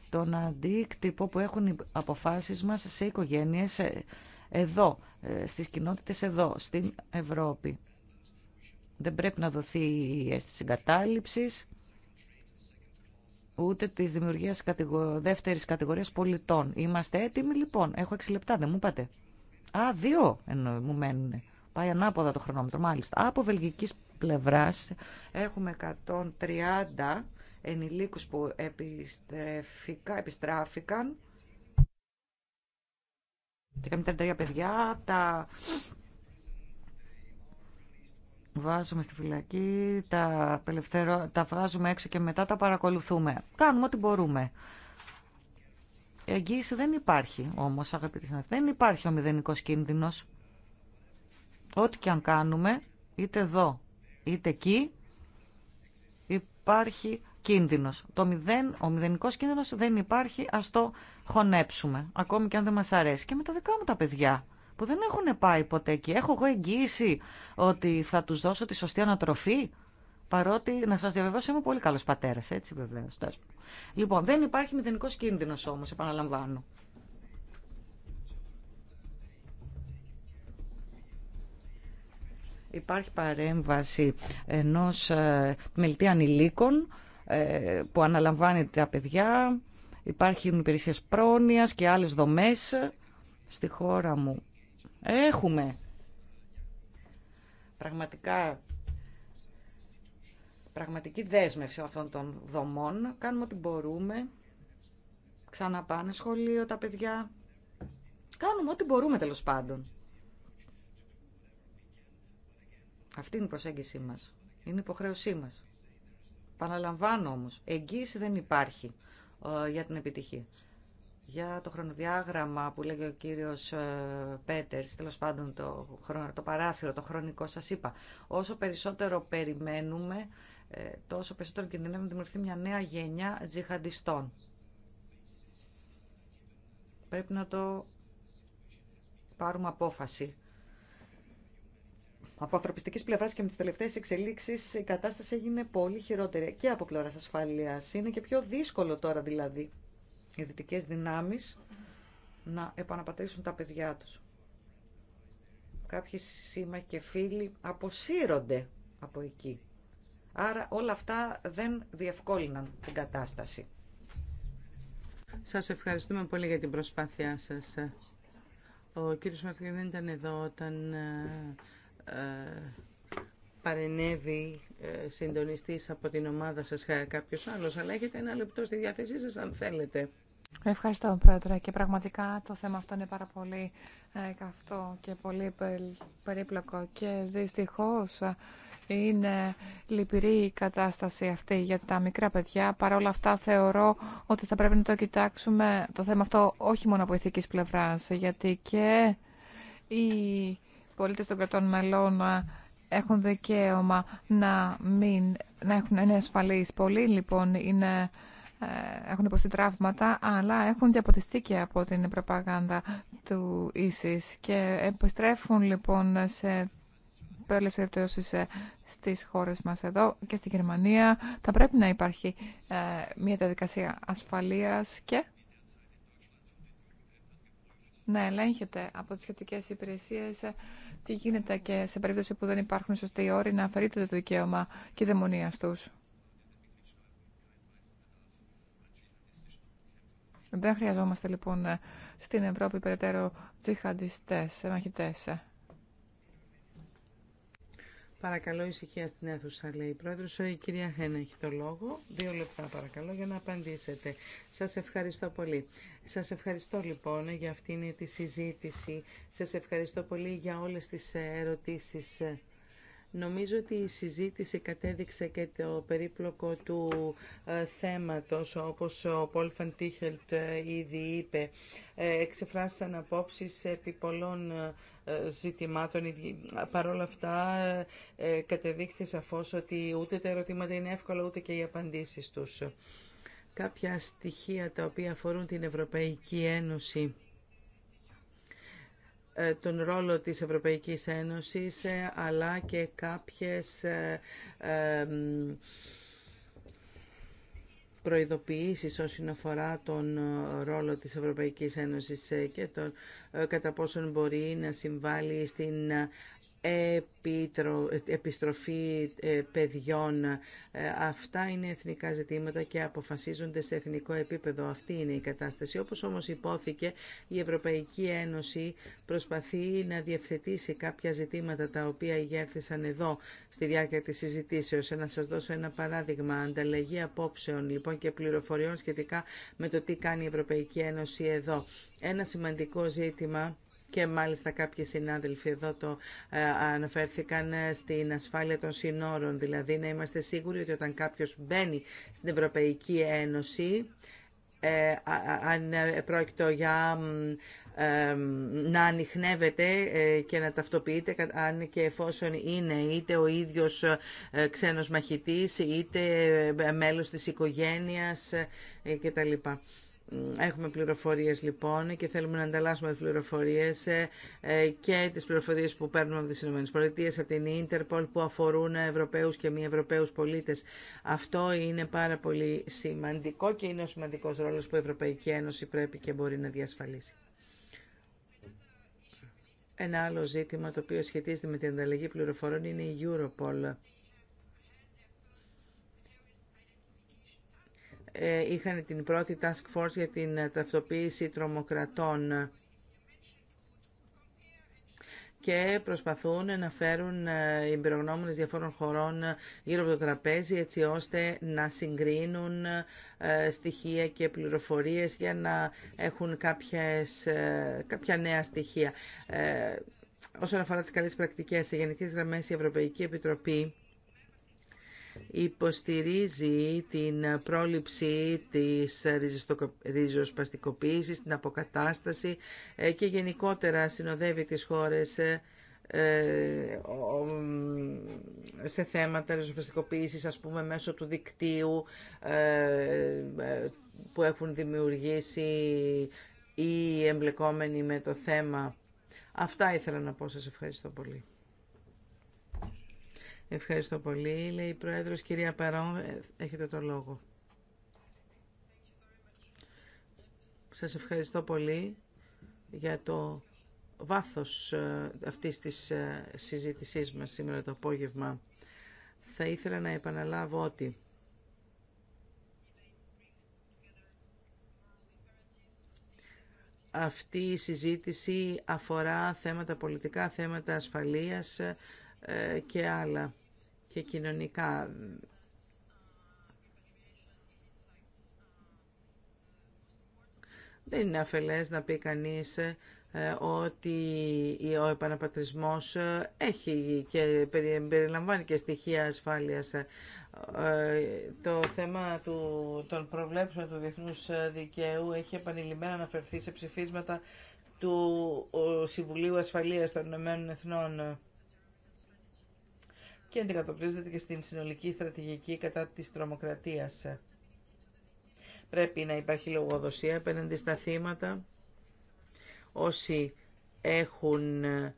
τον αντίκτυπο που έχουν οι αποφάσεις μας σε οικογένειες ε, εδώ, ε, στις κοινότητες εδώ, στην Ευρώπη. Δεν πρέπει να δοθεί η αίσθηση εγκατάλειψης, ούτε της δημιουργίας κατηγο... δεύτερη κατηγορία πολιτών. Είμαστε έτοιμοι λοιπόν. Έχω 6 λεπτά, δεν μου είπατε. Α, δύο εννοούμε. μου Πάει ανάποδα το χρονόμετρο, μάλιστα. Από βελγικής πλευράς έχουμε 130 ενηλίκους που επιστράφηκαν Τα καμία τρια παιδιά, τα βάζουμε στη φυλακή, τα, απελευθερω... τα βγάζουμε έξω και μετά τα παρακολουθούμε. Κάνουμε ό,τι μπορούμε. Εγγύηση δεν υπάρχει όμως, αγαπητοί συνάδελφοι. Δεν υπάρχει ο μηδενικός κίνδυνος. Ό,τι και αν κάνουμε, είτε εδώ είτε εκεί, υπάρχει κίνδυνος. Το ο μηδενικός κίνδυνος δεν υπάρχει, ας το χωνέψουμε, ακόμη και αν δεν μας αρέσει. Και με τα δικά μου τα παιδιά, που δεν έχουν πάει ποτέ εκεί. Έχω εγώ εγγύηση ότι θα τους δώσω τη σωστή ανατροφή, παρότι, να σας διαβεβαιώσω, είμαι πολύ καλός πατέρας, έτσι Λοιπόν, δεν υπάρχει μηδενικό κίνδυνο όμω επαναλαμβάνω. Υπάρχει παρέμβαση ενός ε, μελτή ανηλίκων ε, που αναλαμβάνει τα παιδιά. Υπάρχουν υπηρεσίες πρόνοιας και άλλες δομές στη χώρα μου. Έχουμε πραγματικά πραγματική δέσμευση αυτών των δομών. Κάνουμε ό,τι μπορούμε. Ξαναπάνε σχολείο τα παιδιά. Κάνουμε ό,τι μπορούμε τέλος πάντων. Αυτή είναι η προσέγγιση μας. Είναι η υποχρέωσή μας. Παναλαμβάνω όμως, εγγύηση δεν υπάρχει ε, για την επιτυχία. Για το χρονοδιάγραμμα που λέγει ο κύριος ε, Πέτερς, τέλος πάντων το, το παράθυρο, το χρονικό σας είπα, όσο περισσότερο περιμένουμε, ε, τόσο περισσότερο κινδυνεύει να δημιουργηθεί μια νέα γενιά τζιχαντιστών. Πρέπει να το πάρουμε απόφαση από ανθρωπιστική πλευρά και με τι τελευταίε εξελίξει η κατάσταση έγινε πολύ χειρότερη και από πλευρά ασφαλεία. Είναι και πιο δύσκολο τώρα δηλαδή οι δυτικέ δυνάμει να επαναπατρίσουν τα παιδιά του. Κάποιοι σύμμαχοι και φίλοι αποσύρονται από εκεί. Άρα όλα αυτά δεν διευκόλυναν την κατάσταση. Σας
ευχαριστούμε πολύ για την προσπάθειά σας. Ο κύριος Μαρτίν δεν ήταν εδώ όταν ε, παρενέβη ε, συντονιστής από την ομάδα σας κάποιος άλλος, αλλά έχετε ένα λεπτό στη διάθεσή σας αν θέλετε.
Ευχαριστώ, Πρόεδρε. Και πραγματικά το θέμα αυτό είναι πάρα πολύ ε, καυτό και πολύ περίπλοκο. Και δυστυχώς ε, είναι λυπηρή η κατάσταση αυτή για τα μικρά παιδιά. Παρ' όλα αυτά θεωρώ ότι θα πρέπει να το κοιτάξουμε το θέμα αυτό όχι μόνο από ηθικής πλευράς, γιατί και η πολίτες των κρατών μελών ε, έχουν δικαίωμα να, μην, να έχουν ένα ασφαλής. Πολλοί λοιπόν είναι, ε, έχουν υποστεί τραύματα, αλλά έχουν διαποτιστεί και από την προπαγάνδα του ίσης και επιστρέφουν λοιπόν σε πολλές περιπτώσεις ε, στις χώρες μας εδώ και στη Γερμανία. Θα πρέπει να υπάρχει μια διαδικασία ασφαλείας και να ελέγχεται από τις σχετικές υπηρεσίες τι γίνεται και σε περίπτωση που δεν υπάρχουν σωστοί όροι να αφαιρείται το δικαίωμα και δαιμονία του. Δεν χρειαζόμαστε λοιπόν στην Ευρώπη περαιτέρω τζιχαντιστές, μαχητές.
Παρακαλώ ησυχία στην αίθουσα, λέει η πρόεδρος. Η κυρία Χένα έχει το λόγο. Δύο λεπτά παρακαλώ για να απαντήσετε. Σας ευχαριστώ πολύ. Σας ευχαριστώ λοιπόν για αυτήν τη συζήτηση. Σας ευχαριστώ πολύ για όλες τις ερωτήσεις ε, Νομίζω ότι η συζήτηση κατέδειξε και το περίπλοκο του ε, θέματος, όπως ο Πολ Φαντίχελτ ε, ήδη είπε. Ε, εξεφράστηκαν απόψεις επί πολλών ζητημάτων. Παρ' όλα αυτά ε, κατεδείχθη σαφώς ότι ούτε τα ερωτήματα είναι εύκολα, ούτε και οι απαντήσεις τους. Κάποια στοιχεία τα οποία αφορούν την Ευρωπαϊκή Ένωση ε, τον ρόλο της Ευρωπαϊκής Ένωσης ε, αλλά και κάποιες ε, προειδοποιήσεις όσον αφορά τον ρόλο της Ευρωπαϊκής Ένωσης και τον, κατά πόσον μπορεί να συμβάλλει στην επιστροφή ε, παιδιών. Ε, αυτά είναι εθνικά ζητήματα και αποφασίζονται σε εθνικό επίπεδο. Αυτή είναι η κατάσταση. Όπως όμως υπόθηκε, η Ευρωπαϊκή Ένωση προσπαθεί να διευθετήσει κάποια ζητήματα τα οποία ηγέρθησαν εδώ στη διάρκεια της συζητήσεως. Να σας δώσω ένα παράδειγμα. Ανταλλαγή απόψεων λοιπόν, και πληροφοριών σχετικά με το τι κάνει η Ευρωπαϊκή Ένωση εδώ. Ένα σημαντικό ζήτημα και μάλιστα κάποιοι συνάδελφοι εδώ το ε, αναφέρθηκαν ε, στην ασφάλεια των συνόρων, δηλαδή να είμαστε σίγουροι ότι όταν κάποιος μπαίνει στην Ευρωπαϊκή Ένωση, ε, αν πρόκειται για να ανοιχνεύεται και να ταυτοποιείται αν και εφόσον είναι είτε ο ίδιος ξένος μαχητής είτε μέλος της οικογένειας κτλ. Έχουμε πληροφορίες λοιπόν και θέλουμε να ανταλλάσσουμε πληροφορίες ε, ε, και τις πληροφορίες που παίρνουμε από τις Πολιτείες, από την Ίντερπολ που αφορούν Ευρωπαίους και μη Ευρωπαίους πολίτες. Αυτό είναι πάρα πολύ σημαντικό και είναι ο σημαντικός ρόλος που η Ευρωπαϊκή Ένωση πρέπει και μπορεί να διασφαλίσει. Ένα άλλο ζήτημα το οποίο σχετίζεται με την ανταλλαγή πληροφορών είναι η Europol. Ε, είχαν την πρώτη task force για την ε, ταυτοποίηση τρομοκρατών και προσπαθούν να φέρουν ε, οι εμπειρογνώμονες διαφόρων χωρών γύρω από το τραπέζι έτσι ώστε να συγκρίνουν στοιχεία και πληροφορίες για να έχουν κάποιες, κάποια νέα στοιχεία. Όσον αφορά τις καλές πρακτικές, σε γενικές γραμμές η Ευρωπαϊκή Επιτροπή υποστηρίζει την πρόληψη της ριζοσπαστικοποίησης, την αποκατάσταση ε, και γενικότερα συνοδεύει τις χώρες ε, ε, σε θέματα ριζοσπαστικοποίησης, ας πούμε, μέσω του δικτύου που έχουν δημιουργήσει οι εμπλεκόμενοι με το θέμα. Αυτά ήθελα να πω. Σας ευχαριστώ πολύ. Ευχαριστώ πολύ. Λέει η Πρόεδρος, κυρία Παρόν, ε, έχετε το λόγο. Σας ευχαριστώ πολύ για το βάθος ε, αυτής της ε, συζήτησής μας σήμερα το απόγευμα. Θα ήθελα να επαναλάβω ότι αυτή η συζήτηση αφορά θέματα πολιτικά, θέματα ασφαλείας και άλλα και κοινωνικά. Δεν είναι αφελές να πει κανείς ε, ότι ο επαναπατρισμός ε, έχει και περιλαμβάνει και στοιχεία ασφάλειας. Ε, το θέμα του, των προβλέψεων του διεθνούς δικαίου έχει επανειλημμένα αναφερθεί σε ψηφίσματα του Συμβουλίου Ασφαλείας των Ηνωμένων Εθνών και αντικατοπτρίζεται και στην συνολική στρατηγική κατά της τρομοκρατίας. Πρέπει να υπάρχει λογοδοσία απέναντι στα θύματα. Όσοι έχουν ε,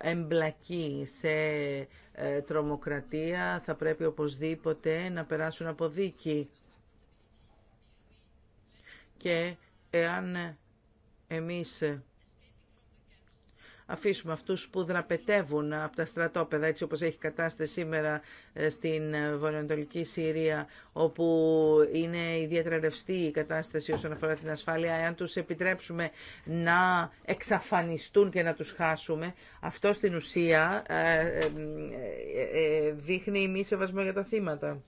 εμπλακεί σε ε, τρομοκρατία θα πρέπει οπωσδήποτε να περάσουν από δίκη. Και εάν εμείς αφήσουμε αυτούς που δραπετεύουν από τα στρατόπεδα, έτσι όπως έχει κατάσταση σήμερα ε, στην ε, βορειοανατολική Συρία, όπου είναι ιδιαίτερα ρευστή η κατάσταση όσον αφορά την ασφάλεια, εάν τους επιτρέψουμε να εξαφανιστούν και να τους χάσουμε, αυτό στην ουσία ε, δείχνει μη σεβασμό για τα θύματα.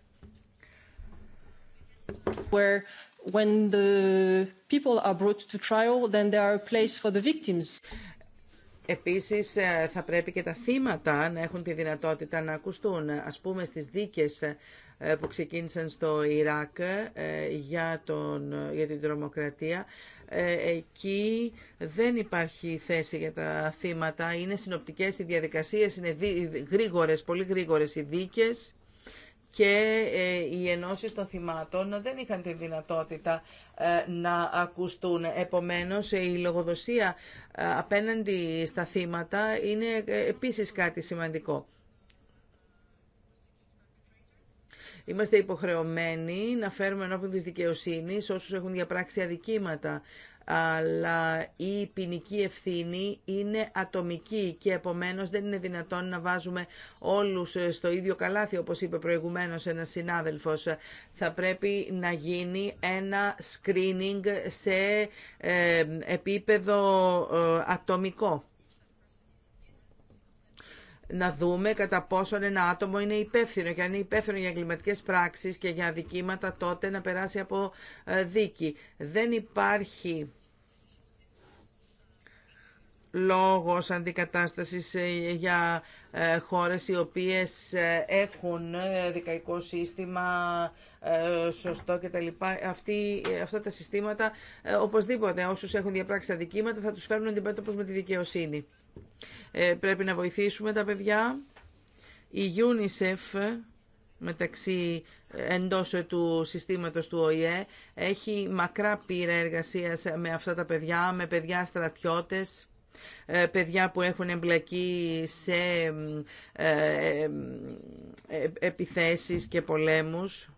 Επίσης ε, θα πρέπει και τα θύματα να έχουν τη δυνατότητα να ακουστούν. Ας πούμε στις δίκες ε, που ξεκίνησαν στο Ιράκ ε, για, τον, για την τρομοκρατία, εκεί δεν υπάρχει θέση για τα θύματα. Είναι συνοπτικές οι διαδικασίες, είναι γρήγορες, πολύ γρήγορες οι δίκες και οι ενώσεις των θυμάτων δεν είχαν τη δυνατότητα ε, να ακουστούν. Επομένως, η λογοδοσία ε, απέναντι στα θύματα είναι ε, επίσης κάτι σημαντικό. Είμαστε υποχρεωμένοι να φέρουμε ενώπιν της δικαιοσύνης όσους έχουν διαπράξει αδικήματα αλλά η ποινική ευθύνη είναι ατομική και επομένως δεν είναι δυνατόν να βάζουμε όλους στο ίδιο καλάθι, όπως είπε προηγουμένως ένα συνάδελφος. Θα πρέπει να γίνει ένα screening σε ε, επίπεδο ε, ατομικό να δούμε κατά πόσον ένα άτομο είναι υπεύθυνο και αν είναι υπεύθυνο για εγκληματικές πράξεις και για αδικήματα τότε να περάσει από ε, δίκη. Δεν υπάρχει λόγος αντικατάστασης ε, για ε, χώρες οι οποίες έχουν δικαϊκό σύστημα σωστό κτλ. Αυτή, αυτά τα συστήματα οπωσδήποτε όσους έχουν διαπράξει αδικήματα θα τους φέρνουν αντιμέτωπους με τη δικαιοσύνη. Ε, πρέπει να βοηθήσουμε τα παιδιά. Η UNICEF μεταξύ ε, εντός του συστήματος του ΟΗΕ έχει μακρά πείρα εργασίας με αυτά τα παιδιά, με παιδιά στρατιώτες ε, παιδιά που έχουν εμπλακεί σε ε, επιθέσεις και πολέμους.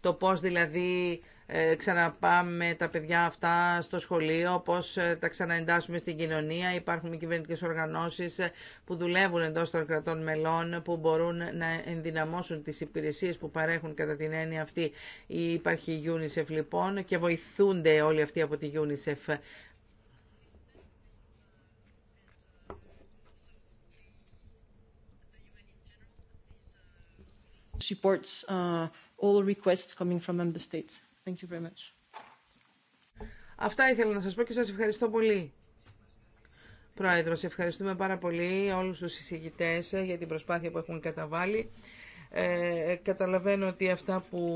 Το πώς δηλαδή ε, ξαναπάμε τα παιδιά αυτά στο σχολείο, πώς ε, τα ξαναεντάσσουμε στην κοινωνία. Υπάρχουν κυβερνητικές οργανώσεις ε, που δουλεύουν εντός των κρατών μελών, που μπορούν να ενδυναμώσουν τις υπηρεσίες που παρέχουν κατά την έννοια αυτή. Υπάρχει η UNICEF λοιπόν και βοηθούνται όλοι αυτοί από τη UNICEF. supports uh, all requests coming from member Thank you very much. Αυτά ήθελα να σας πω και σας ευχαριστώ πολύ. Πρόεδρος, ευχαριστούμε πάρα πολύ όλους τους εισηγητές για την προσπάθεια που έχουν καταβάλει. Ε, ε καταλαβαίνω ότι αυτά που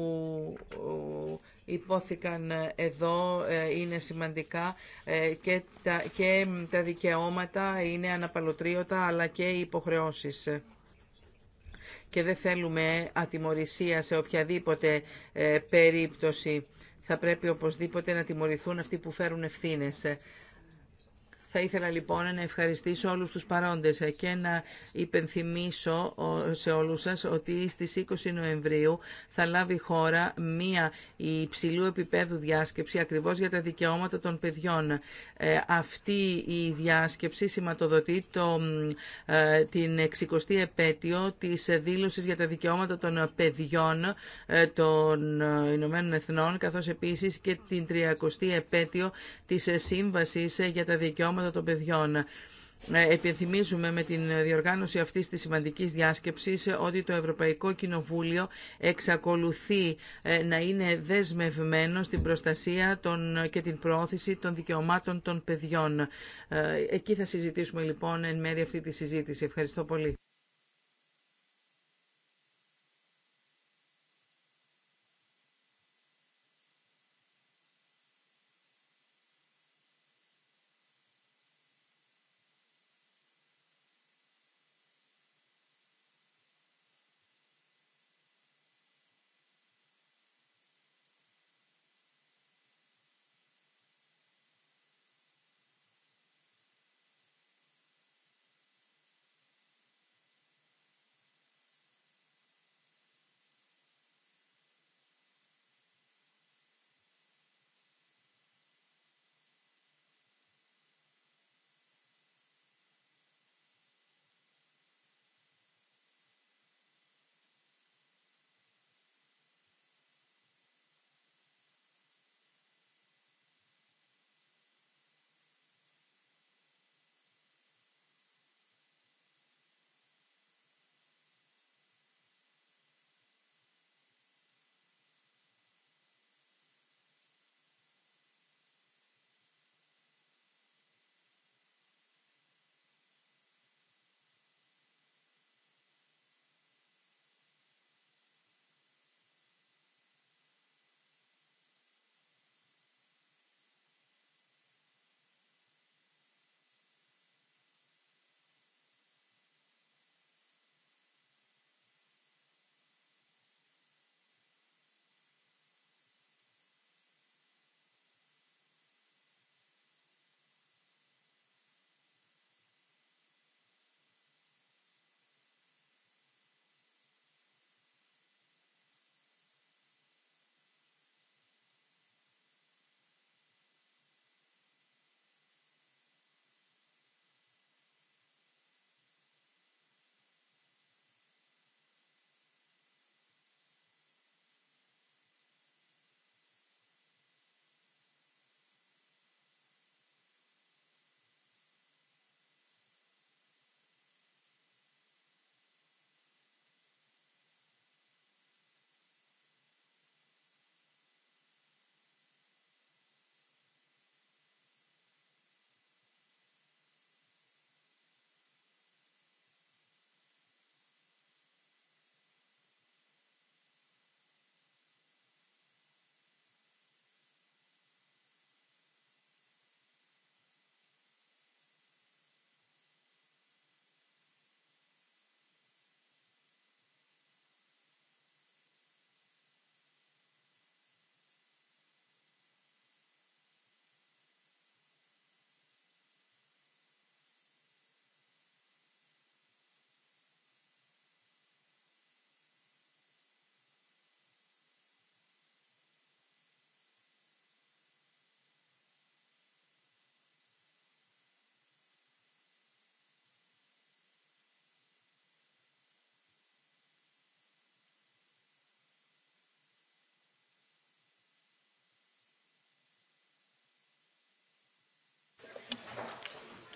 υπόθηκαν εδώ ε, είναι σημαντικά ε, και τα, και τα δικαιώματα είναι αναπαλωτρίωτα αλλά και οι υποχρεώσεις και δεν θέλουμε ατιμορρησία σε οποιαδήποτε ε, περίπτωση. Θα πρέπει οπωσδήποτε να τιμωρηθούν αυτοί που φέρουν ευθύνες. Θα ήθελα λοιπόν να ευχαριστήσω όλους τους παρόντες ε, και να υπενθυμίσω σε όλους σας ότι στις 20 Νοεμβρίου θα λάβει χώρα μία υψηλού επίπεδου διάσκεψη ακριβώς για τα δικαιώματα των παιδιών. Ε, αυτή η διάσκεψη σηματοδοτεί το, ε, την 60η επέτειο της δήλωσης για τα δικαιώματα των παιδιών των Ηνωμένων Εθνών καθώς επίσης και την 30η επέτειο της Σύμβασης για τα δικαιώματα δικαιώματα των παιδιών. Ε, επιθυμίζουμε με την διοργάνωση αυτή τη σημαντική διάσκεψης ότι το Ευρωπαϊκό Κοινοβούλιο εξακολουθεί ε, να είναι δεσμευμένο στην προστασία και την προώθηση των δικαιωμάτων των παιδιών. Ε, εκεί θα συζητήσουμε λοιπόν εν μέρει αυτή τη συζήτηση. Ευχαριστώ πολύ.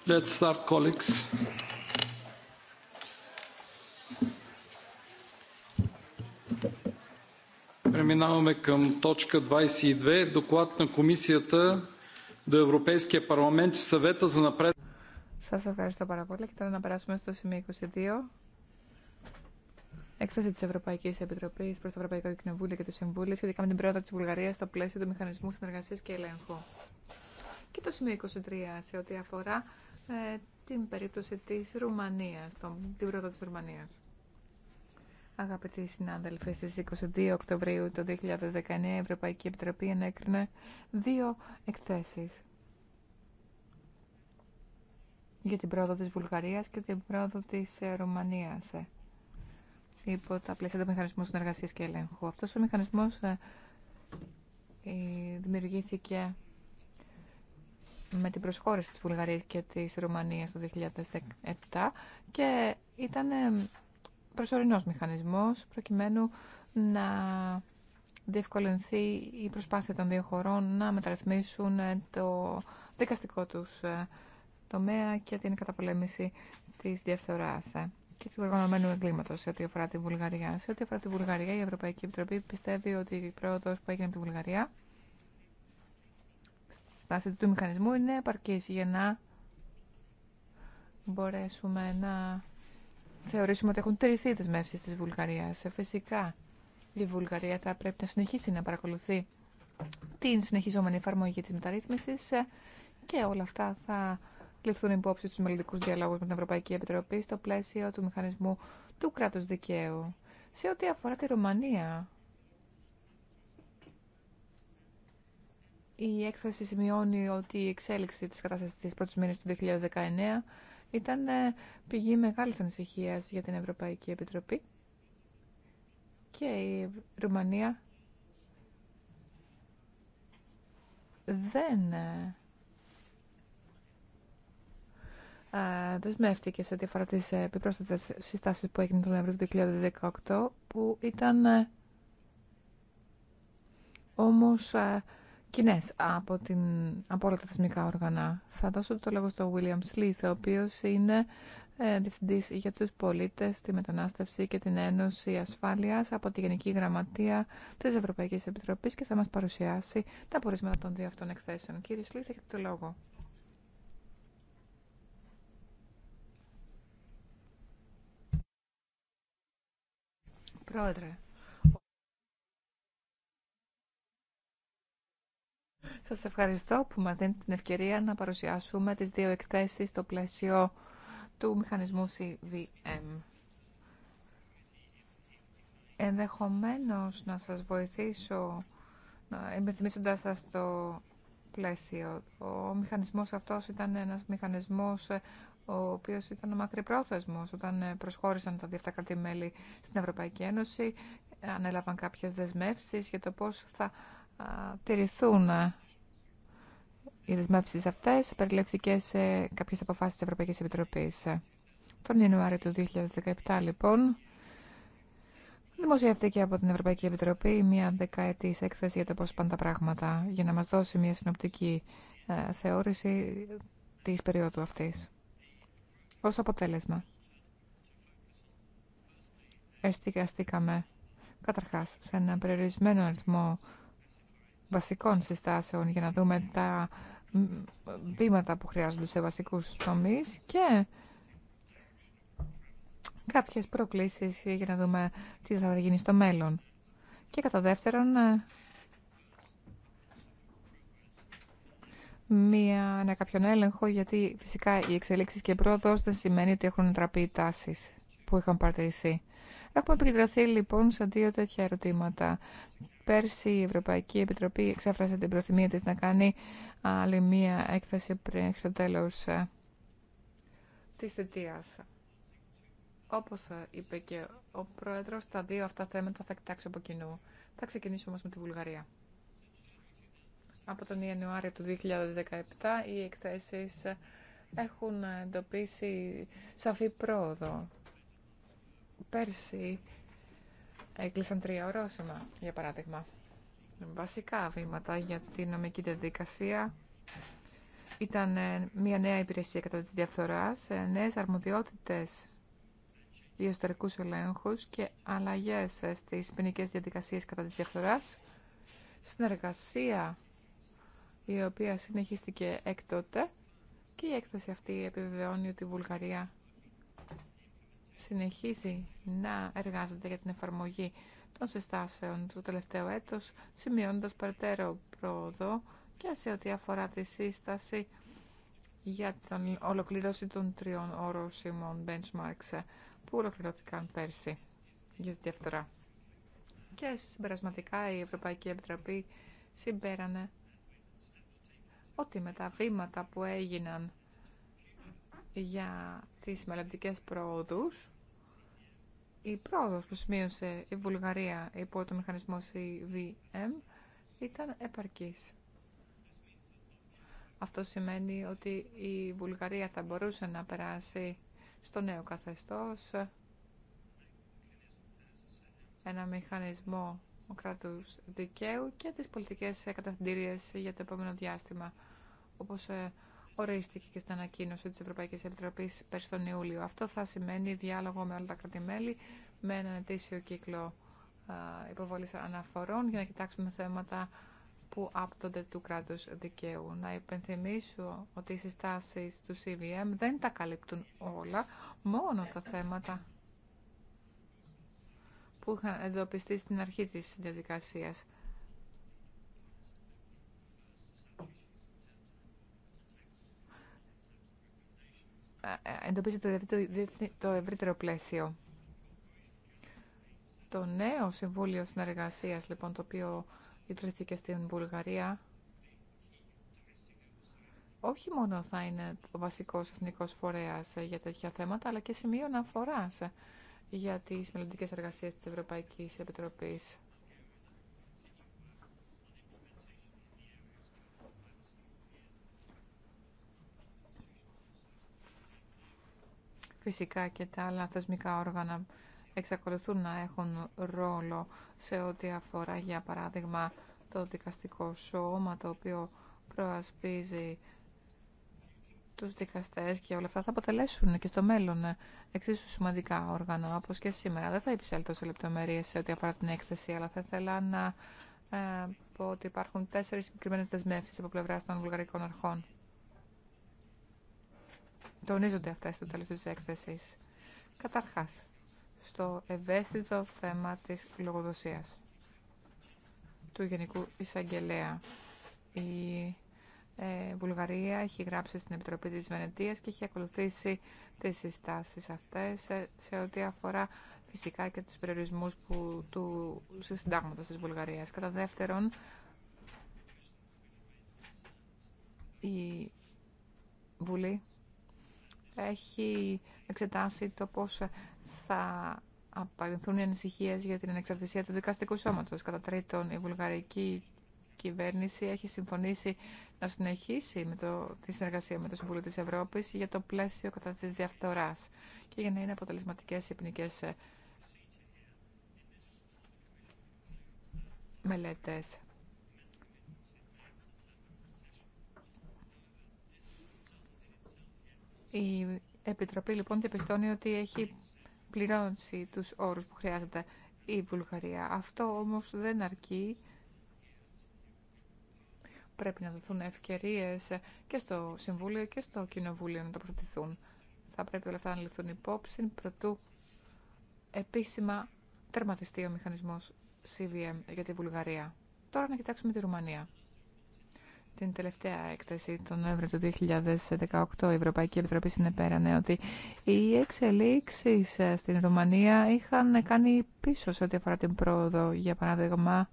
Let's start, colleagues. Преминаваме към точка 22, доклад на Комисията до Европейския парламент и съвета за напред. Σας ευχαριστώ πάρα πολύ και τώρα να περάσουμε στο σημείο 22. Έκθεση τη Ευρωπαϊκή Επιτροπή προ το Ευρωπαϊκό Κοινοβούλιο και το Συμβούλιο σχετικά με την πρόοδο τη Βουλγαρία στο πλαίσιο του Μηχανισμού Συνεργασία και Ελέγχου. Και το σημείο 23 σε ό,τι αφορά ε, την περίπτωση της Ρουμανίας, την πρόοδο της Ρουμανίας. Αγαπητοί συνάδελφοι, στις 22 Οκτωβρίου του 2019 η Ευρωπαϊκή Επιτροπή ενέκρινε δύο εκθέσεις για την πρόοδο της Βουλγαρίας και την πρόοδο της ε, Ρουμανίας ε, υπό τα πλαίσια του μηχανισμού συνεργασίας και ελέγχου. Αυτός ο μηχανισμός δημιουργήθηκε με την προσχώρηση της Βουλγαρίας και της Ρουμανίας το 2007 και ήταν ε, προσωρινός μηχανισμός προκειμένου να διευκολυνθεί η προσπάθεια των δύο χωρών να μεταρρυθμίσουν ε, το δικαστικό τους ε, τομέα και την καταπολέμηση της διαφθοράς και του οργανωμένου εγκλήματο σε ό,τι αφορά τη Βουλγαρία. Σε ό,τι αφορά τη Βουλγαρία, η Ευρωπαϊκή Επιτροπή πιστεύει ότι η πρόοδο που έγινε από τη Βουλγαρία στάση του μηχανισμού είναι επαρκής για να μπορέσουμε να θεωρήσουμε ότι έχουν τηρηθεί μεύσεις της Βουλγαρίας. Ε, φυσικά, η Βουλγαρία θα πρέπει να συνεχίσει να παρακολουθεί την συνεχιζόμενη εφαρμογή της μεταρρύθμισης ε, και όλα αυτά θα ληφθούν υπόψη στους μελλοντικούς διαλόγους με την Ευρωπαϊκή Επιτροπή στο πλαίσιο του μηχανισμού του κράτους δικαίου. Σε ό,τι αφορά τη Ρουμανία, Η έκθεση σημειώνει ότι η εξέλιξη της κατάστασης της πρώτης μήνες του 2019 ήταν ε, πηγή μεγάλης ανησυχίας για την Ευρωπαϊκή Επιτροπή και η Ρουμανία δεν ε, ε, δεσμεύτηκε σε διαφορά τη τις επιπρόσθετες συστάσεις που έγινε τον Νοέμβριο του 2018 που ήταν όμως κοινέ από, την, από όλα τα θεσμικά όργανα. Θα δώσω το λόγο στο William Σλίθ, ο οποίο είναι ε, διευθυντή για του πολίτε, τη μετανάστευση και την Ένωση Ασφάλεια από τη Γενική Γραμματεία τη Ευρωπαϊκή Επιτροπή και θα μα παρουσιάσει τα πορίσματα των δύο αυτών εκθέσεων. Κύριε Σλίθ έχετε το λόγο. Πρόεδρε, Σας ευχαριστώ που μας δίνετε την ευκαιρία να παρουσιάσουμε τις δύο εκθέσεις στο πλαίσιο του μηχανισμού CVM. Ενδεχομένως να σας βοηθήσω, να σας το πλαίσιο. Ο μηχανισμός αυτός ήταν ένας μηχανισμός ε, ο οποίος ήταν ο μακρυπρόθεσμος όταν ε, προσχώρησαν τα διευτα κρατη κράτη-μέλη στην Ευρωπαϊκή Ένωση, ανέλαβαν κάποιες δεσμεύσεις για το πώς θα τηρηθούν ε, οι δεσμεύσει αυτέ περιληφθήκε σε κάποιε αποφάσει τη Ευρωπαϊκή Επιτροπή. Τον Ιανουάριο του 2017, λοιπόν, δημοσιεύτηκε από την Ευρωπαϊκή Επιτροπή μια δεκαετή έκθεση για το πώ πάνε τα πράγματα, για να μα δώσει μια συνοπτική ε, θεώρηση τη περίοδου αυτή. Ω αποτέλεσμα, εστιαστήκαμε καταρχά σε ένα περιορισμένο αριθμό βασικών συστάσεων για να δούμε τα βήματα που χρειάζονται σε βασικούς τομείς και κάποιες προκλήσεις για να δούμε τι θα γίνει στο μέλλον. Και κατά δεύτερον, μία, ένα κάποιον έλεγχο, γιατί φυσικά οι εξελίξεις και η πρόοδος δεν σημαίνει ότι έχουν τραπεί τάσεις που είχαν παρατηρηθεί. Έχουμε επικεντρωθεί λοιπόν σε δύο τέτοια ερωτήματα. Πέρσι η Ευρωπαϊκή Επιτροπή εξέφρασε την προθυμία της να κάνει άλλη μία έκθεση πριν το τέλος ε, της θητείας. Όπως ε, είπε και ο Πρόεδρος, τα δύο αυτά θέματα θα κοιτάξω από κοινού. Θα ξεκινήσουμε όμως με τη Βουλγαρία. Από τον Ιανουάριο του 2017 οι εκθέσεις έχουν εντοπίσει σαφή πρόοδο Πέρσι έκλεισαν τρία ορόσημα, για παράδειγμα. Βασικά βήματα για την νομική διαδικασία ήταν ε, μια νέα υπηρεσία κατά της διαφθοράς, ε, νέες αρμοδιότητες για ιστορικούς ελέγχους και αλλαγές ε, στις ποινικέ διαδικασίες κατά τη διαφθοράς, συνεργασία η οποία συνεχίστηκε έκτοτε και η έκθεση αυτή επιβεβαιώνει ότι η Βουλγαρία συνεχίζει να εργάζεται για την εφαρμογή των συστάσεων του τελευταίου έτος, σημειώνοντας περαιτέρω πρόοδο και σε ό,τι αφορά τη σύσταση για την ολοκληρώση των τριών σήμων benchmarks που ολοκληρώθηκαν πέρσι για τη διαφθορά. Και συμπερασματικά η Ευρωπαϊκή Επιτροπή συμπέρανε ότι με τα βήματα που έγιναν για τις μελλοντικές πρόοδους. Η πρόοδος που σημείωσε η Βουλγαρία υπό το μηχανισμό CVM ήταν επαρκής. Αυτό σημαίνει ότι η Βουλγαρία θα μπορούσε να περάσει στο νέο καθεστώς ένα μηχανισμό κράτους δικαίου και τις πολιτικές καταθυντήριες για το επόμενο διάστημα, όπως ε, ορίστηκε και στην ανακοίνωση τη Ευρωπαϊκή Επιτροπή πέρσι τον Ιούλιο. Αυτό θα σημαίνει διάλογο με όλα τα κρατημέλη, με έναν ετήσιο κύκλο υποβολή αναφορών για να κοιτάξουμε θέματα που άπτονται του κράτου δικαίου. Να υπενθυμίσω ότι οι συστάσει του CVM δεν τα καλύπτουν όλα, μόνο τα θέματα που είχαν εντοπιστεί στην αρχή της διαδικασίας. εντοπίζεται το ευρύτερο πλαίσιο. Το νέο Συμβούλιο Συνεργασίας, λοιπόν, το οποίο ιδρύθηκε στην Βουλγαρία, όχι μόνο θα είναι ο βασικός εθνικός φορέας για τέτοια θέματα, αλλά και σημείο αναφοράς για τις μελλοντικές εργασίες της Ευρωπαϊκής Επιτροπής. Φυσικά και τα άλλα θεσμικά όργανα εξακολουθούν να έχουν ρόλο σε ό,τι αφορά, για παράδειγμα, το δικαστικό σώμα, το οποίο προασπίζει τους δικαστές και όλα αυτά θα αποτελέσουν και στο μέλλον εξίσου σημαντικά όργανα, όπως και σήμερα. Δεν θα επισέλθω σε λεπτομέρειες σε ό,τι αφορά την έκθεση, αλλά θα ήθελα να ε, πω ότι υπάρχουν τέσσερις συγκεκριμένε δεσμεύσεις από πλευρά των βουλγαρικών αρχών τονίζονται αυτά στο τέλο τη έκθεση. Καταρχάς, στο ευαίσθητο θέμα της λογοδοσίας του Γενικού Εισαγγελέα. Η ε, Βουλγαρία έχει γράψει στην Επιτροπή της Βενετίας και έχει ακολουθήσει τις συστάσεις αυτές ε, σε, ό,τι αφορά φυσικά και τους περιορισμούς που, του συντάγματος της Βουλγαρίας. Κατά δεύτερον, η Βουλή έχει εξετάσει το πώς θα απαλληλθούν οι ανησυχίε για την ανεξαρτησία του δικαστικού σώματος. Κατά τρίτον, η βουλγαρική κυβέρνηση έχει συμφωνήσει να συνεχίσει με το, τη συνεργασία με το Συμβούλιο της Ευρώπης για το πλαίσιο κατά της διαφθοράς και για να είναι αποτελεσματικές οι ποινικές μελέτες. Η Επιτροπή λοιπόν διαπιστώνει ότι έχει πληρώσει τους όρους που χρειάζεται η Βουλγαρία. Αυτό όμως δεν αρκεί. Πρέπει να δοθούν ευκαιρίες και στο Συμβούλιο και στο Κοινοβούλιο να τοποθετηθούν. Θα πρέπει όλα αυτά να ληφθούν υπόψη προτού επίσημα τερματιστεί ο μηχανισμός CVM για τη Βουλγαρία. Τώρα να κοιτάξουμε τη Ρουμανία την τελευταία έκθεση τον Νοέμβριο του 2018 η Ευρωπαϊκή Επιτροπή συνεπέρανε ότι οι εξελίξει ε, στην Ρουμανία είχαν κάνει πίσω σε ό,τι αφορά την πρόοδο. Για παράδειγμα,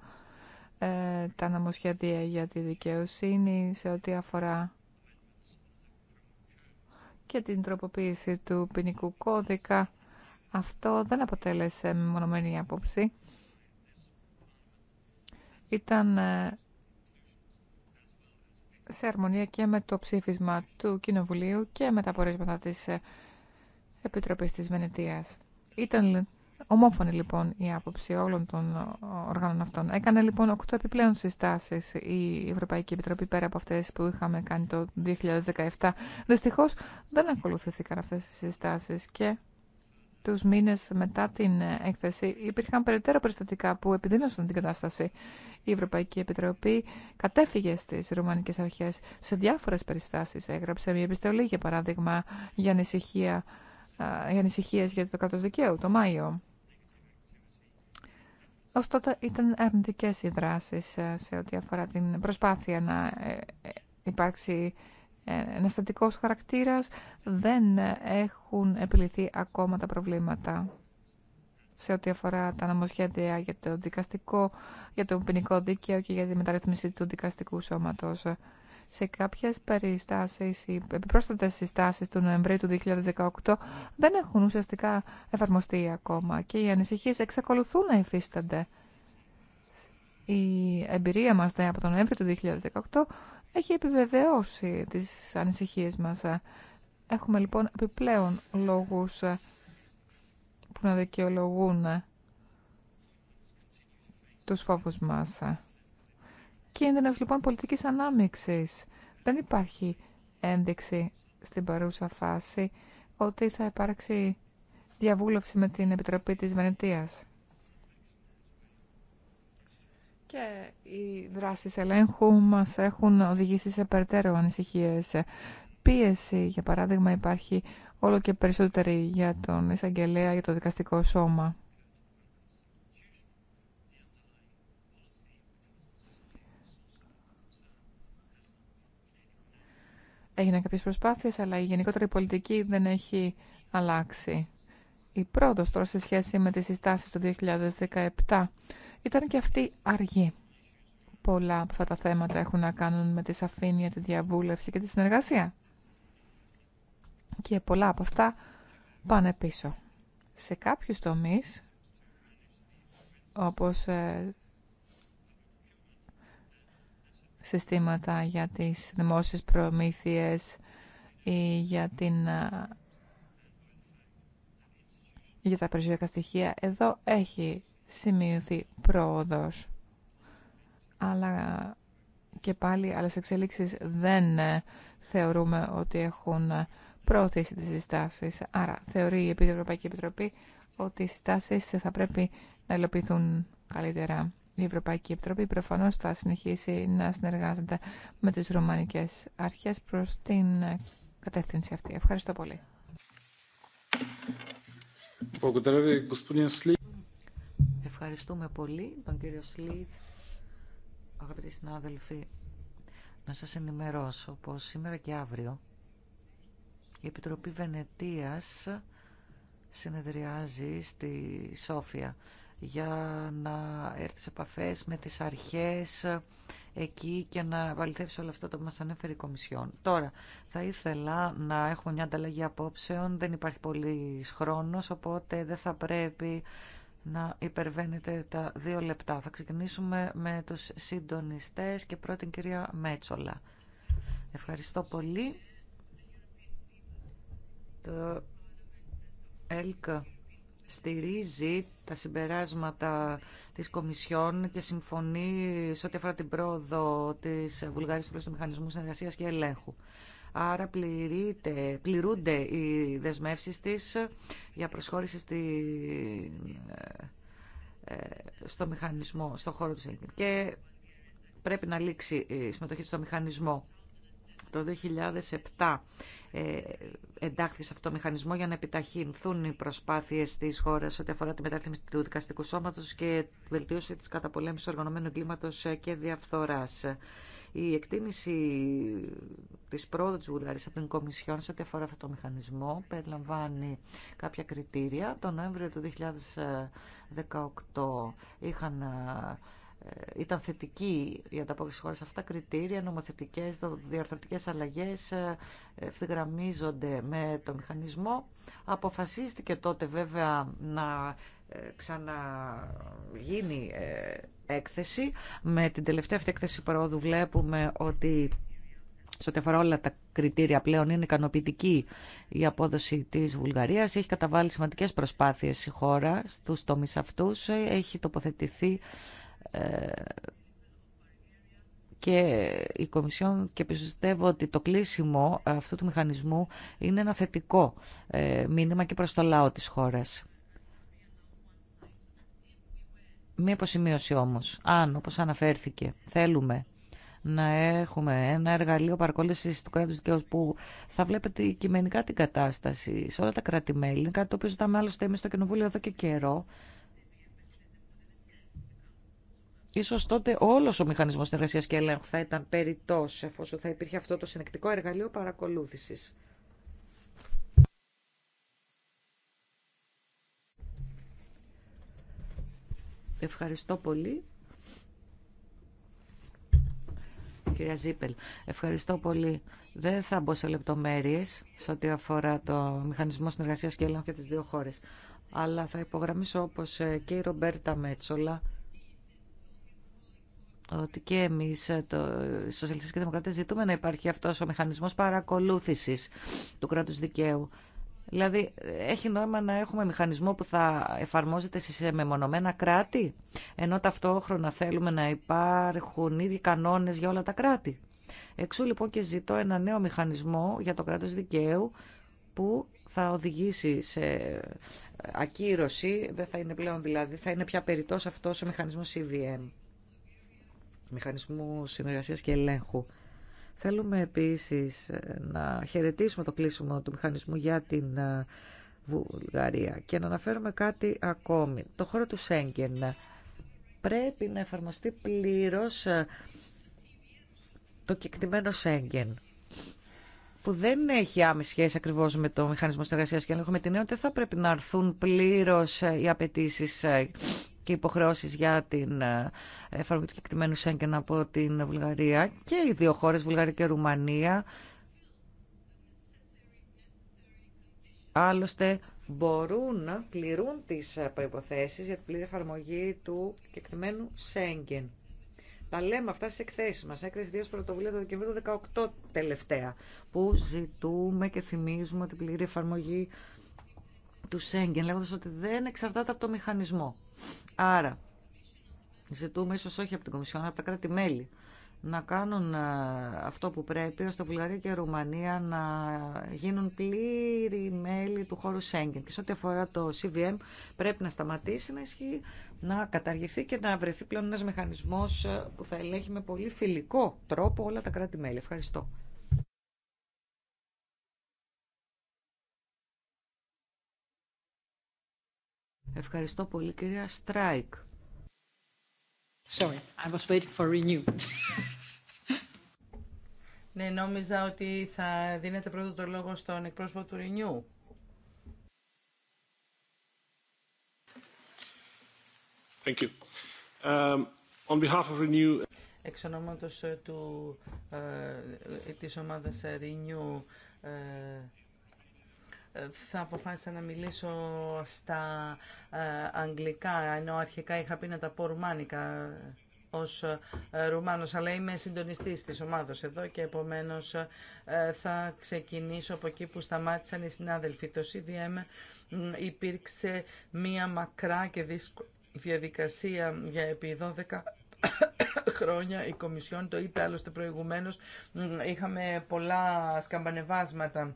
ε, τα νομοσχέδια για τη δικαιοσύνη σε ό,τι αφορά και την τροποποίηση του ποινικού κώδικα. Αυτό δεν αποτέλεσε μονομένη άποψη. Ήταν ε, σε αρμονία και με το ψήφισμα του Κοινοβουλίου και με τα απορίσματα της ε, Επιτροπής της Βενετίας. Ήταν ομόφωνη λοιπόν η άποψη όλων των ε, οργάνων αυτών. Έκανε λοιπόν οκτώ επιπλέον συστάσεις η Ευρωπαϊκή Επιτροπή πέρα από αυτές που είχαμε κάνει το 2017. Δυστυχώς δεν ακολουθήθηκαν αυτές οι συστάσεις και του μήνες μετά την ε, έκθεση υπήρχαν περαιτέρω περιστατικά που επιδίνωσαν την κατάσταση. Η Ευρωπαϊκή Επιτροπή κατέφυγε στις ρουμανικέ αρχέ σε διάφορες περιστάσεις. Έγραψε μια επιστολή, για παράδειγμα, για, ανησυχία, για ανησυχίες για το κράτο δικαίου, το Μάιο. Ωστότε ήταν αρνητικές οι δράσεις ε, σε ό,τι αφορά την προσπάθεια να ε, υπάρξει εναστατικός χαρακτήρας, δεν έχουν επιληθεί ακόμα τα προβλήματα σε ό,τι αφορά τα νομοσχέδια για το δικαστικό, για το ποινικό δίκαιο και για τη μεταρρύθμιση του δικαστικού σώματος. Σε κάποιες περιστάσει, οι επιπρόσθετες συστάσει του Νοεμβρίου του 2018 δεν έχουν ουσιαστικά εφαρμοστεί ακόμα και οι ανησυχίε εξακολουθούν να υφίστανται. Η εμπειρία μας από τον Νοέμβριο του 2018 έχει επιβεβαιώσει τις ανησυχίες μας. Έχουμε λοιπόν επιπλέον λόγους ε, που να δικαιολογούν ε, τους φόβους μας. Κίνδυνος λοιπόν πολιτικής ανάμειξης. Δεν υπάρχει ένδειξη στην παρούσα φάση ότι θα υπάρξει διαβούλευση με την Επιτροπή της Βενετίας. Και οι δράσεις ελέγχου μας έχουν οδηγήσει σε περαιτέρω ανησυχίε. Πίεση, για παράδειγμα, υπάρχει όλο και περισσότερη για τον εισαγγελέα, για το δικαστικό σώμα. Έγιναν κάποιες προσπάθειες, αλλά η γενικότερη πολιτική δεν έχει αλλάξει. Η πρώτος τώρα σε σχέση με τις συστάσεις του 2017 ήταν και αυτή αργή. Πολλά από αυτά τα θέματα έχουν να κάνουν με τη σαφήνεια, τη διαβούλευση και τη συνεργασία. Και πολλά από αυτά πάνε πίσω. Σε κάποιους τομείς, όπως ε, συστήματα για τις δημόσιες προμήθειες ή για, την, ε, για τα περιουσιακά στοιχεία. Εδώ έχει σημειωθεί πρόοδος. Αλλά και πάλι άλλες εξελίξεις δεν ε, θεωρούμε ότι έχουν ε, προωθήσει τις συστάσεις. Άρα θεωρεί η Ευρωπαϊκή Επιτροπή ότι οι συστάσεις θα πρέπει να υλοποιηθούν καλύτερα. Η Ευρωπαϊκή Επιτροπή προφανώς θα συνεχίσει να συνεργάζεται με τις ρουμανικές αρχές προς την ε, κατεύθυνση αυτή. Ευχαριστώ πολύ.
Ευχαριστούμε πολύ τον κύριο Σλίτ, αγαπητοί συνάδελφοι, να σας ενημερώσω πως σήμερα και αύριο η Επιτροπή Βενετίας συνεδριάζει στη Σόφια για να έρθει σε επαφές με τις αρχές εκεί και να βαληθεύσει όλα αυτά τα που μας ανέφερε η Κομισιόν. Τώρα, θα ήθελα να έχουμε μια ανταλλαγή απόψεων, δεν υπάρχει πολύ χρόνος, οπότε δεν θα πρέπει να υπερβαίνετε τα δύο λεπτά. Θα ξεκινήσουμε με τους συντονιστές και πρώτην κυρία Μέτσολα. Ευχαριστώ πολύ. Το ΕΛΚ στηρίζει τα συμπεράσματα της Κομισιόν και συμφωνεί σε ό,τι αφορά την πρόοδο της Βουλγαρίας του Μηχανισμού Συνεργασίας και Ελέγχου. Άρα πληρούνται οι δεσμεύσεις της για προσχώρηση στη, ε, ε, στο μηχανισμό, στο χώρο του Σέγγεν. Και πρέπει να λήξει η συμμετοχή στο μηχανισμό. Το 2007 ε, εντάχθηκε σε αυτό το μηχανισμό για να επιταχυνθούν οι προσπάθειες της χώρας ό,τι αφορά τη μεταρρύθμιση του δικαστικού σώματος και βελτίωση της καταπολέμησης οργανωμένου εγκλήματος και διαφθοράς. Η εκτίμηση τη πρόοδου τη Βουλγαρία από την Κομισιόν σε ό,τι αφορά αυτό το μηχανισμό περιλαμβάνει κάποια κριτήρια. Το Νοέμβριο του 2018 είχαν ε, ήταν θετική η ανταπόκριση χώρα σε αυτά τα κριτήρια, νομοθετικέ διαρθρωτικές αλλαγέ ε, ευθυγραμμίζονται με το μηχανισμό. Αποφασίστηκε τότε βέβαια να ε, ξαναγίνει ε, έκθεση. Με την τελευταία αυτή έκθεση πρόοδου βλέπουμε ότι σε ό,τι αφορά όλα τα κριτήρια πλέον είναι ικανοποιητική η απόδοση της Βουλγαρίας. Έχει καταβάλει σημαντικές προσπάθειες η χώρα στους τομείς αυτούς. Έχει τοποθετηθεί ε, και η Κομισιόν και πιστεύω ότι το κλείσιμο αυτού του μηχανισμού είναι ένα θετικό μήνυμα και προς το λαό της χώρας. Μία υποσημείωση όμως, αν όπως αναφέρθηκε θέλουμε να έχουμε ένα εργαλείο παρακολούθησης του κράτου δικαίου που θα βλέπετε κειμενικά την κατάσταση σε όλα τα κράτη-μέλη. κάτι το οποίο ζητάμε άλλωστε εμεί στο Κοινοβούλιο εδώ και καιρό. Ίσως τότε όλος ο μηχανισμός συνεργασία και έλεγχου θα ήταν περιττός, εφόσον θα υπήρχε αυτό το συνεκτικό εργαλείο παρακολούθησης. Ευχαριστώ πολύ. Κυρία Ζήπελ, ευχαριστώ πολύ. Δεν θα μπω σε λεπτομέρειες σε ό,τι αφορά το μηχανισμό συνεργασίας και έλεγχο για τις δύο χώρες. Αλλά θα υπογραμμίσω όπως και η Ρομπέρτα Μέτσολα ότι και εμείς, το, οι σοσιαλιστές και οι δημοκράτες, ζητούμε να υπάρχει αυτός ο μηχανισμός παρακολούθησης του κράτους δικαίου Δηλαδή, έχει νόημα να έχουμε μηχανισμό που θα εφαρμόζεται σε μεμονωμένα κράτη, ενώ ταυτόχρονα θέλουμε να υπάρχουν ήδη κανόνες για όλα τα κράτη. Εξού λοιπόν και ζητώ ένα νέο μηχανισμό για το κράτος δικαίου που θα οδηγήσει σε ακύρωση, δεν θα είναι πλέον δηλαδή, θα είναι πια περιττός αυτός ο μηχανισμός CVM, μηχανισμού συνεργασίας και ελέγχου. Θέλουμε επίσης ε, να χαιρετήσουμε το κλείσιμο του μηχανισμού για την ε, Βουλγαρία και να αναφέρουμε κάτι ακόμη. Το χώρο του Σέγγεν πρέπει να εφαρμοστεί πλήρως ε, το κεκτημένο Σέγγεν που δεν έχει άμεση σχέση ακριβώς με το μηχανισμό συνεργασία και αν έχουμε την έννοια ότι θα πρέπει να αρθούν πλήρως οι απαιτήσει και υποχρεώσει για την ε, εφαρμογή του κεκτημένου Σέγγεν από την Βουλγαρία και οι δύο χώρες, Βουλγαρία και Ρουμανία. Άλλωστε μπορούν να πληρούν τις ε, προποθέσει για την πλήρη εφαρμογή του κεκτημένου Σέγγεν. Τα λέμε αυτά στι εκθέσει μα. Έκθεση 2 πρωτοβουλία του Δεκεμβρίου 18 τελευταία. Που ζητούμε και θυμίζουμε την πλήρη εφαρμογή του Σέγγεν, λέγοντα ότι δεν εξαρτάται από το μηχανισμό. Άρα, ζητούμε ίσως όχι από την Κομισιόν, από τα κράτη-μέλη να κάνουν ε, αυτό που πρέπει ώστε Βουλγαρία και η Ρουμανία να γίνουν πλήρη μέλη του χώρου Σέγγεν. Και σε ό,τι αφορά το CVM πρέπει να σταματήσει να ισχύει, να καταργηθεί και να βρεθεί πλέον ένας μηχανισμός ε, που θα ελέγχει με πολύ φιλικό τρόπο όλα τα κράτη-μέλη. Ευχαριστώ. Ευχαριστώ πολύ κυρία Στράικ. Sorry, I was waiting for renew.
ναι, νόμιζα ότι θα δίνετε πρώτο το λόγο στον εκπρόσωπο του Renew.
Thank you. Um, on behalf of Renew...
Εξ ονόματος ε, του, ε, της ομάδας ε, Renew, uh, θα αποφάσισα να μιλήσω στα ε, αγγλικά, ενώ αρχικά είχα πει να τα πω ρουμάνικα ως ε, Ρουμάνος, αλλά είμαι συντονιστής της ομάδος εδώ και επομένως ε, θα ξεκινήσω από εκεί που σταμάτησαν οι συνάδελφοι. Το CDM υπήρξε μία μακρά και δύσκολη διαδικασία για επί 12 χρόνια. Η Κομισιόν το είπε άλλωστε προηγουμένως. Είχαμε πολλά σκαμπανεβάσματα.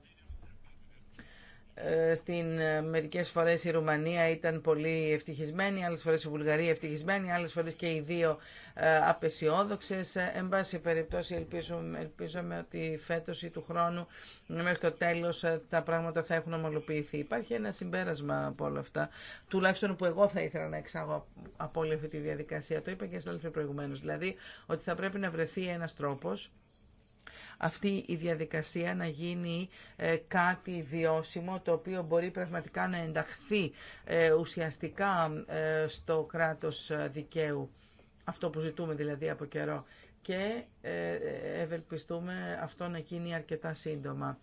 Ε, στην ε, μερικές φορές η Ρουμανία ήταν πολύ ευτυχισμένη, άλλες φορές η Βουλγαρία ευτυχισμένη, άλλες φορές και οι δύο ε, απεσιόδοξες. Εν πάση περιπτώσει ελπίζουμε, ελπίζουμε ότι φέτος ή του χρόνου μέχρι το τέλος τα πράγματα θα έχουν ομολοποιηθεί. Υπάρχει ένα συμπέρασμα από όλα αυτά, τουλάχιστον που εγώ θα ήθελα να εξάγω από όλη αυτή τη διαδικασία. Το είπα και σε προηγουμένως, δηλαδή ότι θα πρέπει να βρεθεί ένας τρόπος αυτή η διαδικασία να γίνει ε, κάτι βιώσιμο το οποίο μπορεί πραγματικά να ενταχθεί ε, ουσιαστικά ε, στο κράτος δικαίου. Αυτό που ζητούμε δηλαδή από καιρό και ευελπιστούμε αυτό να γίνει αρκετά σύντομα.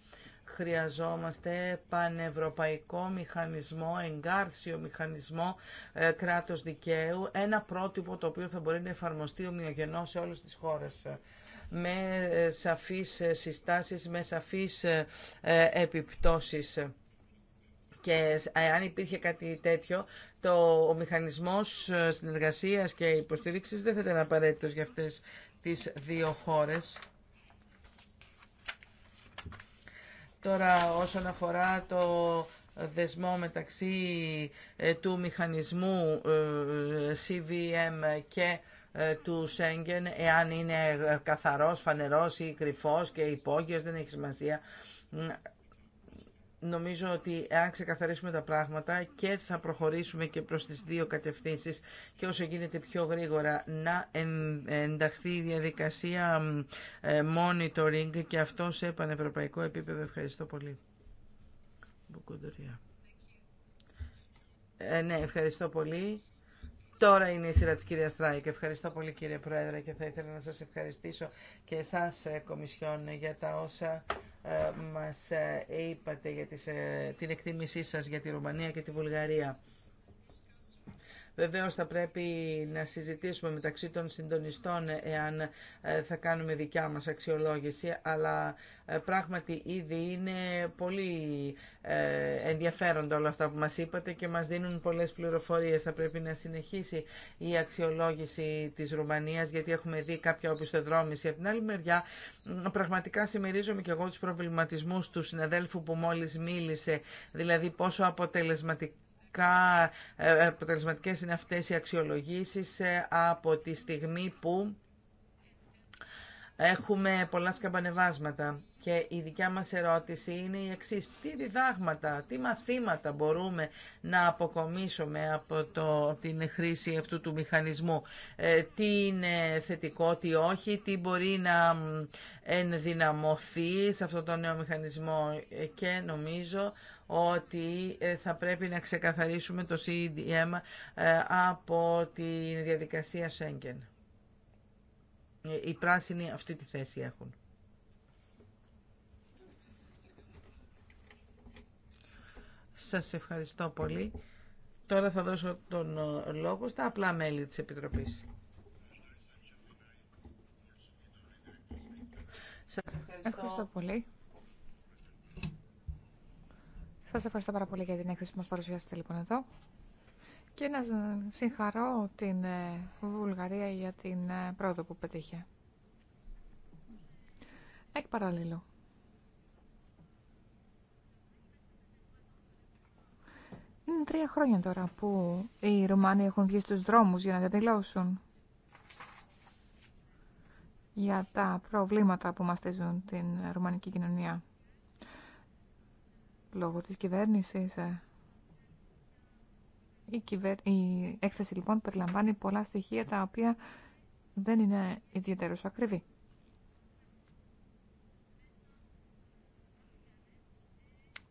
Χρειαζόμαστε πανευρωπαϊκό μηχανισμό, εγκάρσιο μηχανισμό ε, κράτος δικαίου, ένα πρότυπο το οποίο θα μπορεί να εφαρμοστεί ομοιογενώς σε όλες τις χώρες με σαφείς συστάσεις, με σαφείς ε, επιπτώσεις. Και ε, αν υπήρχε κάτι τέτοιο, το, ο μηχανισμός ε, συνεργασίας και υποστήριξης δεν θα ήταν απαραίτητος για αυτές τις δύο χώρες. Τώρα όσον αφορά το δεσμό μεταξύ του μηχανισμού CVM και ε, του Σέγγεν, εάν είναι καθαρός, φανερός ή κρυφός και υπόγειος, δεν έχει σημασία. Νομίζω ότι εάν ξεκαθαρίσουμε τα πράγματα και θα προχωρήσουμε και προς τις δύο κατευθύνσεις και όσο γίνεται πιο γρήγορα να ενταχθεί η διαδικασία ε, monitoring και αυτό σε πανευρωπαϊκό επίπεδο. Ευχαριστώ πολύ. Ε, ναι, ευχαριστώ πολύ. Τώρα είναι η σειρά τη κύρια Στράικ. Ευχαριστώ πολύ κύριε Πρόεδρε και θα ήθελα να σας ευχαριστήσω και εσάς ε, Κομισιόν για τα όσα ε, μας ε, είπατε για τις, την εκτίμησή σας για τη Ρουμανία και τη Βουλγαρία. Βεβαίω θα πρέπει να συζητήσουμε μεταξύ των συντονιστών εάν ε, θα κάνουμε δικιά μας αξιολόγηση, αλλά ε, πράγματι ήδη είναι πολύ ε, ενδιαφέροντα όλα αυτά που μας είπατε και μας δίνουν πολλές πληροφορίες. Θα πρέπει να συνεχίσει η αξιολόγηση της Ρουμανίας γιατί έχουμε δει κάποια οπισθοδρόμηση. Από την άλλη μεριά πραγματικά συμμερίζομαι και εγώ τους προβληματισμούς του συναδέλφου που μόλις μίλησε, δηλαδή πόσο αποτελεσματικό πραγματικά ε, ε, αποτελεσματικέ είναι αυτές οι αξιολογήσεις ε, από τη στιγμή που έχουμε πολλά σκαμπανεβάσματα. Και η δικιά μας ερώτηση είναι η εξή. Τι διδάγματα, τι μαθήματα μπορούμε να αποκομίσουμε από το, την χρήση αυτού του μηχανισμού. τι είναι θετικό, τι όχι, τι μπορεί να ενδυναμωθεί σε αυτό το νέο μηχανισμό. Και νομίζω ότι ε, θα πρέπει να ξεκαθαρίσουμε το CDM ε, από τη διαδικασία Σέγγεν. Ε, οι πράσινοι αυτή τη θέση έχουν. Σας ευχαριστώ πολύ. Τώρα θα δώσω τον λόγο στα απλά μέλη της Επιτροπής.
Σας ευχαριστώ πολύ. Σα ευχαριστώ πάρα πολύ για την έκθεση που μα παρουσιάσετε λοιπόν εδώ. Και να συγχαρώ την ε, Βουλγαρία για την ε, πρόοδο που πετύχε. Εκ παραλληλού. Είναι τρία χρόνια τώρα που οι Ρουμάνοι έχουν βγει στους δρόμους για να διαδηλώσουν για τα προβλήματα που μαστίζουν την ρουμανική κοινωνία λόγω της κυβέρνησης. Ε. Η, κυβέρ... η έκθεση λοιπόν περιλαμβάνει πολλά στοιχεία τα οποία δεν είναι ιδιαίτερως ακριβή.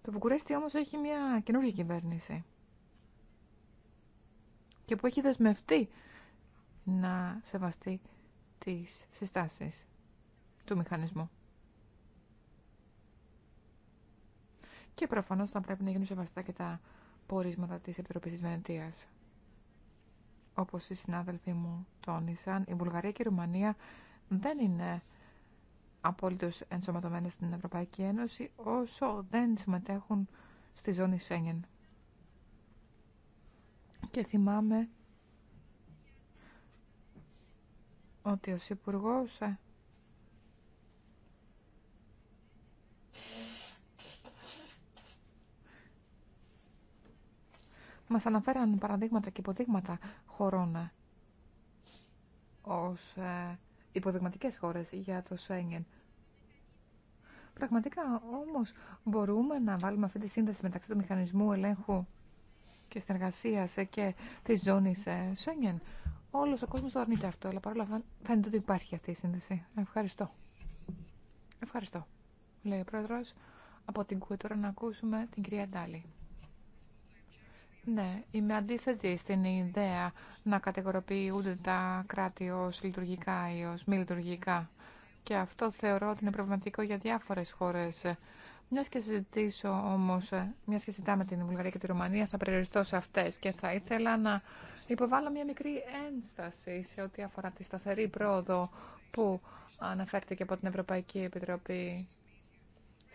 Το Βουκουρέστι όμως έχει μια καινούργια κυβέρνηση και που έχει δεσμευτεί να σεβαστεί τις συστάσεις του μηχανισμού. και προφανώς θα πρέπει να γίνουν σεβαστά και τα πορίσματα της Επιτροπής της Βενετίας. Όπως οι συνάδελφοί μου τόνισαν, η Βουλγαρία και η Ρουμανία δεν είναι απόλυτος ενσωματωμένες στην Ευρωπαϊκή Ένωση όσο δεν συμμετέχουν στη ζώνη Σέγγεν. Και θυμάμαι ότι ο υπουργό ε, Μας αναφέραν παραδείγματα και υποδείγματα χωρών ε, ως ε, υποδειγματικές χώρες για το Σέγγεν. Πραγματικά όμως μπορούμε να βάλουμε αυτή τη σύνδεση μεταξύ του μηχανισμού ελέγχου και συνεργασίας ε, και της ζώνης ε, Σέγγεν. Όλος ο κόσμος το αρνείται αυτό, αλλά παρόλα αυτά φαίνεται ότι υπάρχει αυτή η σύνδεση. Ευχαριστώ. Ευχαριστώ, λέει ο Πρόεδρος. Από την Κουέ να ακούσουμε την κυρία Ντάλη. Ναι, είμαι αντίθετη στην ιδέα να κατηγοροποιούνται τα κράτη ως λειτουργικά ή ως μη λειτουργικά. Και αυτό θεωρώ ότι είναι προβληματικό για διάφορες χώρες. Μιας και συζητήσω όμως, μιας και συζητάμε την Βουλγαρία και τη Ρουμανία, θα περιοριστώ σε αυτές και θα ήθελα να υποβάλω μια μικρή ένσταση σε ό,τι αφορά τη σταθερή πρόοδο που αναφέρθηκε από την Ευρωπαϊκή Επιτροπή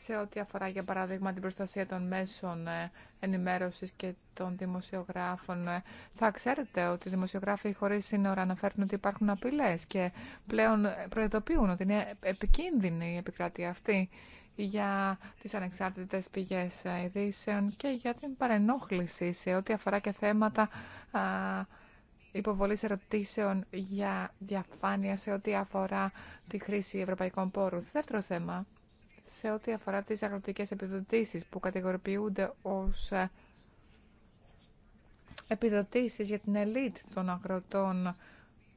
σε ό,τι αφορά για παράδειγμα την προστασία των μέσων ε, ενημέρωσης και των δημοσιογράφων. Ε, θα ξέρετε ότι οι δημοσιογράφοι χωρίς σύνορα αναφέρουν ότι υπάρχουν απειλές και πλέον προειδοποιούν ότι είναι επικίνδυνη η επικράτεια αυτή για τις ανεξάρτητες πηγές ε, ειδήσεων και για την παρενόχληση σε ό,τι αφορά και θέματα υποβολής ερωτήσεων για διαφάνεια σε ό,τι αφορά τη χρήση ευρωπαϊκών πόρων. Δεύτερο θέμα, σε ό,τι αφορά τις αγροτικές επιδοτήσεις που κατηγορηποιούνται ως ε, επιδοτήσεις για την ελίτ των αγροτών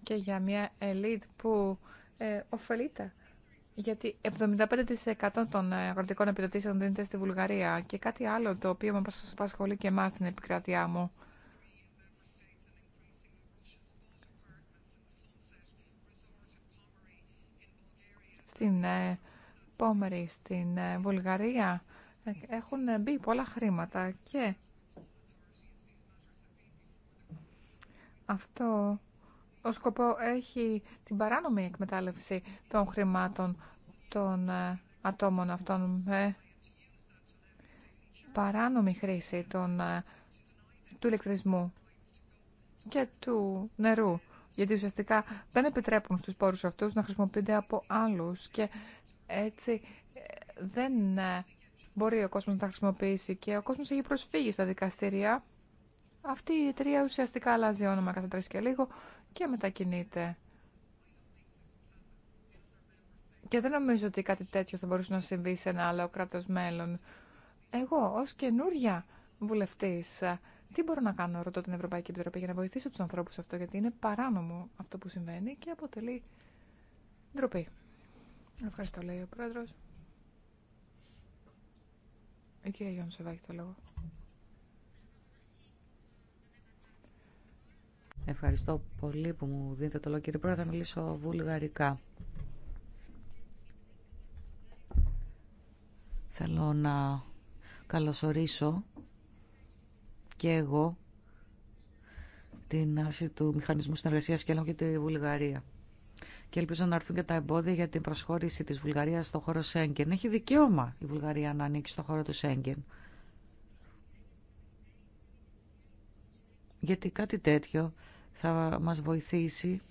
και για μια ελίτ που ε, ωφελείται. Γιατί 75% των ε, αγροτικών επιδοτήσεων δίνεται στη Βουλγαρία και κάτι άλλο το οποίο μας απασχολεί και εμάς στην επικράτειά μου. Στην ε, Πόμερη στην ε, Βουλγαρία ε, έχουν ε, μπει πολλά χρήματα και αυτό ο σκοπό έχει την παράνομη εκμετάλλευση των χρημάτων των ατόμων αυτών με παράνομη χρήση των, του ηλεκτρισμού και του νερού γιατί ουσιαστικά δεν επιτρέπουν στους πόρους αυτούς να χρησιμοποιούνται από άλλους και έτσι δεν ε, μπορεί ο κόσμος να τα χρησιμοποιήσει και ο κόσμος έχει προσφύγει στα δικαστήρια. Αυτή η εταιρεία ουσιαστικά αλλάζει όνομα κάθε τρεις και λίγο και μετακινείται. Και δεν νομίζω ότι κάτι τέτοιο θα μπορούσε να συμβεί σε ένα άλλο κράτος μέλλον. Εγώ ως καινούρια βουλευτής, ε, τι μπορώ να κάνω, ρωτώ την Ευρωπαϊκή Επιτροπή για να βοηθήσω τους ανθρώπους αυτό, γιατί είναι παράνομο αυτό που συμβαίνει και αποτελεί ντροπή. Ευχαριστώ, λέει ο πρόεδρο. Η κυρία Γιόνσεβα έχει το λόγο.
Ευχαριστώ πολύ που μου δίνετε το λόγο, κύριε Πρόεδρε. Θα μιλήσω βουλγαρικά. Θέλω να καλωσορίσω και εγώ την άρση του Μηχανισμού Συνεργασίας και Ελλάδα και τη Βουλγαρία και ελπίζω να έρθουν και τα εμπόδια για την προσχώρηση της Βουλγαρίας στο χώρο Σέγγεν. Έχει δικαίωμα η Βουλγαρία να ανήκει στο χώρο του Σέγγεν. Γιατί κάτι τέτοιο θα μας βοηθήσει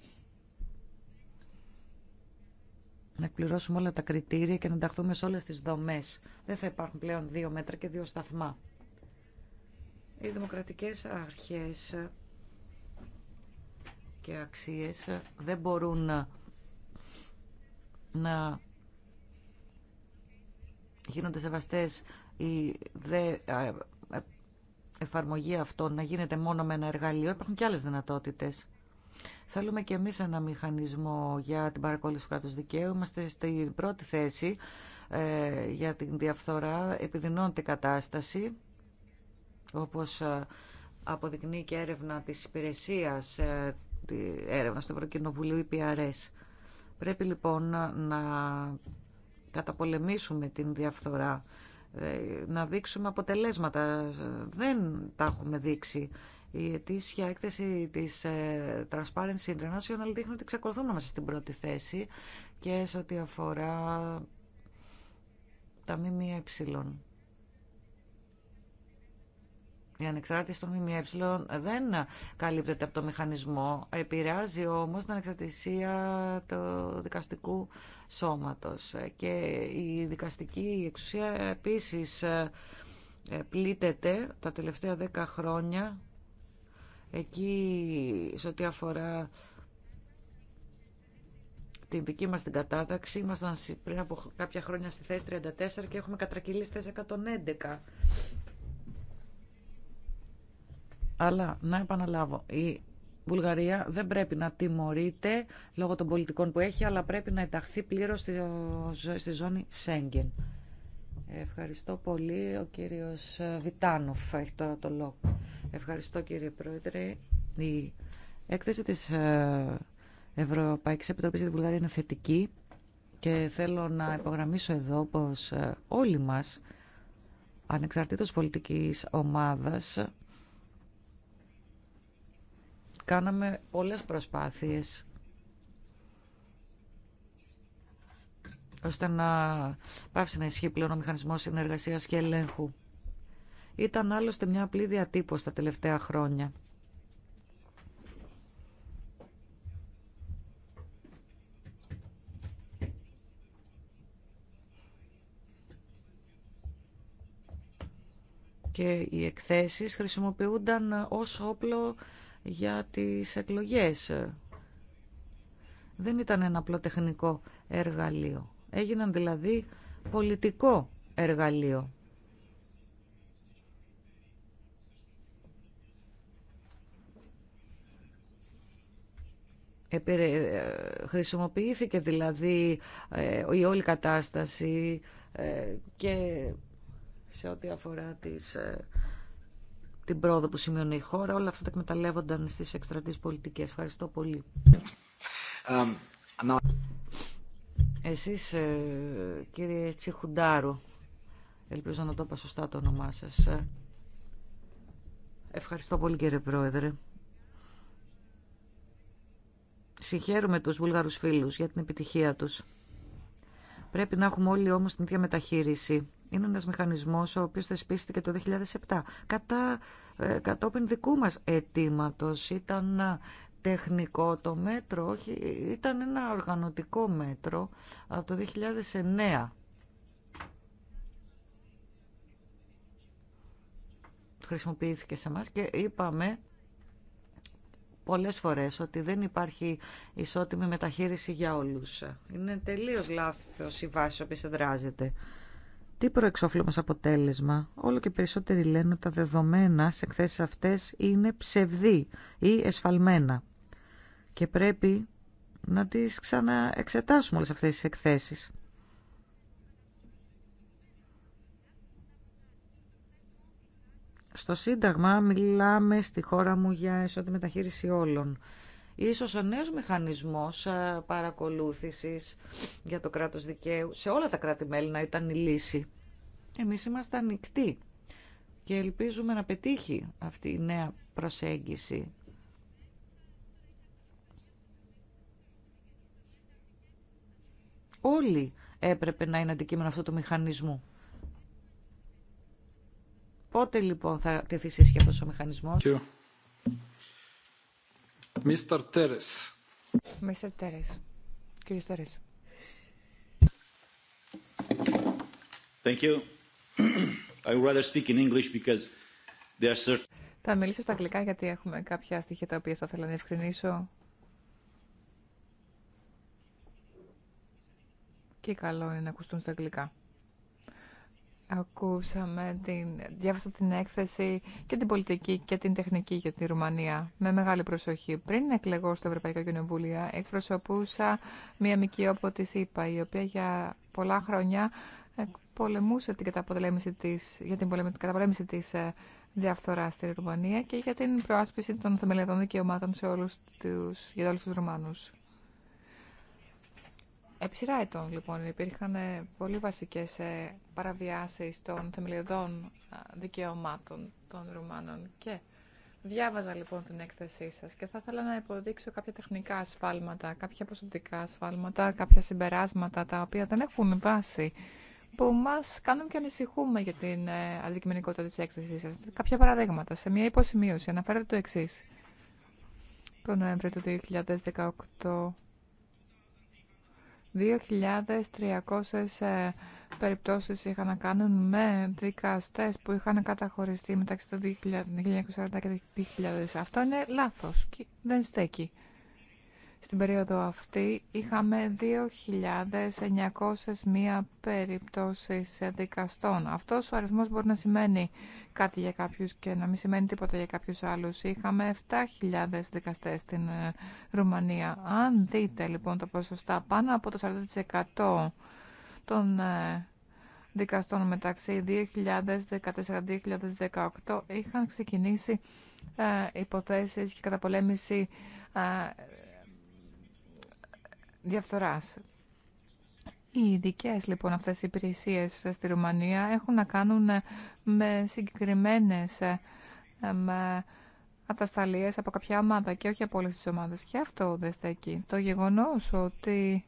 να εκπληρώσουμε όλα τα κριτήρια και να ενταχθούμε σε όλες τις δομές. Δεν θα υπάρχουν πλέον δύο μέτρα και δύο σταθμά. Οι δημοκρατικές αρχές και αξίες δεν μπορούν να γίνονται σεβαστές η δε εφαρμογή αυτών να γίνεται μόνο με ένα εργαλείο, υπάρχουν και άλλες δυνατότητες. Θέλουμε και εμείς ένα μηχανισμό για την παρακολούθηση του κράτους δικαίου. Είμαστε στην πρώτη θέση ε, για την διαφθορά. Επιδεινώνεται η κατάσταση, όπως ε, αποδεικνύει και έρευνα της υπηρεσίας ε, έρευνα του Ευρωκοινοβουλίου, η PRS. Πρέπει λοιπόν να καταπολεμήσουμε την διαφθορά, ε, να δείξουμε αποτελέσματα. Δεν τα έχουμε δείξει. Η ετήσια έκθεση της ε, Transparency International δείχνει ότι ξεκολουθούμε μέσα στην πρώτη θέση και σε ό,τι αφορά τα ΜΜΕ η ανεξάρτηση των ΜΜΕ δεν καλύπτεται από το μηχανισμό, επηρεάζει όμως την ανεξαρτησία του δικαστικού σώματος. Και η δικαστική εξουσία επίσης ε, πλήττεται τα τελευταία δέκα χρόνια εκεί σε ό,τι αφορά την δική μας την κατάταξη. Ήμασταν πριν από κάποια χρόνια στη θέση 34 και έχουμε κατρακυλήσει θέση 111. Αλλά να επαναλάβω, η Βουλγαρία δεν πρέπει να τιμωρείται λόγω των πολιτικών που έχει, αλλά πρέπει να ενταχθεί πλήρως στη ζώνη Σέγγεν. Ευχαριστώ πολύ. Ο κύριος ε, Βιτάνοφ έχει τώρα το λόγο. Ευχαριστώ κύριε Πρόεδρε. Η έκθεση της ε, Ευρωπαϊκής Επιτροπής για τη Βουλγαρία είναι θετική και θέλω να υπογραμμίσω εδώ πως ε, όλοι μας, ανεξαρτήτως πολιτικής ομάδας, Κάναμε πολλές προσπάθειες ώστε να πάψει να ισχύει πλέον ο μηχανισμός συνεργασίας και ελέγχου. Ήταν άλλωστε μια απλή διατύπωση τα τελευταία χρόνια. και οι εκθέσεις χρησιμοποιούνταν ως όπλο για τις εκλογές. Δεν ήταν ένα απλό τεχνικό εργαλείο. Έγιναν δηλαδή πολιτικό εργαλείο. Ε, χρησιμοποιήθηκε δηλαδή ε, η όλη κατάσταση ε, και σε ό,τι αφορά τις την πρόοδο που σημειώνει η χώρα. Όλα αυτά τα εκμεταλλεύονταν στι εκστρατείε πολιτικές. Ευχαριστώ πολύ. Um, Εσείς, ε, κύριε Τσιχουντάρου, ελπίζω να το είπα σωστά το όνομά σα. Ε, ευχαριστώ πολύ, κύριε Πρόεδρε. Συγχαίρουμε τους βουλγαρούς φίλους για την επιτυχία τους. Πρέπει να έχουμε όλοι όμως την ίδια μεταχείριση είναι ένας μηχανισμός ο οποίος θεσπίστηκε το 2007 κατά, ε, κατόπιν δικού μας αιτήματο. Ήταν ε, τεχνικό το μέτρο, όχι, ήταν ένα οργανωτικό μέτρο από το 2009. χρησιμοποιήθηκε σε μας και είπαμε πολλές φορές ότι δεν υπάρχει ισότιμη μεταχείριση για όλους. Είναι τελείως λάθος η βάση που εδράζεται. Τι προεξόφλημα αποτέλεσμα. Όλο και περισσότεροι λένε ότι τα δεδομένα σε εκθέσεις αυτές είναι ψευδή ή εσφαλμένα. Και πρέπει να τις ξαναεξετάσουμε όλες αυτές τις εκθέσεις. Στο Σύνταγμα μιλάμε στη χώρα μου για ισότητα μεταχείριση όλων ίσως ο νέος μηχανισμός ε, παρακολούθησης για το κράτος δικαίου σε όλα τα κράτη-μέλη να ήταν η λύση. Εμείς είμαστε ανοιχτοί και ελπίζουμε να πετύχει αυτή η νέα προσέγγιση. Όλοι έπρεπε να είναι αντικείμενο αυτού του μηχανισμού. Πότε λοιπόν θα τεθεί σε αυτός ο μηχανισμός.
Θα μιλήσω στα αγγλικά γιατί έχουμε κάποια στοιχεία τα οποία θα ήθελα να ευκρινίσω. Και καλό είναι να ακουστούν στα αγγλικά. Ακούσαμε, την, διάβασα την έκθεση και την πολιτική και την τεχνική για τη Ρουμανία με μεγάλη προσοχή. Πριν εκλεγώ στο Ευρωπαϊκό Κοινοβούλιο, εκπροσωπούσα μία μικρή από τη ΣΥΠΑ, η οποία για πολλά χρόνια πολεμούσε την καταπολέμηση της, για την καταπολέμηση της ε, διαφθορά στη Ρουμανία και για την προάσπιση των θεμελιωδών δικαιωμάτων σε όλους τους, για όλους τους Ρουμάνους. Επί σειρά ετών, λοιπόν, υπήρχαν ε, πολύ βασικέ ε, παραβιάσει των θεμελιωδών ε, δικαιωμάτων των Ρουμάνων και διάβαζα λοιπόν την έκθεσή σα και θα ήθελα να υποδείξω κάποια τεχνικά ασφάλματα, κάποια ποσοτικά ασφάλματα, κάποια συμπεράσματα τα οποία δεν έχουν βάση που μα κάνουν και ανησυχούμε για την αντικειμενικότητα τη έκθεση σα. Κάποια παραδείγματα. Σε μια υποσημείωση αναφέρεται το εξή. Το Νοέμβριο του 2018 2.300 ε, περιπτώσεις είχαν να κάνουν με δικαστές που είχαν καταχωριστεί μεταξύ του 1940 και 2000. Αυτό είναι λάθος και δεν στέκει. Στην περίοδο αυτή είχαμε 2.901 περιπτώσεις δικαστών. Αυτός ο αριθμός μπορεί να σημαίνει κάτι για κάποιους και να μην σημαίνει τίποτα για κάποιους άλλους. Είχαμε 7.000 δικαστές στην ε, Ρουμανία. Αν δείτε λοιπόν τα ποσοστά πάνω από το 40% των ε, δικαστών μεταξύ 2014-2018 είχαν ξεκινήσει ε, υποθέσεις και καταπολέμηση διαφθοράς. Οι ειδικέ λοιπόν αυτές οι υπηρεσίες στη Ρουμανία έχουν να κάνουν ε, με συγκεκριμένες με ε, ατασταλίες από κάποια ομάδα και όχι από όλες τις ομάδες. Και αυτό δεν στέκει. Το γεγονός ότι,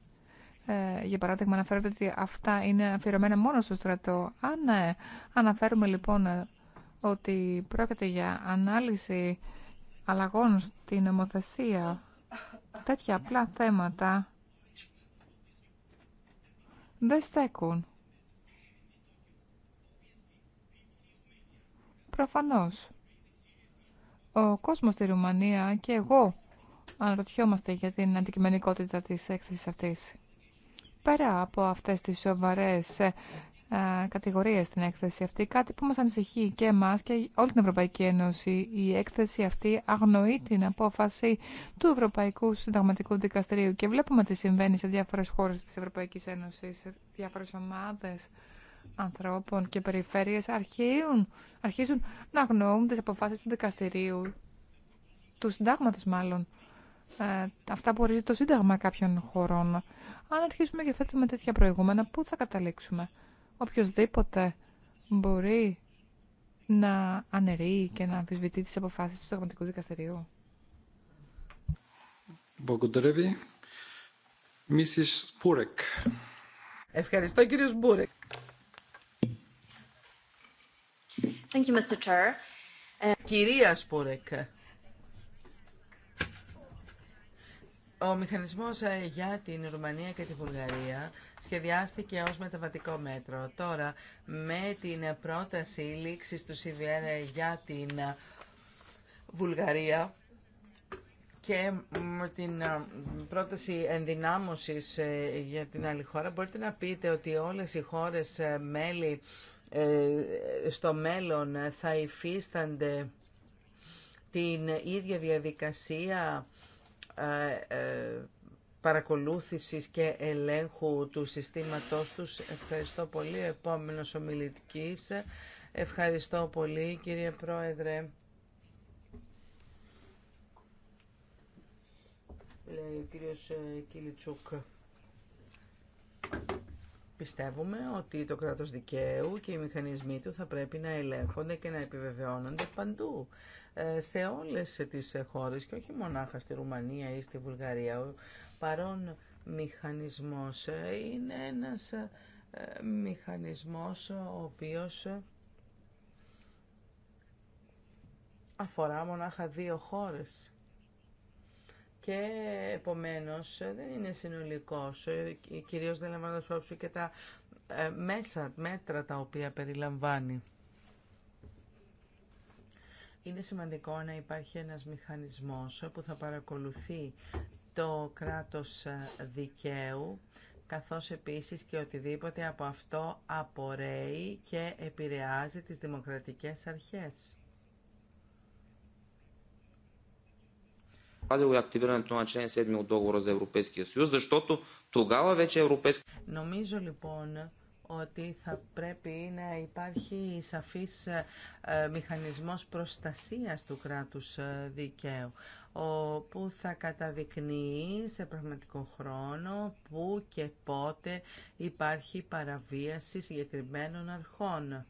ε, για παράδειγμα, αναφέρεται ότι αυτά είναι αφιερωμένα μόνο στο στρατό. Αν αναφέρουμε λοιπόν ότι πρόκειται για ανάλυση αλλαγών στην νομοθεσία, τέτοια απλά θέματα δεν στέκουν. Προφανώς. Ο κόσμος στη Ρουμανία και εγώ αναρωτιόμαστε για την αντικειμενικότητα της έκθεσης αυτής. Πέρα από αυτές τις σοβαρές ε, ε, κατηγορία στην έκθεση αυτή, κάτι που μας ανησυχεί και εμάς και όλη την Ευρωπαϊκή Ένωση. Η έκθεση αυτή αγνοεί την απόφαση του Ευρωπαϊκού Συνταγματικού Δικαστηρίου και βλέπουμε τι συμβαίνει σε διάφορες χώρες της Ευρωπαϊκής Ένωσης, σε διάφορες ομάδες ανθρώπων και περιφέρειες αρχίζουν, αρχίζουν να αγνοούν τις αποφάσεις του δικαστηρίου, του συντάγματος μάλλον. Ε, αυτά που ορίζει το Σύνταγμα κάποιων χωρών. Αν αρχίσουμε και θέτουμε τέτοια προηγούμενα, πού θα καταλήξουμε οποιοδήποτε μπορεί να αναιρεί και να αμφισβητεί τις αποφάσεις του Σταγματικού Δικαστηρίου.
Ευχαριστώ κύριος Μπούρεκ. Thank you, Mr. Chair. Κυρία Σπούρεκ, ο μηχανισμός ε, για την Ρουμανία και τη Βουλγαρία σχεδιάστηκε ως μεταβατικό μέτρο. Τώρα, με την πρόταση λήξης του CVR για την ε, Βουλγαρία και με την ε, πρόταση ενδυνάμωσης ε, για την άλλη χώρα, μπορείτε να πείτε ότι όλες οι χώρες μέλη στο μέλλον θα υφίστανται την ίδια διαδικασία παρακολούθησης και ελέγχου του συστήματός τους. Ευχαριστώ πολύ. Επόμενος ομιλητικής. Ευχαριστώ πολύ κύριε Πρόεδρε. κύριος ε, Πιστεύουμε ότι το κράτος δικαίου και οι μηχανισμοί του θα πρέπει να ελέγχονται και να επιβεβαιώνονται παντού ε, σε όλες τις χώρες και όχι μονάχα στη Ρουμανία ή στη Βουλγαρία παρόν μηχανισμός είναι ένας ε, μηχανισμός ο οποίος αφορά μονάχα δύο χώρες και επομένως δεν είναι συνολικός, ε, κυρίως δεν λαμβάνοντας υπόψη και τα ε, μέσα, μέτρα τα οποία περιλαμβάνει. Είναι σημαντικό να υπάρχει ένας μηχανισμός που θα παρακολουθεί το κράτος ε, δικαίου, καθώς επίσης και οτιδήποτε από αυτό απορρέει και επηρεάζει τις δημοκρατικές αρχές. Νομίζω λοιπόν ότι θα πρέπει να υπάρχει σαφής ε, μηχανισμός προστασίας του κράτους ε, δικαίου που θα καταδεικνύει σε πραγματικό χρόνο που και πότε υπάρχει παραβίαση συγκεκριμένων αρχών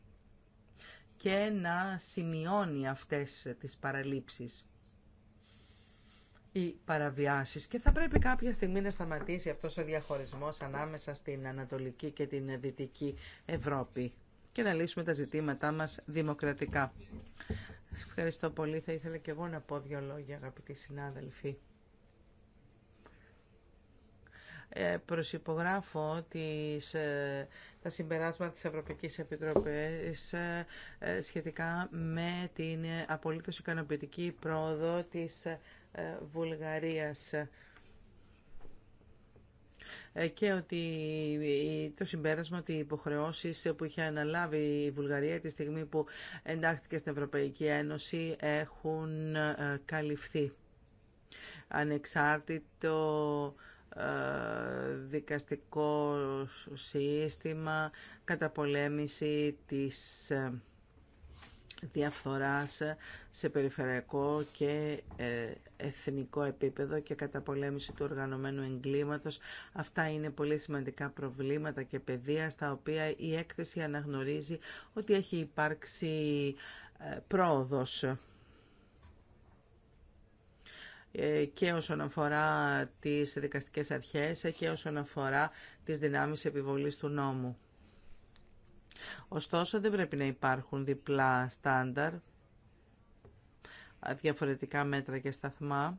και να σημειώνει αυτές τις παραλήψεις οι παραβιάσεις και θα πρέπει κάποια στιγμή να σταματήσει αυτός ο διαχωρισμός ανάμεσα στην Ανατολική και την Δυτική Ευρώπη και να λύσουμε τα ζητήματά μας δημοκρατικά. Ευχαριστώ πολύ. Θα ήθελα και εγώ να πω δύο λόγια, αγαπητοί συνάδελφοι. Ε, προσυπογράφω ε, τα συμπεράσματα της Ευρωπαϊκής Επιτροπής ε, ε, σχετικά με την απολύτως ικανοποιητική πρόοδο της ε, Βουλγαρίας ε, και ότι το συμπέρασμα ότι οι υποχρεώσει που είχε αναλάβει η Βουλγαρία τη στιγμή που εντάχθηκε στην Ευρωπαϊκή Ένωση έχουν ε, καλυφθεί. Ανεξάρτητο δικαστικό σύστημα, καταπολέμηση της διαφθοράς σε περιφερειακό και ε, εθνικό επίπεδο και καταπολέμηση του οργανωμένου εγκλήματος. Αυτά είναι πολύ σημαντικά προβλήματα και παιδεία στα οποία η έκθεση αναγνωρίζει ότι έχει υπάρξει ε, πρόοδος ε, και όσον αφορά τις δικαστικές αρχές και όσον αφορά τις δυνάμεις επιβολής του νόμου. Ωστόσο δεν πρέπει να υπάρχουν διπλά στάνταρ, διαφορετικά μέτρα και σταθμά.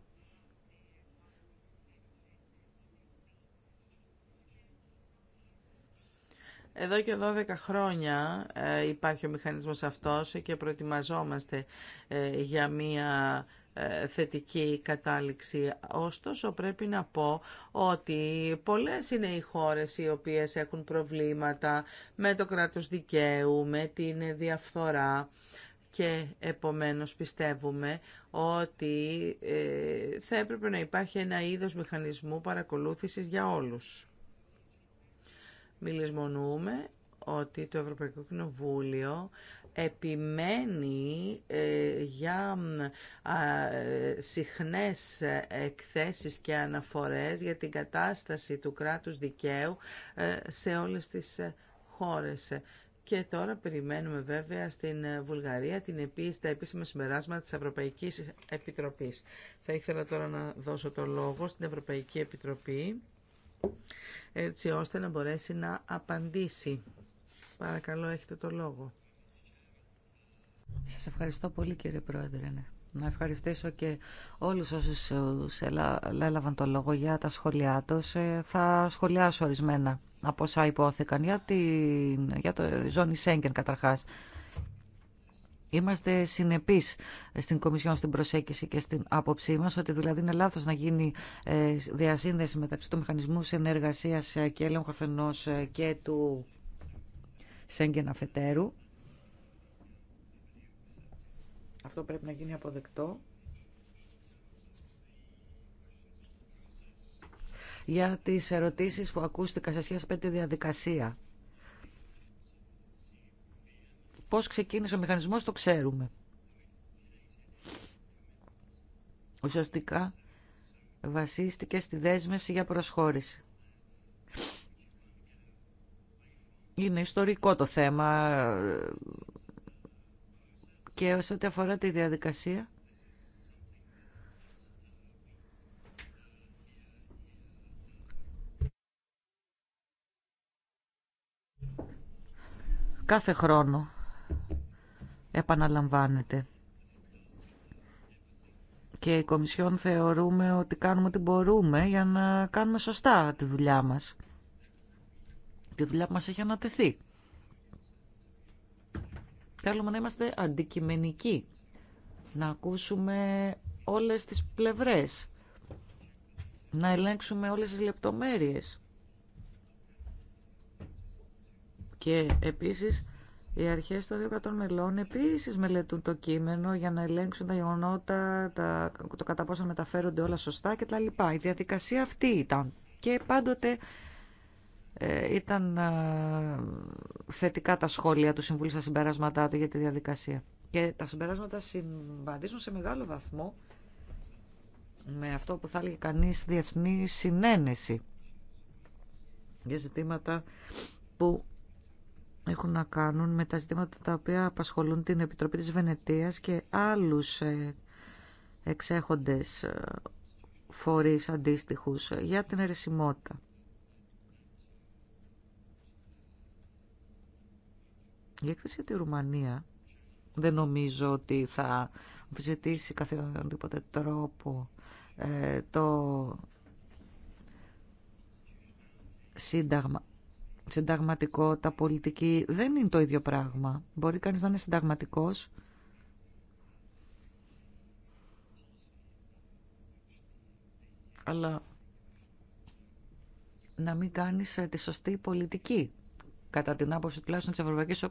Εδώ και 12 χρόνια ε, υπάρχει ο μηχανισμός αυτός και προετοιμαζόμαστε ε, για μία ε, θετική κατάληξη. Ωστόσο πρέπει να πω ότι πολλές είναι οι χώρες οι οποίες έχουν προβλήματα με το κράτος δικαίου, με την διαφθορά και επομένως πιστεύουμε ότι ε, θα έπρεπε να υπάρχει ένα είδος μηχανισμού παρακολούθησης για όλους. Μιλισμονούμε ότι το Ευρωπαϊκό Κοινοβούλιο επιμένει ε, για συχνές εκθέσεις και αναφορές για την κατάσταση του κράτους δικαίου ε, σε όλες τις χώρες. Και τώρα περιμένουμε βέβαια στην Βουλγαρία την επί τα επίσημα συμπεράσματα της Ευρωπαϊκής Επιτροπής. Θα ήθελα τώρα να δώσω το λόγο στην Ευρωπαϊκή Επιτροπή έτσι ώστε να μπορέσει να απαντήσει. Παρακαλώ έχετε το λόγο.
Σας ευχαριστώ πολύ κύριε Πρόεδρε. Ναι. Να ευχαριστήσω και όλους όσους ε, έλαβαν το λόγο για τα σχόλιά τους. Ε, θα σχολιάσω ορισμένα από όσα υπόθηκαν για, τη για το ζώνη Σέγγεν καταρχάς. Είμαστε συνεπείς στην Κομισιόν στην προσέγγιση και στην άποψή μας ότι δηλαδή είναι λάθος να γίνει ε, διασύνδεση μεταξύ του μηχανισμού συνεργασίας και έλεγχο και του Σέγγεν αφετέρου αυτό πρέπει να γίνει αποδεκτό. Για τις ερωτήσεις που ακούστηκα σε σχέση με τη διαδικασία. Πώς ξεκίνησε ο μηχανισμός το ξέρουμε. Ουσιαστικά βασίστηκε στη δέσμευση για προσχώρηση. Είναι ιστορικό το θέμα και όσο ό,τι αφορά τη διαδικασία. Κάθε χρόνο επαναλαμβάνεται και η Κομισιόν θεωρούμε ότι κάνουμε ό,τι μπορούμε για να κάνουμε σωστά τη δουλειά μας. η δουλειά μας έχει ανατεθεί. Θέλουμε να είμαστε αντικειμενικοί, να ακούσουμε όλες τις πλευρές, να ελέγξουμε όλες τις λεπτομέρειες. Και επίσης οι αρχές των δύο κρατών μελών επίσης μελετούν το κείμενο για να ελέγξουν τα γεγονότα, τα, το κατά πόσο μεταφέρονται όλα σωστά κτλ. Η διαδικασία αυτή ήταν. Και πάντοτε ε, ήταν ε, θετικά τα σχόλια του Συμβουλίου στα συμπεράσματά του για τη διαδικασία. Και τα συμπεράσματα συμβαδίζουν σε μεγάλο βαθμό με αυτό που θα έλεγε κανείς διεθνή συνένεση για ζητήματα που έχουν να κάνουν με τα ζητήματα τα οποία απασχολούν την Επιτροπή της Βενετίας και άλλους ε, εξέχοντες φορείς αντίστοιχους για την ερεσιμότητα. Η έκθεση για τη Ρουμανία δεν νομίζω ότι θα ζητήσει καθέναν τρόπο ε, το σύνταγμα. Συνταγματικότητα, πολιτική δεν είναι το ίδιο πράγμα. Μπορεί κανείς να είναι συνταγματικός αλλά να μην κάνεις ε, τη σωστή πολιτική κατά την άποψη τουλάχιστον της Ευρωπαϊκής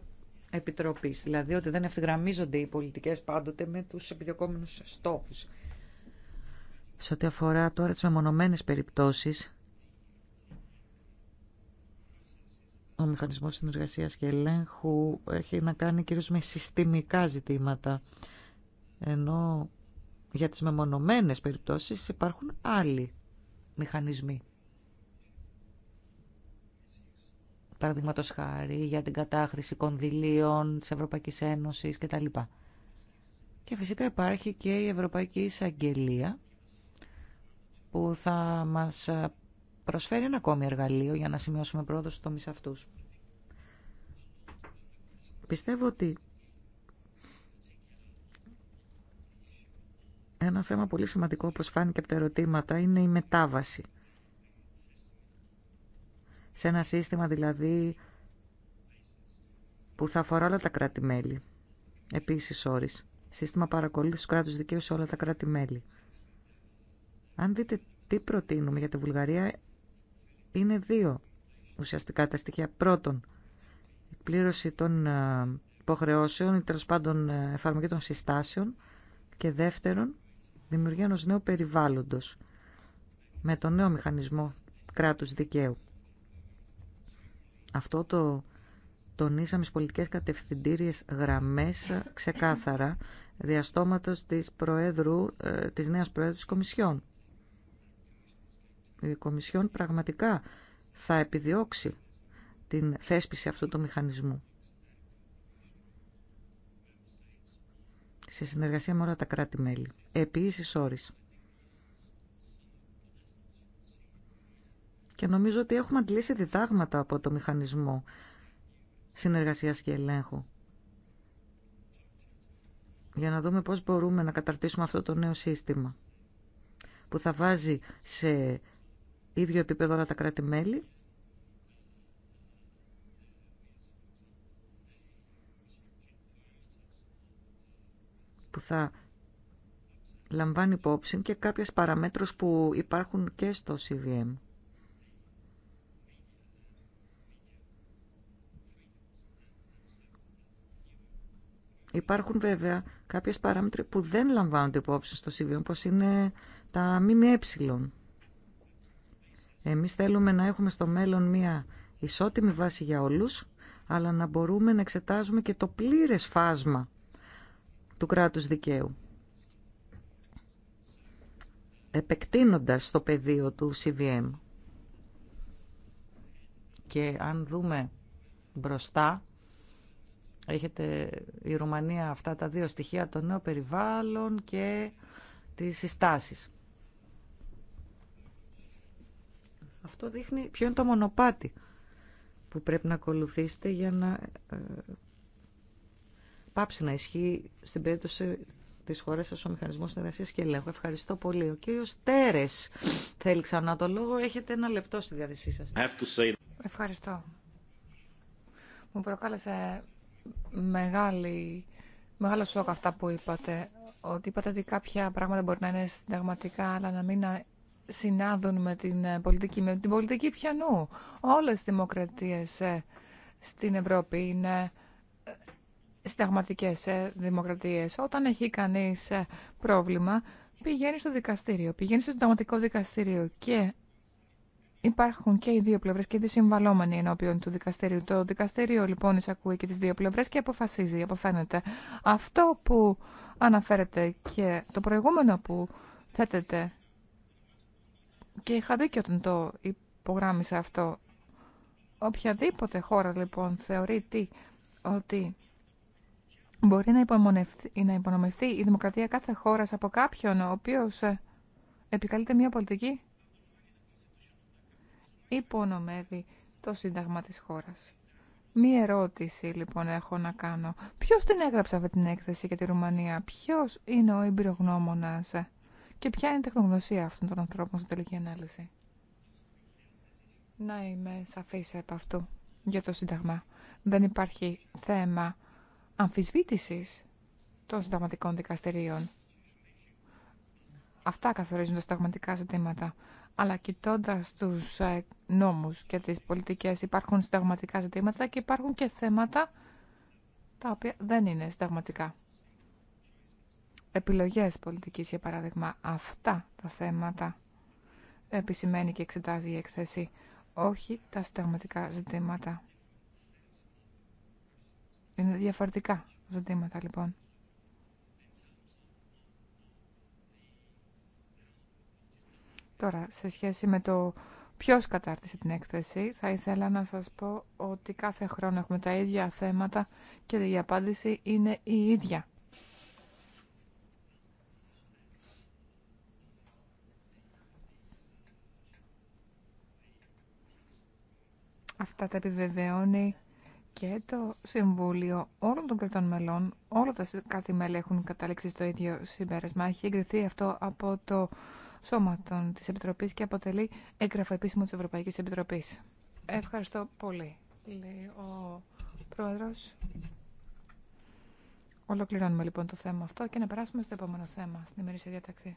Δηλαδή ότι δεν ευθυγραμμίζονται οι πολιτικές πάντοτε με του επιδιωκόμενου στόχους. Σε ό,τι αφορά τώρα τι μεμονωμένε περιπτώσεις, ο μηχανισμός συνεργασία και ελέγχου έχει να κάνει κυρίως με συστημικά ζητήματα, ενώ για τις μεμονωμένες περιπτώσεις υπάρχουν άλλοι μηχανισμοί. παραδείγματο χάρη για την κατάχρηση κονδυλίων τη Ευρωπαϊκή Ένωση κτλ. Και φυσικά υπάρχει και η Ευρωπαϊκή Εισαγγελία που θα μας προσφέρει ένα ακόμη εργαλείο για να σημειώσουμε πρόοδο στους τομείς αυτούς. Πιστεύω ότι ένα θέμα πολύ σημαντικό, όπως φάνηκε από τα ερωτήματα, είναι η μετάβαση σε ένα σύστημα δηλαδή που θα αφορά όλα τα κράτη-μέλη. Επίσης όρις, σύστημα παρακολούθησης κράτους δικαίου σε όλα τα κράτη-μέλη. Αν δείτε τι προτείνουμε για τη Βουλγαρία, είναι δύο ουσιαστικά τα στοιχεία. Πρώτον, η πλήρωση των ε, υποχρεώσεων ή τέλο πάντων ε, εφαρμογή των συστάσεων και δεύτερον, δημιουργία ενός νέου περιβάλλοντος με τον νέο μηχανισμό κράτους δικαίου. Αυτό το τονίσαμε στις πολιτικές κατευθυντήριες γραμμές ξεκάθαρα διαστόματος της, προέδρου, ε, της νέας Προέδρου της Κομισιόν. Η Κομισιόν πραγματικά θα επιδιώξει την θέσπιση αυτού του μηχανισμού. Σε συνεργασία με όλα τα κράτη-μέλη. Επίσης όρις. Και νομίζω ότι έχουμε αντλήσει διδάγματα από το μηχανισμό συνεργασίας και ελέγχου. Για να δούμε πώς μπορούμε να καταρτήσουμε αυτό το νέο σύστημα που θα βάζει σε ίδιο επίπεδο όλα τα κράτη-μέλη που θα λαμβάνει υπόψη και κάποιες παραμέτρους που υπάρχουν και στο CVM. Υπάρχουν βέβαια κάποιες παράμετροι που δεν λαμβάνονται υπόψη στο CV, όπως είναι τα ΜΜΕ. Εμείς θέλουμε να έχουμε στο μέλλον μια ισότιμη βάση για όλους, αλλά να μπορούμε να εξετάζουμε και το πλήρες φάσμα του κράτους δικαίου. Επεκτείνοντας το πεδίο του CVM. Και αν δούμε μπροστά, Έχετε η Ρουμανία αυτά τα δύο στοιχεία, το νέο περιβάλλον και τις συστάσεις. Αυτό δείχνει ποιο είναι το μονοπάτι που πρέπει να ακολουθήσετε για να ε, πάψει να ισχύει στην περίπτωση της χώρας σας ο μηχανισμός συνεργασίας και ελέγχου. Ευχαριστώ πολύ. Ο κύριος Τέρες θέλει ξανά το λόγο. Έχετε ένα λεπτό στη διάθεσή σας. Ευχαριστώ.
Μου προκάλεσε μεγάλη, μεγάλο σοκ αυτά που είπατε. Ότι είπατε ότι κάποια πράγματα μπορεί να είναι συνταγματικά, αλλά να μην συνάδουν με την ε, πολιτική. Με την πολιτική πιανού. Όλες οι δημοκρατίες ε, στην Ευρώπη είναι ε, συνταγματικές δημοκρατίες. Όταν έχει κανείς πρόβλημα, πηγαίνει στο δικαστήριο, πηγαίνει στο συνταγματικό δικαστήριο και Υπάρχουν και οι δύο πλευρές και οι δύο συμβαλόμενοι ενώπιον του δικαστηρίου. Το δικαστήριο λοιπόν εισακούει και τις δύο πλευρές και αποφασίζει, αποφαίνεται. Αυτό που αναφέρεται και το προηγούμενο που θέτεται και είχα δίκιο όταν το υπογράμμισα αυτό. Οποιαδήποτε χώρα λοιπόν θεωρεί τι, ότι μπορεί να υπονομευθεί να η δημοκρατία κάθε χώρας από κάποιον ο οποίος ε, επικαλείται μια πολιτική υπονομεύει το Σύνταγμα της χώρας. Μία ερώτηση λοιπόν έχω να κάνω. Ποιος την έγραψε αυτή την έκθεση για τη Ρουμανία, ποιος είναι ο εμπειρογνώμονας και ποια είναι η τεχνογνωσία αυτών των ανθρώπων στην τελική ανάλυση. Να είμαι σαφής από αυτού για το Σύνταγμα. Δεν υπάρχει θέμα αμφισβήτησης των συνταγματικών δικαστηρίων. Αυτά καθορίζουν τα συνταγματικά ζητήματα. Αλλά κοιτώντα τους ε, νόμους και τις πολιτικές. Υπάρχουν συνταγματικά ζητήματα και υπάρχουν και θέματα τα οποία δεν είναι συνταγματικά. Επιλογές πολιτικής, για παράδειγμα, αυτά τα θέματα επισημαίνει και εξετάζει η έκθεση, όχι τα συνταγματικά ζητήματα. Είναι διαφορετικά ζητήματα, λοιπόν. Τώρα, σε σχέση με το Ποιο κατάρτισε την έκθεση, θα ήθελα να σας πω ότι κάθε χρόνο έχουμε τα ίδια θέματα και η απάντηση είναι η ίδια. Αυτά τα επιβεβαιώνει και το Συμβούλιο όλων των κρατών μελών. Όλα τα κάτι μέλη έχουν καταλήξει στο ίδιο συμπέρασμα. Έχει εγκριθεί αυτό από το σώματων της Επιτροπής και αποτελεί έγγραφο επίσημο της Ευρωπαϊκής Επιτροπής. Ευχαριστώ πολύ, λέει ο Πρόεδρος. Ολοκληρώνουμε λοιπόν το θέμα αυτό και να περάσουμε στο επόμενο θέμα, στην ημερήσια διάταξη.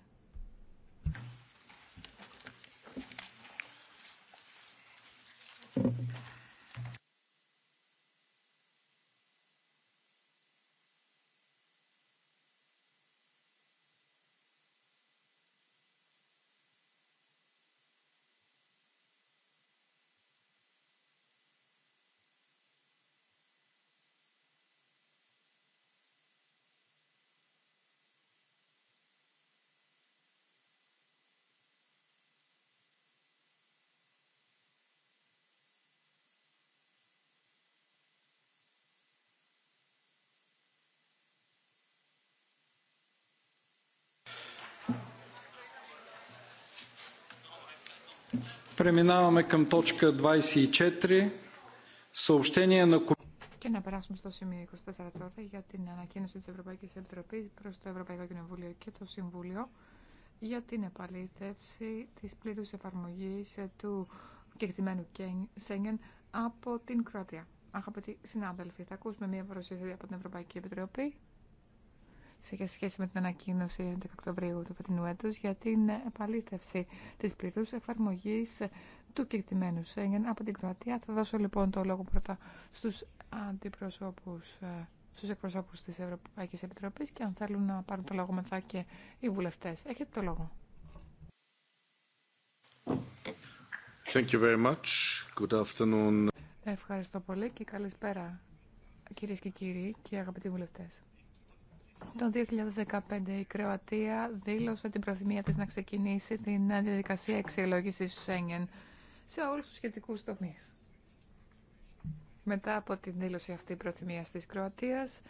Преминаваме 24. και να περάσουμε στο σημείο 24 τώρα για την ανακοίνωση της Ευρωπαϊκής Επιτροπής προς το Ευρωπαϊκό Κοινοβούλιο και το Συμβούλιο για την επαλήθευση της πλήρους εφαρμογής του κεκτημένου Σέγγεν από την Κροατία. Αγαπητοί συνάδελφοι, θα ακούσουμε μια παρουσίαση από την Ευρωπαϊκή Επιτροπή σε σχέση με την ανακοίνωση 11 Οκτωβρίου του φετινού έτου για την επαλήθευση τη πληρού εφαρμογή του κεκτημένου Σέγγεν από την Κροατία. Θα δώσω λοιπόν το λόγο πρώτα στου αντιπροσώπους ε, στους εκπροσώπους της Ευρωπαϊκής Επιτροπής και αν θέλουν να πάρουν το λόγο μετά και οι βουλευτές. Έχετε το λόγο.
Thank you very much. Good afternoon.
Ευχαριστώ πολύ και καλησπέρα κύριε και κύριοι και αγαπητοί βουλευτές. Το 2015 η Κροατία δήλωσε την προθυμία της να ξεκινήσει την διαδικασία εξελόγησης Σέγγεν σε όλους τους σχετικούς τομείς. Μετά από την δήλωση αυτή προθυμίας της Κροατίας,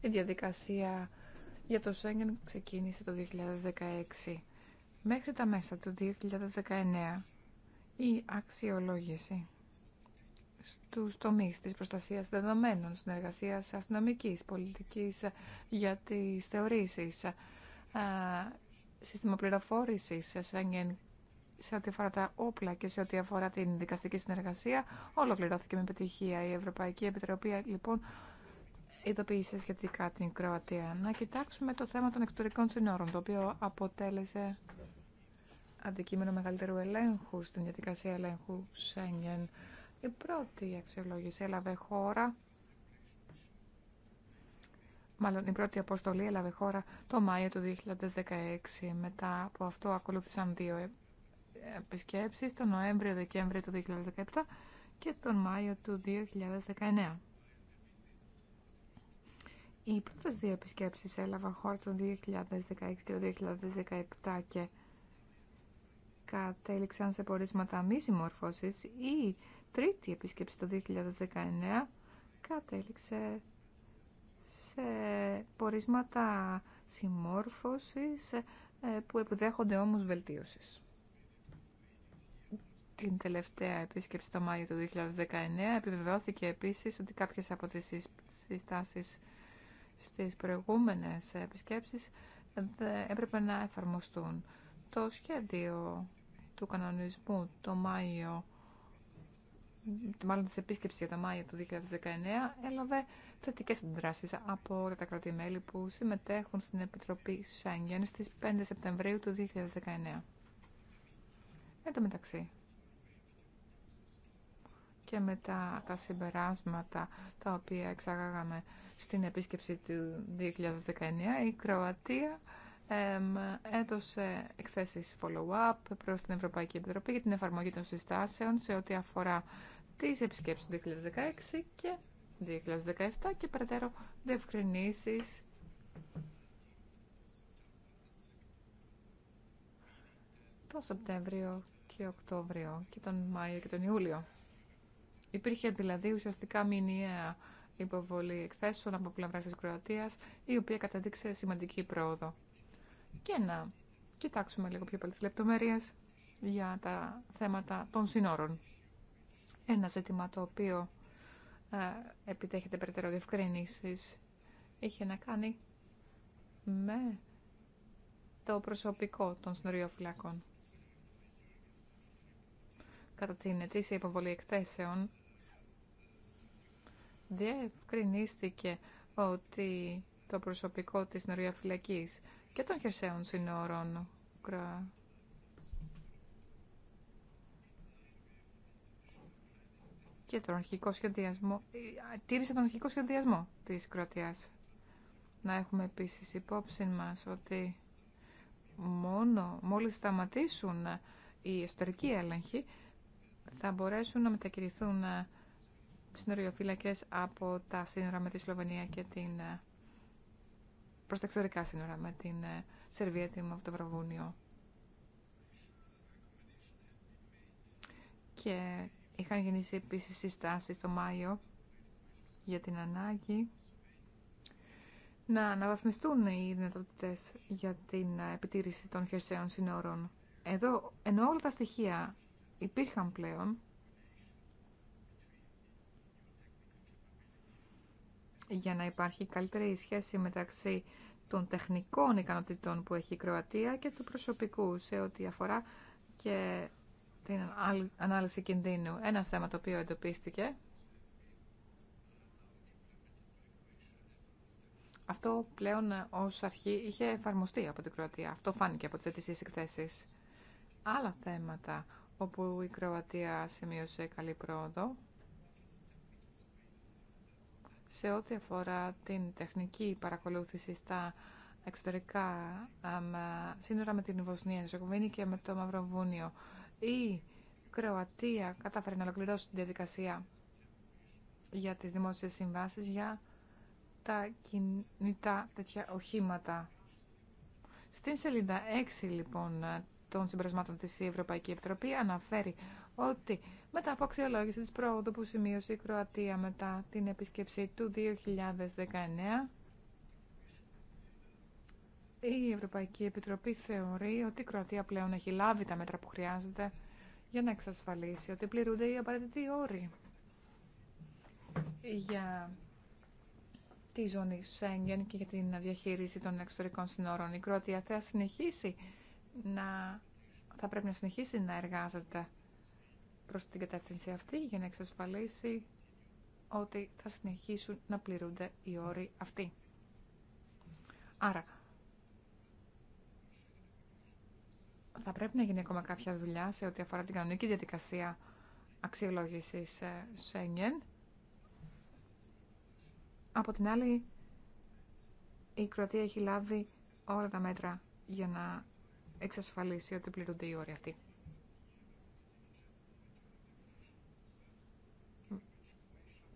η διαδικασία για το Σέγγεν ξεκίνησε το 2016. Μέχρι τα μέσα του 2019 η αξιολόγηση Στου τομεί τη προστασία δεδομένων, συνεργασία, αστυνομική, πολιτική για τι θεωρήσει ε, σύστημα πληροφόρησης, σε ό,τι αφορά τα όπλα και σε ό,τι αφορά την δικαστική συνεργασία, ολοκληρώθηκε με επιτυχία. Η Ευρωπαϊκή Επιτροπή λοιπόν ειδοποίησε σχετικά την Κροατία. Να κοιτάξουμε το θέμα των εξωτερικών συνόρων, το οποίο αποτέλεσε αντικείμενο μεγαλύτερου ελέγχου στην διαδικασία ελέγχου Σέγγεν. Η πρώτη αξιολόγηση έλαβε χώρα, μάλλον η πρώτη αποστολή έλαβε χώρα το Μάιο του 2016. Μετά από αυτό ακολούθησαν δύο επισκέψεις, τον Νοέμβριο-Δεκέμβριο του 2017 και τον Μάιο του 2019. Οι πρώτε δύο επισκέψει έλαβαν χώρα το 2016 και το 2017 και κατέληξαν σε πορίσματα μη συμμορφώσει ή τρίτη επίσκεψη το 2019 κατέληξε σε πορίσματα συμμόρφωσης ε, που επιδέχονται όμως βελτίωσης. Την τελευταία επίσκεψη το Μάιο του 2019 επιβεβαιώθηκε επίσης ότι κάποιες από τις συστάσεις στις προηγούμενες επισκέψεις ε, έπρεπε να εφαρμοστούν. Το σχέδιο του κανονισμού το Μάιο μάλλον της επίσκεψης για το Μάιο του 2019 έλαβε θετικές αντιδράσεις από όλα τα κράτη-μέλη που συμμετέχουν στην Επιτροπή Σέγγεν στις 5 Σεπτεμβρίου του 2019. Εν τω μεταξύ και μετά τα συμπεράσματα τα οποία εξαγάγαμε στην επίσκεψη του 2019 η Κροατία εμ, έδωσε εκθέσεις follow-up προς την Ευρωπαϊκή Επιτροπή για την εφαρμογή των συστάσεων σε ό,τι αφορά τις επισκέψεις του 2016 και 2017 και περαιτέρω διευκρινήσεις το Σεπτέμβριο και Οκτώβριο και τον Μάιο και τον Ιούλιο. Υπήρχε δηλαδή ουσιαστικά μηνιαία υποβολή εκθέσεων από πλευρά της Κροατίας, η οποία καταδείξε σημαντική πρόοδο. Και να κοιτάξουμε λίγο πιο πολλές λεπτομέρειες για τα θέματα των συνόρων ένα ζήτημα το οποίο ε, επιτέχεται περαιτέρω διευκρινήσεις είχε να κάνει με το προσωπικό των συνοριοφυλάκων. Κατά την ετήσια υποβολή εκτέσεων, διευκρινίστηκε ότι το προσωπικό της συνοριοφυλακής και των χερσαίων συνόρων και τον αρχικό σχεδιασμό, ε, τήρησε τον αρχικό σχεδιασμό της Κροατίας. Να έχουμε επίσης υπόψη μας ότι μόνο μόλις σταματήσουν οι εσωτερικοί έλεγχοι θα μπορέσουν να μετακυριθούν ε, συνοριοφύλακες από τα σύνορα με τη Σλοβενία και την ε, προς τα εξωτερικά σύνορα με την Σερβία την Μαυτοβραβούνιο. Και Είχαν γεννήσει επίσης συστάσεις το Μάιο για την ανάγκη να αναβαθμιστούν οι δυνατότητε για την ε, επιτήρηση των χερσαίων συνόρων. Εδώ, ενώ όλα τα στοιχεία υπήρχαν πλέον, για να υπάρχει καλύτερη σχέση μεταξύ των τεχνικών ικανοτήτων που έχει η Κροατία και του προσωπικού σε ό,τι αφορά και την ανάλυση κινδύνου. Ένα θέμα το οποίο εντοπίστηκε. Αυτό πλέον ως αρχή είχε εφαρμοστεί από την Κροατία. Αυτό φάνηκε από τις αιτήσεις εκθέσεις. Άλλα θέματα όπου η Κροατία σημείωσε καλή πρόοδο σε ό,τι αφορά την τεχνική παρακολούθηση στα εξωτερικά σύνορα με την Βοσνία, Ζεγοβίνη και με το Μαυροβούνιο η Κροατία κατάφερε να ολοκληρώσει την διαδικασία για τις δημόσιες συμβάσεις για τα κινητά τέτοια οχήματα. Στην σελίδα 6 λοιπόν των συμπερασμάτων της Ευρωπαϊκή Επιτροπή αναφέρει ότι μετά από αξιολόγηση της πρόοδου που σημείωσε η Κροατία μετά την επίσκεψη του 2019 η Ευρωπαϊκή Επιτροπή θεωρεί ότι η Κροατία πλέον έχει λάβει τα μέτρα που χρειάζεται για να εξασφαλίσει ότι πληρούνται οι απαραίτητοι όροι για τη ζώνη Σέγγεν και για την διαχείριση των εξωτερικών συνόρων. Η Κροατία θα συνεχίσει να... θα πρέπει να συνεχίσει να εργάζεται προς την κατεύθυνση αυτή για να εξασφαλίσει ότι θα συνεχίσουν να πληρούνται οι όροι αυτοί. Άρα, θα πρέπει να γίνει ακόμα κάποια δουλειά σε ό,τι αφορά την κανονική διαδικασία αξιολόγησης ε, Σέγγεν. Από την άλλη, η Κροατία έχει λάβει όλα τα μέτρα για να εξασφαλίσει ότι πληρούνται οι όροι αυτοί.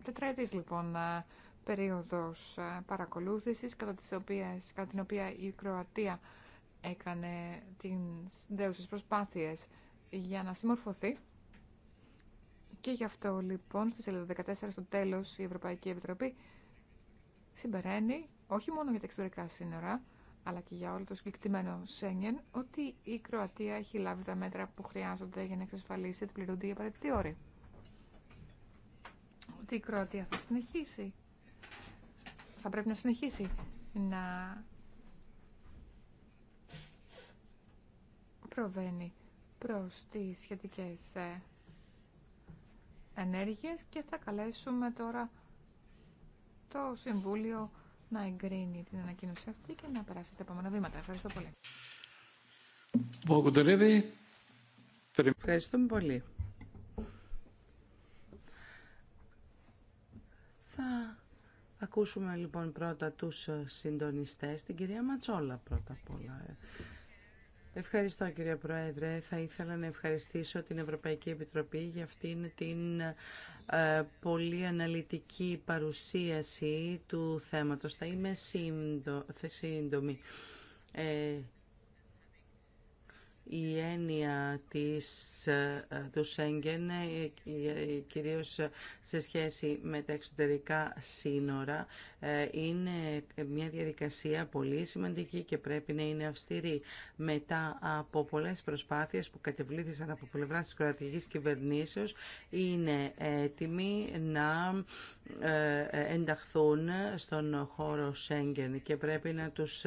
Τετραετής λοιπόν ε, περίοδος ε, παρακολούθησης κατά, τις οποίες, κατά την οποία η Κροατία έκανε τις δέουσες προσπάθειες για να συμμορφωθεί. Και γι' αυτό λοιπόν στη σελίδα 14 στο τέλος η Ευρωπαϊκή Επιτροπή συμπεραίνει όχι μόνο για τα εξωτερικά σύνορα, αλλά και για όλο το συγκεκριμένο Σέγγεν, ότι η Κροατία έχει λάβει τα μέτρα που χρειάζονται για να εξασφαλίσει ότι πληρούνται οι απαραίτητοι όροι. Ότι η Κροατία θα συνεχίσει. Θα πρέπει να συνεχίσει να προβαίνει προς τις σχετικές ε, ενέργειες και θα καλέσουμε τώρα το Συμβούλιο να εγκρίνει την ανακοίνωση αυτή και να περάσει στα επόμενα βήματα. Ευχαριστώ πολύ.
Ευχαριστούμε πολύ. Θα ακούσουμε λοιπόν πρώτα τους συντονιστές, την κυρία Ματσόλα πρώτα απ' όλα. Ευχαριστώ κύριε Πρόεδρε. Θα ήθελα να ευχαριστήσω την Ευρωπαϊκή Επιτροπή για αυτήν την ε, πολύ αναλυτική παρουσίαση του θέματος. Θα είμαι σύντομη. Ε, η έννοια της, ε, του Σέγγεν, ε, ε, κυρίως σε σχέση με τα εξωτερικά σύνορα, είναι μια διαδικασία πολύ σημαντική και πρέπει να είναι αυστηρή. Μετά από πολλές προσπάθειες που κατεβλήθησαν από πλευρά της κρατικής κυβερνήσεως, είναι έτοιμοι να ενταχθούν στον χώρο Σέγγεν και πρέπει να τους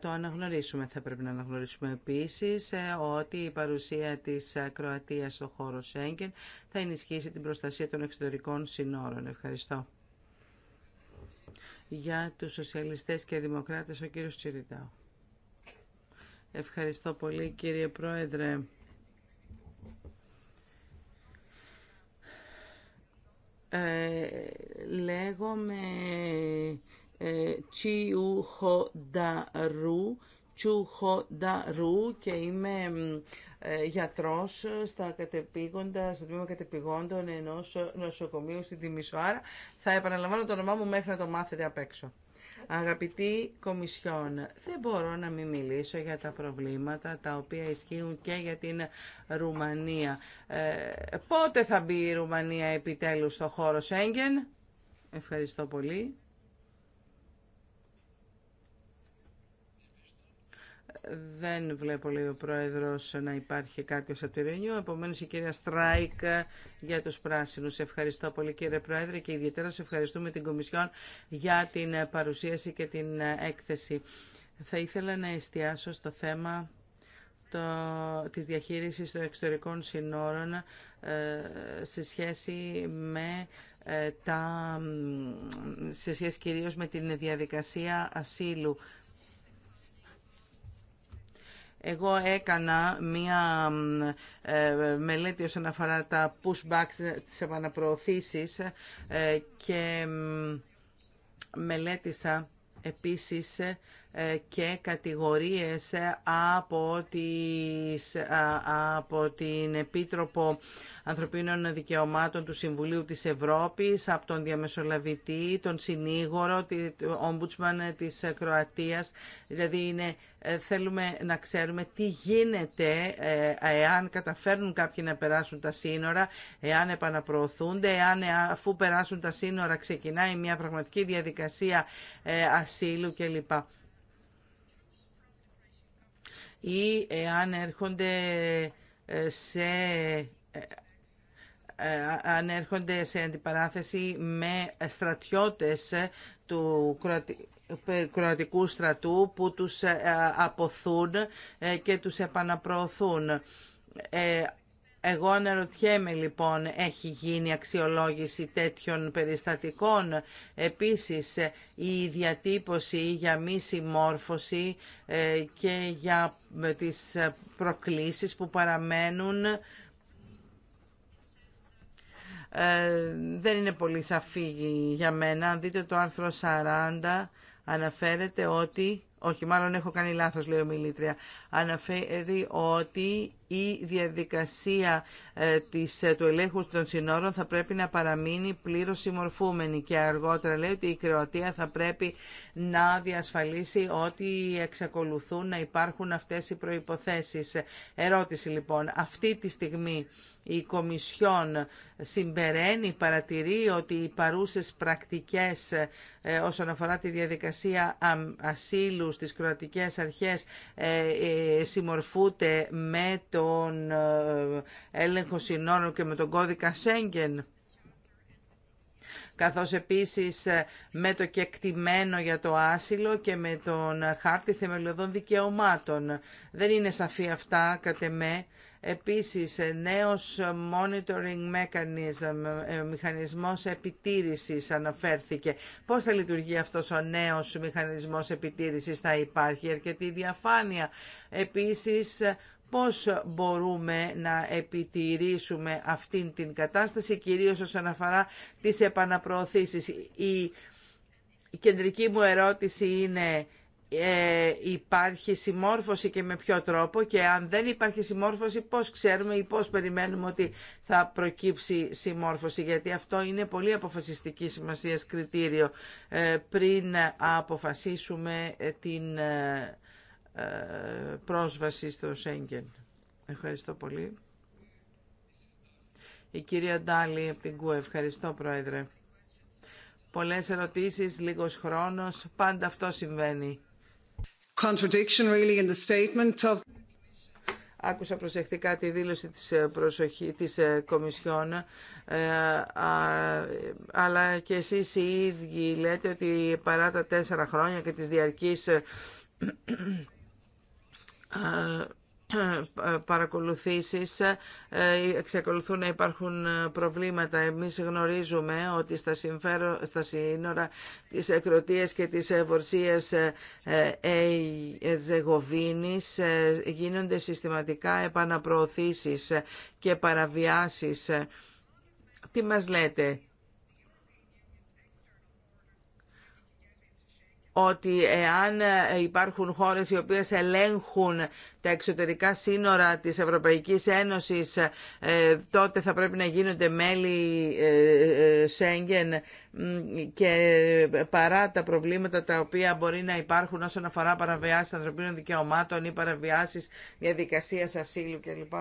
το αναγνωρίσουμε. Θα πρέπει να αναγνωρίσουμε επίσης ότι η παρουσία της Κροατίας στο χώρο Σέγγεν θα ενισχύσει την προστασία των εξωτερικών συνόρων. Ευχαριστώ. Για τους σοσιαλιστές και δημοκράτες ο κύριος Τσιριτάου. Ευχαριστώ πολύ κύριε Πρόεδρε. Ε, λέγομαι ε, Τσούχο Νταρού και είμαι ε, γιατρός στα κατεπήγοντα, στο τμήμα κατεπηγόντων ενός νοσοκομείου στην Τιμισοάρα. Θα επαναλαμβάνω το όνομά μου μέχρι να το μάθετε απ' έξω. Αγαπητοί Κομισιόν, δεν μπορώ να μην μιλήσω για τα προβλήματα τα οποία ισχύουν και για την Ρουμανία. Ε, πότε θα μπει η Ρουμανία επιτέλους στο χώρο Σέγγεν? Ευχαριστώ πολύ. Δεν βλέπω, λέει ο Πρόεδρος, να υπάρχει κάποιο από το Ρενιού. Επομένως, η κυρία Στράικ για τους πράσινους. Ευχαριστώ πολύ, κύριε Πρόεδρε, και ιδιαίτερα σε ευχαριστούμε την Κομισιόν για την παρουσίαση και την έκθεση. Θα ήθελα να εστιάσω στο θέμα το, της διαχείρισης των εξωτερικών συνόρων ε, σε σχέση με ε, τα σε σχέση κυρίως με την διαδικασία ασύλου εγώ έκανα μία ε, μελέτη όσον αφορά τα pushbacks, τις επαναπροωθήσεις ε, και μελέτησα επίσης ε, ε, και κατηγορίες ε, από, τις, ε, από την Επίτροπο Ανθρωπίνων Δικαιωμάτων του Συμβουλίου της Ευρώπης, από τον διαμεσολαβητή, τον συνήγορο, τον ομπουτσμαν της Κροατίας. Δηλαδή είναι, θέλουμε να ξέρουμε τι γίνεται εάν καταφέρνουν κάποιοι να περάσουν τα σύνορα, εάν επαναπροωθούνται, εάν αφού περάσουν τα σύνορα ξεκινάει μια πραγματική διαδικασία ασύλου κλπ ή εάν έρχονται ε, σε ε, ε, αν έρχονται σε αντιπαράθεση με στρατιώτες του κροατικού στρατού που τους αποθούν και τους επαναπροωθούν. Εγώ αναρωτιέμαι λοιπόν, έχει γίνει αξιολόγηση τέτοιων περιστατικών. Επίσης, η διατύπωση για μη συμμόρφωση ε, και για ε, τις προκλήσεις που παραμένουν ε, δεν είναι πολύ σαφή για μένα. Αν δείτε το άρθρο 40, αναφέρεται ότι... Όχι, μάλλον έχω κάνει λάθος, λέει ο Μιλήτρια. Αναφέρει ότι η διαδικασία ε, της, ε, του ελέγχου των συνόρων θα πρέπει να παραμείνει πλήρως συμμορφούμενη και αργότερα λέει ότι η Κροατία θα πρέπει να διασφαλίσει ότι εξακολουθούν να υπάρχουν αυτές οι προϋποθέσεις. Ερώτηση λοιπόν, αυτή τη στιγμή η Κομισιόν συμπεραίνει, παρατηρεί ότι οι παρούσες πρακτικές ε, όσον αφορά τη διαδικασία ασύλου στις κροατικές αρχές ε, με το τον ε, έλεγχο συνόρων και με τον κώδικα Σέγγεν καθώς επίσης ε, με το κεκτημένο για το άσυλο και με τον χάρτη θεμελιωδών δικαιωμάτων. Δεν είναι σαφή αυτά κατ' μέ Επίσης, ε, νέος monitoring mechanism, μηχανισμός επιτήρησης αναφέρθηκε. Πώς θα λειτουργεί αυτός ο νέος μηχανισμός επιτήρησης, θα υπάρχει αρκετή διαφάνεια. Επίσης, πώς μπορούμε να επιτηρήσουμε αυτήν την κατάσταση, κυρίως όσον αφορά τις επαναπροωθήσεις. Η κεντρική μου ερώτηση είναι ε, υπάρχει συμμόρφωση και με ποιο τρόπο και αν δεν υπάρχει συμμόρφωση πώς ξέρουμε ή πώς περιμένουμε ότι θα προκύψει συμμόρφωση γιατί αυτό είναι πολύ αποφασιστική σημασία κριτήριο ε, πριν αποφασίσουμε ε, την... Ε, πρόσβαση στο Σέγγεν. Ευχαριστώ πολύ. Η κυρία Ντάλη από την ΚΟΕ. Ευχαριστώ, Πρόεδρε. Πολλές ερωτήσεις, λίγος χρόνος. Πάντα αυτό συμβαίνει. really in the of... Άκουσα προσεκτικά τη δήλωση της, ε, προσοχή, της ε, Κομισιόν, αλλά και εσείς οι ίδιοι λέτε ότι παρά τα τέσσερα χρόνια και τις διαρκείς παρακολουθήσεις ε, εξακολουθούν να υπάρχουν προβλήματα. Εμείς γνωρίζουμε ότι στα, συμφέρο, στα σύνορα της εκρωτίες και της Βορσίας ε, ε, Ζεγοβίνης γίνονται συστηματικά επαναπροωθήσεις και παραβιάσεις. Τι μας λέτε, ότι εάν υπάρχουν χώρες οι οποίες ελέγχουν τα εξωτερικά σύνορα της Ευρωπαϊκής Ένωσης, ε, τότε θα πρέπει να γίνονται μέλη ε, ε, Σέγγεν και παρά τα προβλήματα τα οποία μπορεί να υπάρχουν όσον αφορά παραβιάσεις ανθρωπίνων δικαιωμάτων ή παραβιάσεις διαδικασίας ασύλου κλπ.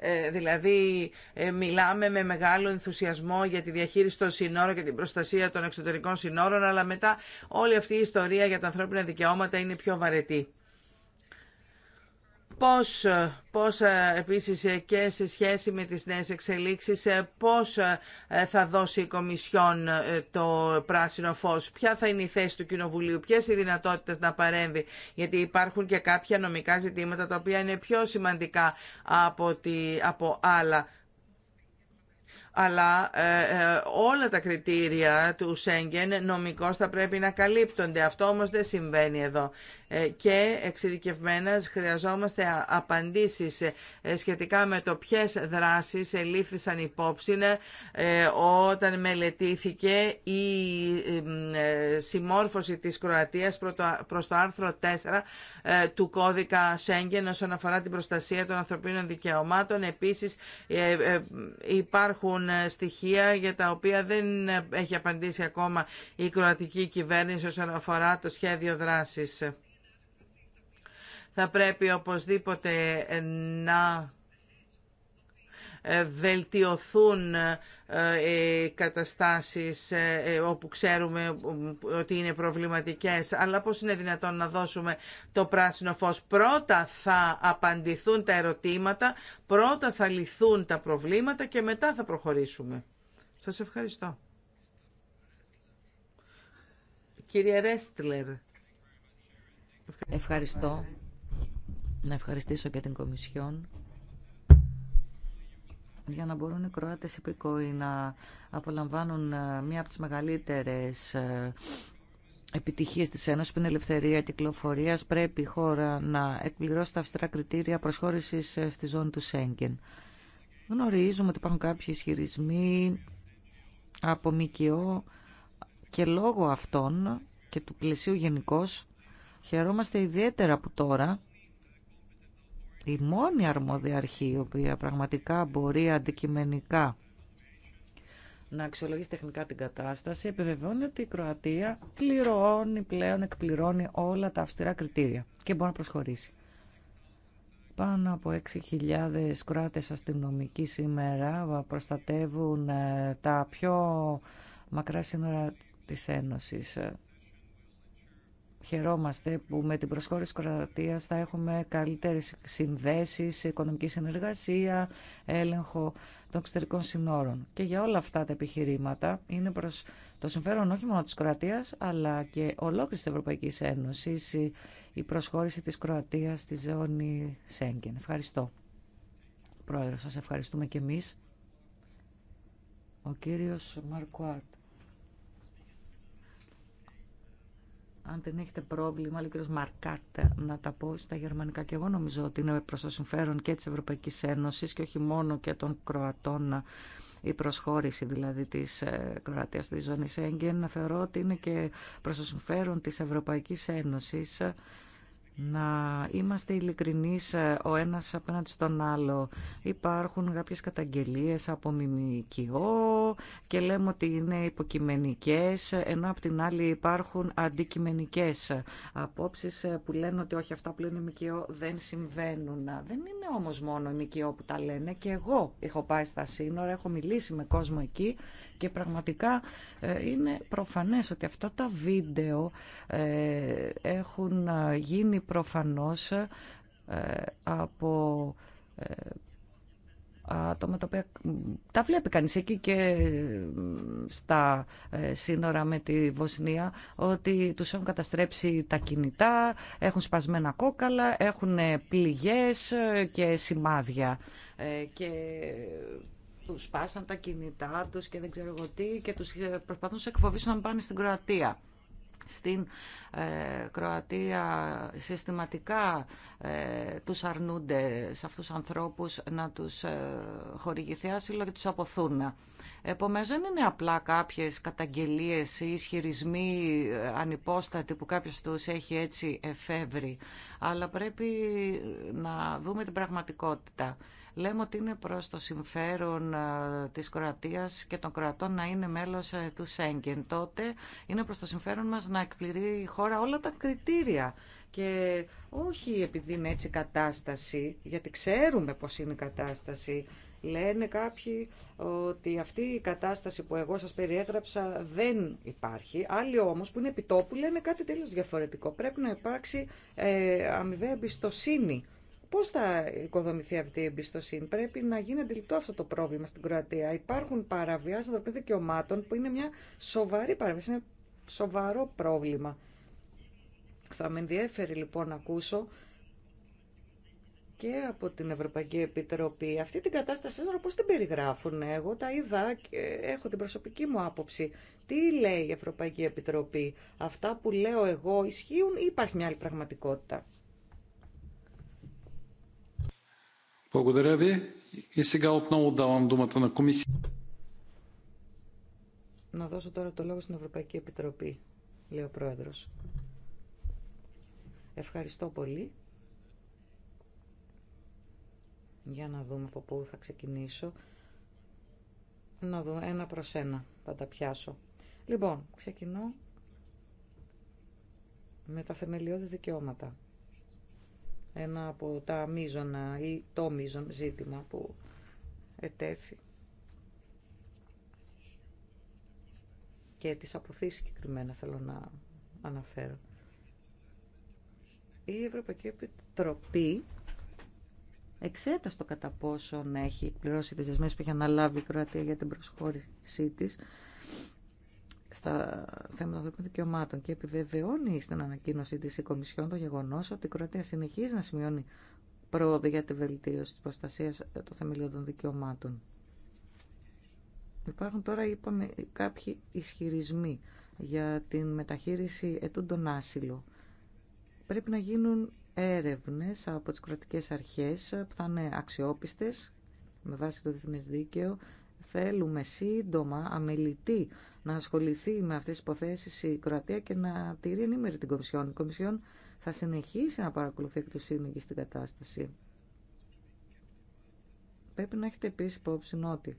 Ε, δηλαδή ε, μιλάμε με μεγάλο ενθουσιασμό για τη διαχείριση των συνόρων και την προστασία των εξωτερικών συνόρων, αλλά μετά όλη αυτή η ιστορία για τα ανθρώπινα δικαιώματα είναι πιο βαρετή πώς, πώς ε, επίσης ε, και σε σχέση με τις νέες εξελίξεις, ε, πώς θα δώσει η Κομισιόν το πράσινο φως, ποια θα είναι η θέση του Κοινοβουλίου, ποιες οι δυνατότητες να παρέμβει, γιατί υπάρχουν και κάποια νομικά ζητήματα τα οποία είναι πιο σημαντικά από, τη, από άλλα αλλά όλα τα κριτήρια του Σέγγεν νομικώς θα πρέπει να καλύπτονται. Αυτό όμως δεν συμβαίνει εδώ. Ε, και εξειδικευμένα χρειαζόμαστε απαντήσεις ε, ε, σχετικά με το ποιες δράσεις ελήφθησαν υπόψη όταν μελετήθηκε η συμμόρφωση της Κροατίας προς το άρθρο 4 του κώδικα Σέγγεν όσον αφορά την προστασία των ανθρωπίνων δικαιωμάτων. Επίσης υπάρχουν στοιχεία για τα οποία δεν έχει απαντήσει ακόμα η κροατική κυβέρνηση όσον αφορά το σχέδιο δράσης θα πρέπει οπωσδήποτε να ε, βελτιωθούν ε, ε, οι καταστάσεις όπου ξέρουμε ότι είναι προβληματικές αλλά πώς είναι δυνατόν να δώσουμε το πράσινο φως πρώτα θα απαντηθούν τα ερωτήματα πρώτα θα λυθούν τα προβλήματα και μετά θα προχωρήσουμε Σας ευχαριστώ Κύριε Ρέστλερ
Ευχαριστώ να ευχαριστήσω και την Κομισιόν για να μπορούν οι Κροάτες υπηκόοι να απολαμβάνουν ε, μία από τις μεγαλύτερες ε, επιτυχίες της Ένωσης που είναι ελευθερία κυκλοφορίας πρέπει η χώρα να εκπληρώσει τα αυστηρά κριτήρια προσχώρησης ε, στη ζώνη του Σέγγεν. Γνωρίζουμε ότι υπάρχουν κάποιοι ισχυρισμοί από ΜΚΟ και λόγω αυτών και του πλαισίου γενικώ χαιρόμαστε ιδιαίτερα που τώρα η μόνη αρμόδια αρχή η οποία πραγματικά μπορεί αντικειμενικά να αξιολογήσει τεχνικά την κατάσταση, επιβεβαιώνει ότι η Κροατία πληρώνει πλέον, εκπληρώνει όλα τα αυστηρά κριτήρια και μπορεί να προσχωρήσει. Πάνω από 6.000 κράτε αστυνομικοί σήμερα προστατεύουν ε, τα πιο μακρά σύνορα της Ένωσης. Χαιρόμαστε που με την προσχώρηση της Κροατίας θα έχουμε καλύτερες συνδέσεις, οικονομική συνεργασία, έλεγχο των εξωτερικών συνόρων. Και για όλα αυτά τα επιχειρήματα είναι προς το συμφέρον όχι μόνο της Κροατίας αλλά και ολόκληρης της Ευρωπαϊκής Ένωσης η προσχώρηση της Κροατίας στη ζώνη Σέγγεν. Ευχαριστώ. Πρόεδρο. σας ευχαριστούμε και εμείς. Ο κύριος Μαρκουάρτ. αν δεν έχετε πρόβλημα, λέει ο κ. Μαρκάτ, να τα πω στα γερμανικά. Και εγώ νομίζω ότι είναι προ το συμφέρον και τη Ευρωπαϊκή Ένωση και όχι μόνο και των Κροατών η προσχώρηση δηλαδή της ε, Κροατίας στη ζώνη Να Θεωρώ ότι είναι και προς το συμφέρον της Ευρωπαϊκής Ένωσης να είμαστε ειλικρινεί ε, ο ένας απέναντι στον άλλο. Υπάρχουν κάποιες καταγγελίες από μιμικιό και λέμε ότι είναι υποκειμενικές, ενώ απ' την άλλη υπάρχουν αντικειμενικές απόψεις ε, που λένε ότι όχι αυτά που λένε μικιό δεν συμβαίνουν. Δεν είναι όμως μόνο οι μικιό που τα λένε και εγώ έχω πάει στα σύνορα, έχω μιλήσει με κόσμο εκεί και πραγματικά ε, είναι προφανές ότι αυτά τα βίντεο ε, έχουν ε, γίνει προφανώς από άτομα τα οποία τα βλέπει κανείς εκεί και στα σύνορα με τη Βοσνία ότι τους έχουν καταστρέψει τα κινητά, έχουν σπασμένα κόκαλα, έχουν πληγές και σημάδια και τους σπάσαν τα κινητά τους και δεν ξέρω εγώ τι και τους ε, προσπαθούν να εκφοβήσουν να πάνε στην Κροατία. Στην ε, Κροατία συστηματικά ε, τους αρνούνται σε αυτούς τους ανθρώπους να τους ε, χορηγηθεί άσυλο και τους αποθούν. Επομένως δεν είναι απλά κάποιες καταγγελίες ή ισχυρισμοί ε, ανυπόστατοι που κάποιος τους έχει έτσι εφεύρει, αλλά πρέπει να δούμε την πραγματικότητα. Λέμε ότι είναι προς το συμφέρον ε, της Κροατίας και των Κροατών να είναι μέλος ε, του Σέγγεν. Τότε είναι προς το συμφέρον μας να εκπληρεί η χώρα όλα τα κριτήρια και όχι επειδή είναι έτσι η κατάσταση, γιατί ξέρουμε πώς είναι η κατάσταση. Λένε κάποιοι ότι αυτή η κατάσταση που εγώ σας περιέγραψα δεν υπάρχει. Άλλοι όμως που είναι επιτόπου λένε κάτι τέλος διαφορετικό. Πρέπει να υπάρξει ε, αμοιβαία εμπιστοσύνη Πώ θα οικοδομηθεί αυτή η εμπιστοσύνη, Πρέπει να γίνει αντιληπτό αυτό το πρόβλημα στην Κροατία. Υπάρχουν παραβιάσει ανθρωπίνων δικαιωμάτων που είναι μια σοβαρή παραβίαση, είναι σοβαρό πρόβλημα. Θα με ενδιαφέρει λοιπόν να ακούσω και από την Ευρωπαϊκή Επιτροπή αυτή την κατάσταση, τώρα πώς την περιγράφουν. Εγώ τα είδα και έχω την προσωπική μου άποψη. Τι λέει η Ευρωπαϊκή Επιτροπή, αυτά που λέω εγώ ισχύουν ή υπάρχει μια άλλη
πραγματικότητα. Να
δώσω τώρα το λόγο στην Ευρωπαϊκή Επιτροπή, λέει ο Πρόεδρος. Ευχαριστώ πολύ. Για να δούμε από πού θα ξεκινήσω. Να δούμε ένα προς ένα θα τα πιάσω. Λοιπόν, ξεκινώ με τα θεμελιώδη δικαιώματα ένα από τα μείζωνα ή το μείζον ζήτημα που ετέθη. Και τις αποθήσεις συγκεκριμένα θέλω να αναφέρω. Η Ευρωπαϊκή Επιτροπή εξέταστο το κατά πόσον έχει εκπληρώσει τις δεσμεύσεις που είχε αναλάβει η Κροατία για την προσχώρησή της στα θέματα των δικαιωμάτων και επιβεβαιώνει στην ανακοίνωση της η Κομισιόν το γεγονός ότι η Κροατία συνεχίζει να σημειώνει πρόοδο για τη βελτίωση της προστασίας των θεμελιωδών δικαιωμάτων. Υπάρχουν τώρα, είπαμε, κάποιοι ισχυρισμοί για την μεταχείριση ετούντων άσυλο. Πρέπει να γίνουν έρευνες από τις κρατικές αρχές που θα είναι αξιόπιστες με βάση το διεθνές δίκαιο θέλουμε σύντομα, αμελητή, να ασχοληθεί με αυτές τις υποθέσεις η Κροατία και να τηρεί ενήμερη την Κομισιόν. Η Κομισιόν θα συνεχίσει να παρακολουθεί εκ του σύνεγγυ στην κατάσταση. Πρέπει να έχετε επίσης υπόψη ότι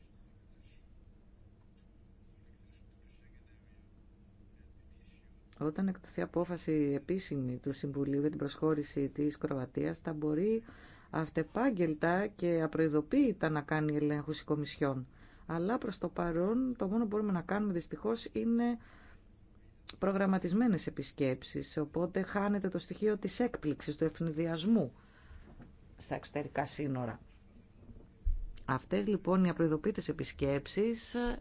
όταν εκτεθεί απόφαση επίσημη του Συμβουλίου για την προσχώρηση της Κροατίας θα μπορεί αυτεπάγγελτα και απροειδοποίητα να κάνει ελέγχους η Κομισιόν. Αλλά προς το παρόν το μόνο που μπορούμε να κάνουμε δυστυχώς είναι προγραμματισμένες επισκέψεις, οπότε χάνεται το στοιχείο της έκπληξης, του ευνηδιασμού στα εξωτερικά σύνορα. Αυτές λοιπόν οι απροειδοποίητες επισκέψεις ε,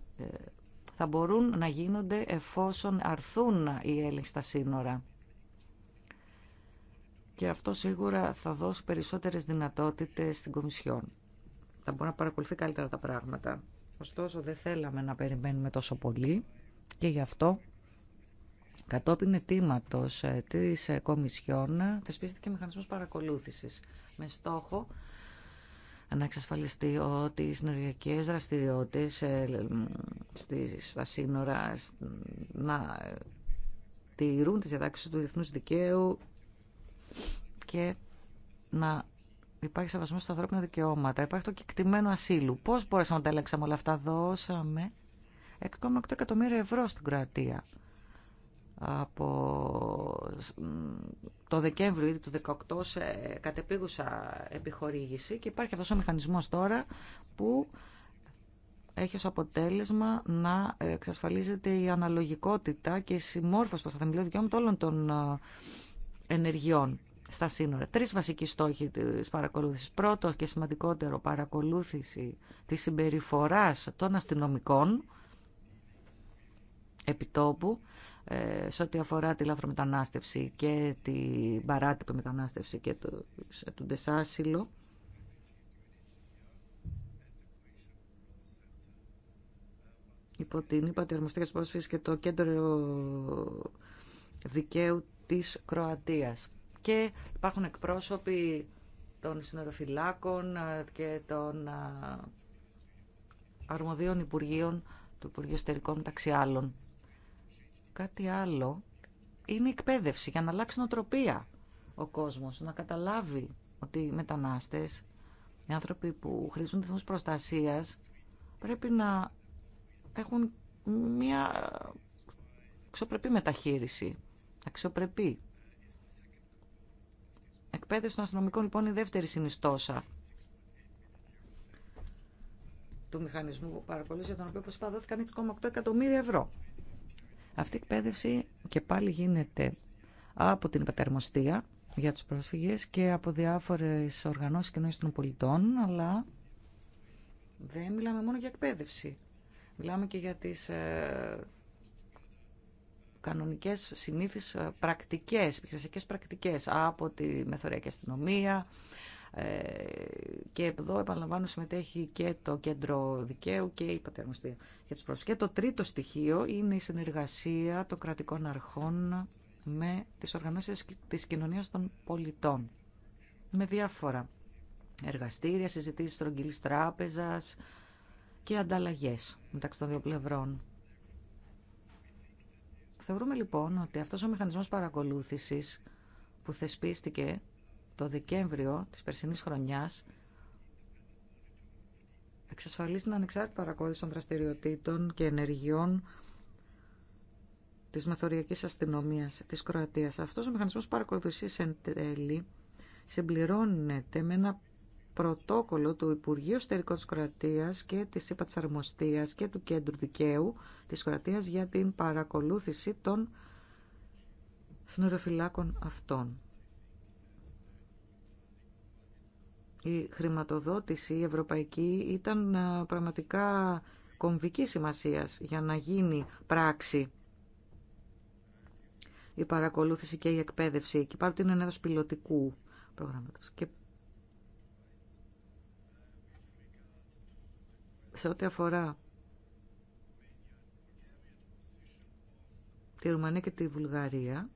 θα μπορούν να γίνονται εφόσον αρθούν οι έλεγχοι στα σύνορα. Και αυτό σίγουρα θα δώσει περισσότερες δυνατότητες στην Κομισιόν. Θα μπορεί να παρακολουθεί καλύτερα τα πράγματα. Ωστόσο δεν θέλαμε να περιμένουμε τόσο πολύ και γι' αυτό κατόπιν αιτήματος ε, της ε, Κομισιόν ε, θεσπίστηκε μηχανισμός παρακολούθησης με στόχο να εξασφαλιστεί ότι οι συνεργειακές δραστηριότητες στα σύνορα να τηρούν τις διατάξεις του διεθνούς δικαίου και να υπάρχει σεβασμό στα ανθρώπινα δικαιώματα, υπάρχει το κεκτημένο ασύλου. Πώ μπορέσαμε να τα ελέγξαμε όλα αυτά, δώσαμε 6,8 εκατομμύρια ευρώ στην Κροατία από το Δεκέμβριο ήδη του 2018 σε κατεπίγουσα επιχορήγηση και υπάρχει αυτός ο μηχανισμός τώρα που έχει ως αποτέλεσμα να εξασφαλίζεται η αναλογικότητα και η συμμόρφωση προς τα θεμελιώδη δικαιώματα όλων των ε, ενεργειών στα σύνορα. Τρεις βασικοί στόχοι της παρακολούθησης. Πρώτο και σημαντικότερο παρακολούθηση της συμπεριφοράς των αστυνομικών επιτόπου ε, σε ό,τι αφορά τη λαθρομετανάστευση και την παράτυπη μετανάστευση και του ε, τον τεσάσυλο. Υπό την ΥΠΑΤΗ και το Κέντρο Δικαίου της Κροατίας και υπάρχουν εκπρόσωποι των συνοροφυλάκων ε, και των ε, αρμοδίων υπουργείων του Υπουργείου Εστερικών μεταξύ άλλων. Κάτι άλλο είναι η εκπαίδευση για να αλλάξει νοοτροπία ο κόσμος, να καταλάβει ότι οι μετανάστες, οι άνθρωποι που χρήζουν διεθνούς προστασίας, πρέπει να έχουν μια αξιοπρεπή μεταχείριση, αξιοπρεπή Εκπαίδευση των αστυνομικών λοιπόν η δεύτερη συνιστόσα του μηχανισμού παρακολούθηση για τον οποίο προσπαθώθηκαν 6,8 εκατομμύρια ευρώ. Αυτή η εκπαίδευση και πάλι γίνεται από την υπεταρμοστία για τους πρόσφυγες και από διάφορες οργανώσεις και των πολιτών, αλλά δεν μιλάμε μόνο για εκπαίδευση. Μιλάμε και για τις ε, κανονικές συνήθεις ε, πρακτικές, επιχειρησιακές πρακτικές από τη μεθοριακή αστυνομία ε, και εδώ επαναλαμβάνω συμμετέχει και το κέντρο δικαίου και η πατερμοστία για τους πρόσφυγες. Και το τρίτο στοιχείο είναι η συνεργασία των κρατικών αρχών με τις οργανώσεις της κοινωνίας των πολιτών με διάφορα εργαστήρια, συζητήσεις στρογγυλής τράπεζας και ανταλλαγές μεταξύ των δύο πλευρών. Θεωρούμε λοιπόν ότι αυτός ο μηχανισμός παρακολούθησης που θεσπίστηκε το Δεκέμβριο της περσινής χρονιάς εξασφαλίζει την ανεξάρτητη παρακολούθηση των δραστηριοτήτων και ενεργειών της μεθοριακής αστυνομίας της Κροατίας. Αυτός ο μηχανισμός παρακολουθησής εν τέλει συμπληρώνεται με ένα πρωτόκολλο του Υπουργείου Στερικών της Κροατίας και της ΕΠΑ και του Κέντρου Δικαίου της Κροατίας για την παρακολούθηση των συνοροφυλάκων αυτών. Η χρηματοδότηση ευρωπαϊκή ήταν ε, πραγματικά κομβική σημασίας για να γίνει πράξη η παρακολούθηση και η εκπαίδευση εκεί, παρότι είναι ένα πιλωτικού προγράμματο. σε ό,τι αφορά τη Ρουμανία και τη Βουλγαρία,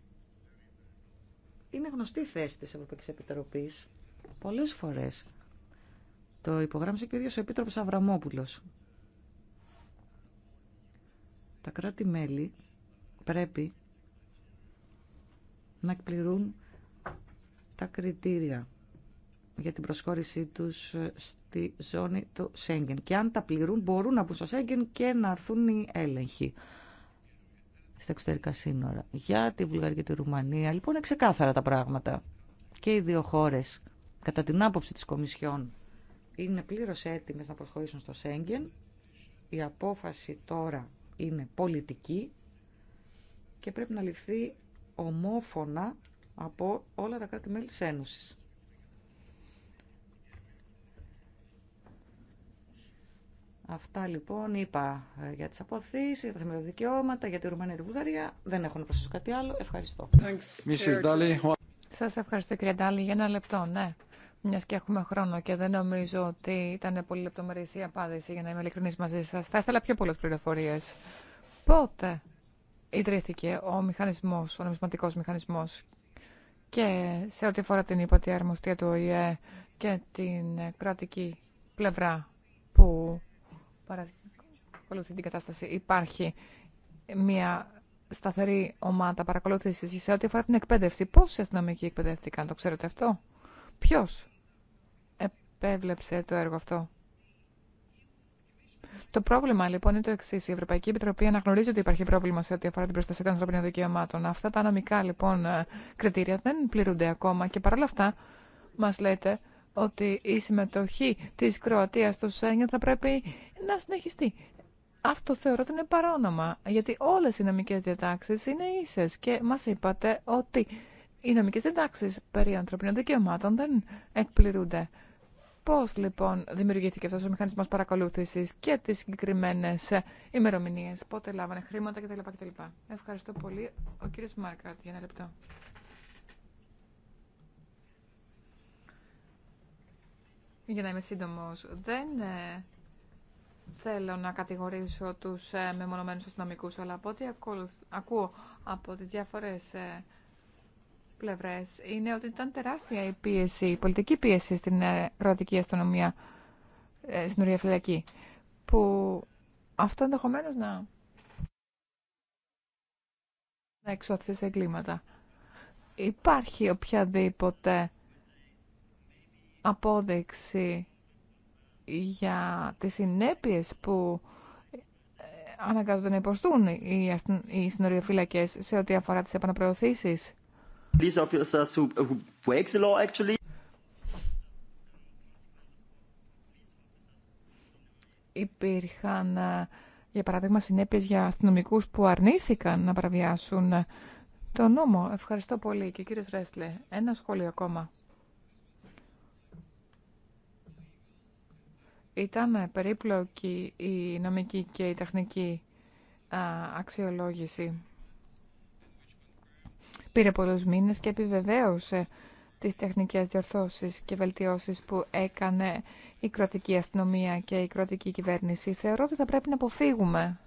είναι γνωστή η θέση της Ευρωπαϊκής Επιτροπής. Πολλές φορές το υπογράμμισε και ο ίδιος ο Επίτροπος Αβραμόπουλος. Τα κράτη-μέλη πρέπει να εκπληρούν τα κριτήρια για την προσχώρησή τους ε, στη ζώνη του Σέγγεν. Και αν τα πληρούν μπορούν να μπουν στο Σέγγεν και να έρθουν οι έλεγχοι στα εξωτερικά σύνορα. Για τη Βουλγαρία και τη Ρουμανία λοιπόν είναι ξεκάθαρα τα πράγματα. Και οι δύο χώρες κατά την άποψη της Κομισιόν είναι πλήρως έτοιμες να προσχωρήσουν στο Σέγγεν. Η απόφαση τώρα είναι πολιτική και πρέπει να ληφθεί ομόφωνα από όλα τα κράτη-μέλη της Ένωσης. Αυτά λοιπόν είπα ε, για τις αποθήσεις, τα θεμελιώδη δικαιώματα, για
τη Ρουμανία και τη Βουλγαρία. Δεν έχω να προσθέσω κάτι άλλο. Ευχαριστώ. Σας ευχαριστώ κύριε Ντάλη για ένα λεπτό, ναι. Μια και έχουμε χρόνο και δεν νομίζω ότι ήταν πολύ λεπτομερή η απάντηση για να είμαι ειλικρινή μαζί σα. Θα ήθελα πιο πολλέ πληροφορίε. Πότε ιδρύθηκε ο μηχανισμό, ο νομισματικό μηχανισμό και σε ό,τι αφορά την υπατή αρμοστία του ΟΗΕ και την κρατική πλευρά παρακολουθεί την κατάσταση. Υπάρχει μια σταθερή ομάδα παρακολούθηση σε ό,τι αφορά την εκπαίδευση. Πόσοι αστυνομικοί εκπαιδεύτηκαν, το ξέρετε αυτό. Ποιο επέβλεψε το έργο αυτό. Το πρόβλημα λοιπόν είναι το εξή. Η Ευρωπαϊκή Επιτροπή αναγνωρίζει ότι υπάρχει πρόβλημα σε ό,τι αφορά την προστασία των ανθρωπίνων δικαιωμάτων. Αυτά τα νομικά λοιπόν ε, κριτήρια δεν πληρούνται ακόμα και παρόλα αυτά μα λέτε ότι η συμμετοχή της Κροατίας στο Σέγγεν θα πρέπει να συνεχιστεί. Αυτό θεωρώ ότι είναι παρόνομα, γιατί όλες οι νομικές διατάξεις είναι ίσες και μας είπατε ότι οι νομικές διατάξεις περί ανθρωπίνων δικαιωμάτων δεν εκπληρούνται. Πώς λοιπόν δημιουργήθηκε αυτός ο μηχανισμός παρακολούθησης και τις συγκεκριμένε ημερομηνίες, πότε λάβανε χρήματα κτλ. κτλ. Ευχαριστώ πολύ. Ο κύριος Μάρκαρτ για ένα λεπτό. Για να είμαι σύντομο, δεν ε, θέλω να κατηγορήσω τους ε, μεμονωμένους αστυνομικούς, αλλά από ό,τι ακούω από τις διάφορες ε, πλευρές είναι ότι ήταν τεράστια η πίεση, η πολιτική πίεση στην ε, κρατική αστυνομία, στην φυλακή που αυτό ενδεχομένω να, να σε εγκλήματα. Υπάρχει οποιαδήποτε απόδειξη για τις συνέπειες που ε, αναγκάζονται να υποστούν οι, οι συνοριοφύλακες σε ό,τι αφορά τις επαναπροωθήσεις. Υπήρχαν, ε, για παράδειγμα, συνέπειες για αστυνομικούς που αρνήθηκαν να παραβιάσουν το νόμο. Ευχαριστώ πολύ. Και κύριος Ρέστλε, ένα σχόλιο ακόμα. Ήταν περίπλοκη η νομική και η τεχνική αξιολόγηση. Πήρε πολλούς μήνες και επιβεβαίωσε τις τεχνικές διορθώσεις και βελτιώσεις που έκανε η κρατική αστυνομία και η κρατική κυβέρνηση. Θεωρώ ότι θα πρέπει να αποφύγουμε.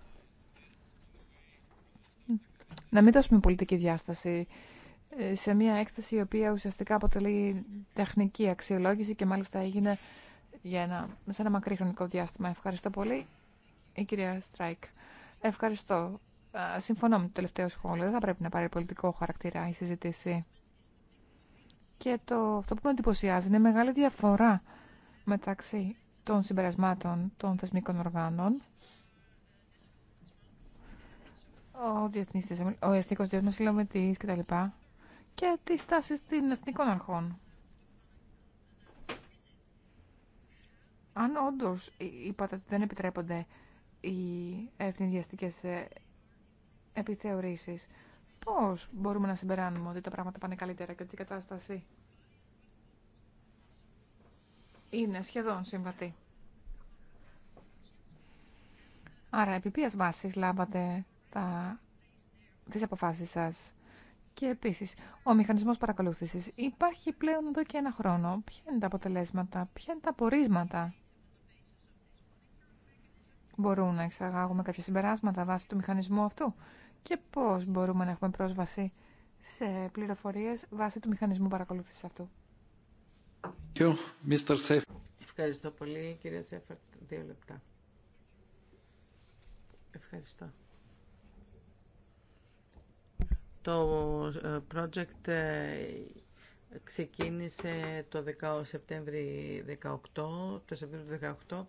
Να μην δώσουμε πολιτική διάσταση ε, σε μια έκθεση η οποία ουσιαστικά αποτελεί τεχνική αξιολόγηση και μάλιστα έγινε για ένα, σε ένα μακρύ χρονικό διάστημα. Ευχαριστώ πολύ. Η κυρία Στράικ. Ευχαριστώ. Συμφωνώ με το τελευταίο σχόλιο. Δεν θα πρέπει να πάρει πολιτικό χαρακτήρα η συζήτηση. Και το, αυτό που με εντυπωσιάζει είναι μεγάλη διαφορά μεταξύ των συμπερασμάτων των θεσμικών οργάνων. Ο, διεθνής, ο Εθνικός Διεθνής κτλ. Και τις τάσεις των εθνικών αρχών. Αν όντω είπατε ότι δεν επιτρέπονται οι ευνηδιαστικέ ε, επιθεωρήσει, πώ μπορούμε να συμπεράνουμε ότι τα πράγματα πάνε καλύτερα και ότι η κατάσταση είναι σχεδόν συμβατή. Άρα, επί ποιας βάσης λάβατε τα... τις αποφάσεις σας. Και επίσης, ο μηχανισμός παρακολούθησης υπάρχει πλέον εδώ και ένα χρόνο. Ποια είναι τα αποτελέσματα, ποια είναι τα απορίσματα... Μπορούν να εξαγάγουμε κάποια συμπεράσματα βάσει του μηχανισμού αυτού και πώς μπορούμε να έχουμε πρόσβαση σε πληροφορίες βάσει του μηχανισμού παρακολούθησης αυτού.
Ευχαριστώ πολύ, κύριε Σέφερτ. Δύο λεπτά. Ευχαριστώ. Το ε, project ε, ξεκίνησε το 10, Σεπτέμβρη 18, το Σεπτέμβριο του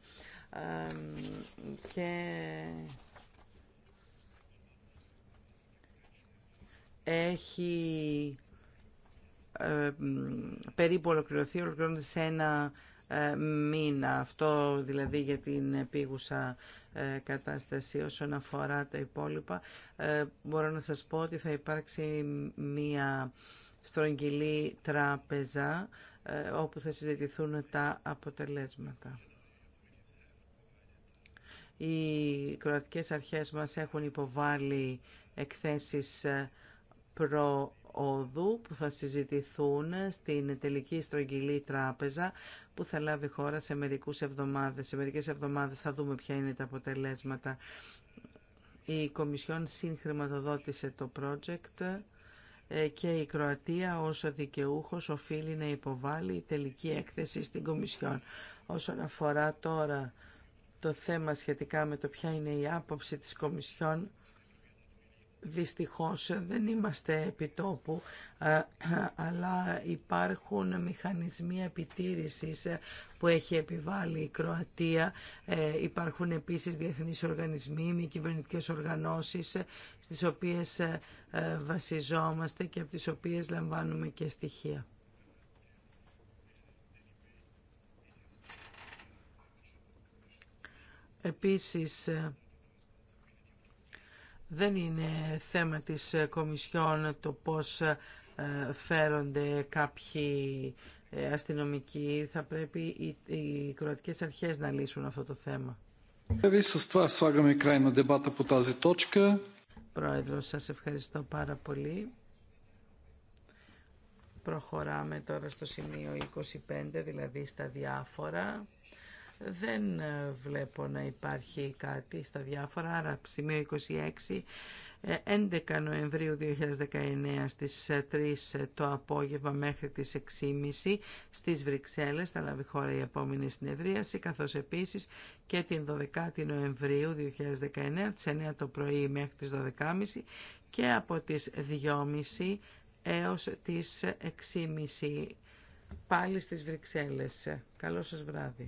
18 και έχει περίπου ολοκληρωθεί, ολοκληρώνεται σε ένα ε, μήνα. Αυτό δηλαδή για την επίγουσα ε, κατάσταση όσον αφορά τα υπόλοιπα. Ε, μπορώ να σας πω ότι θα υπάρξει μία στρογγυλή τράπεζα ε, όπου θα συζητηθούν τα αποτελέσματα. Οι κροατικές αρχές μας έχουν υποβάλει εκθέσεις ε, προόδου που θα συζητηθούν στην τελική στρογγυλή τράπεζα που θα λάβει χώρα σε, μερικούς εβδομάδες. σε μερικές εβδομάδες. Θα δούμε ποια είναι τα αποτελέσματα. Η Κομισιόν συγχρηματοδότησε το project ε, και η Κροατία ως δικαιούχος οφείλει να υποβάλει η τελική έκθεση στην Κομισιόν. Όσον αφορά τώρα το θέμα σχετικά με το ποια είναι η άποψη της Κομισιόν Δυστυχώς δεν είμαστε επιτόπου, ε, αλλά υπάρχουν μηχανισμοί επιτήρησης ε, που έχει επιβάλει η Κροατία. Ε, υπάρχουν επίσης διεθνείς οργανισμοί, μη κυβερνητικέ οργανώσεις, στις οποίες βασιζόμαστε και από τις οποίες λαμβάνουμε και στοιχεία. Επίσης, δεν είναι θέμα της ε, Κομισιόν το πώς ε, φέρονται κάποιοι ε, αστυνομικοί. Θα πρέπει οι, κροατικές αρχές να λύσουν αυτό το θέμα. Πρόεδρος, σας ευχαριστώ πάρα πολύ. Προχωράμε τώρα στο σημείο 25, δηλαδή στα διάφορα. Δεν ε, βλέπω να υπάρχει κάτι στα διάφορα, άρα σημείο 26, 11 ε, Νοεμβρίου 2019 στις 3 ε, το απόγευμα μέχρι τις 6.30 στις Βρυξέλλες θα λάβει χώρα η επόμενη συνεδρίαση, καθώς επίσης και την 12η Νοεμβρίου 2019, τις 9 το πρωί μέχρι τις 12.30 και από τις 2.30 έως τις 6.30 πάλι στις Βρυξέλλες. Καλό σας βράδυ.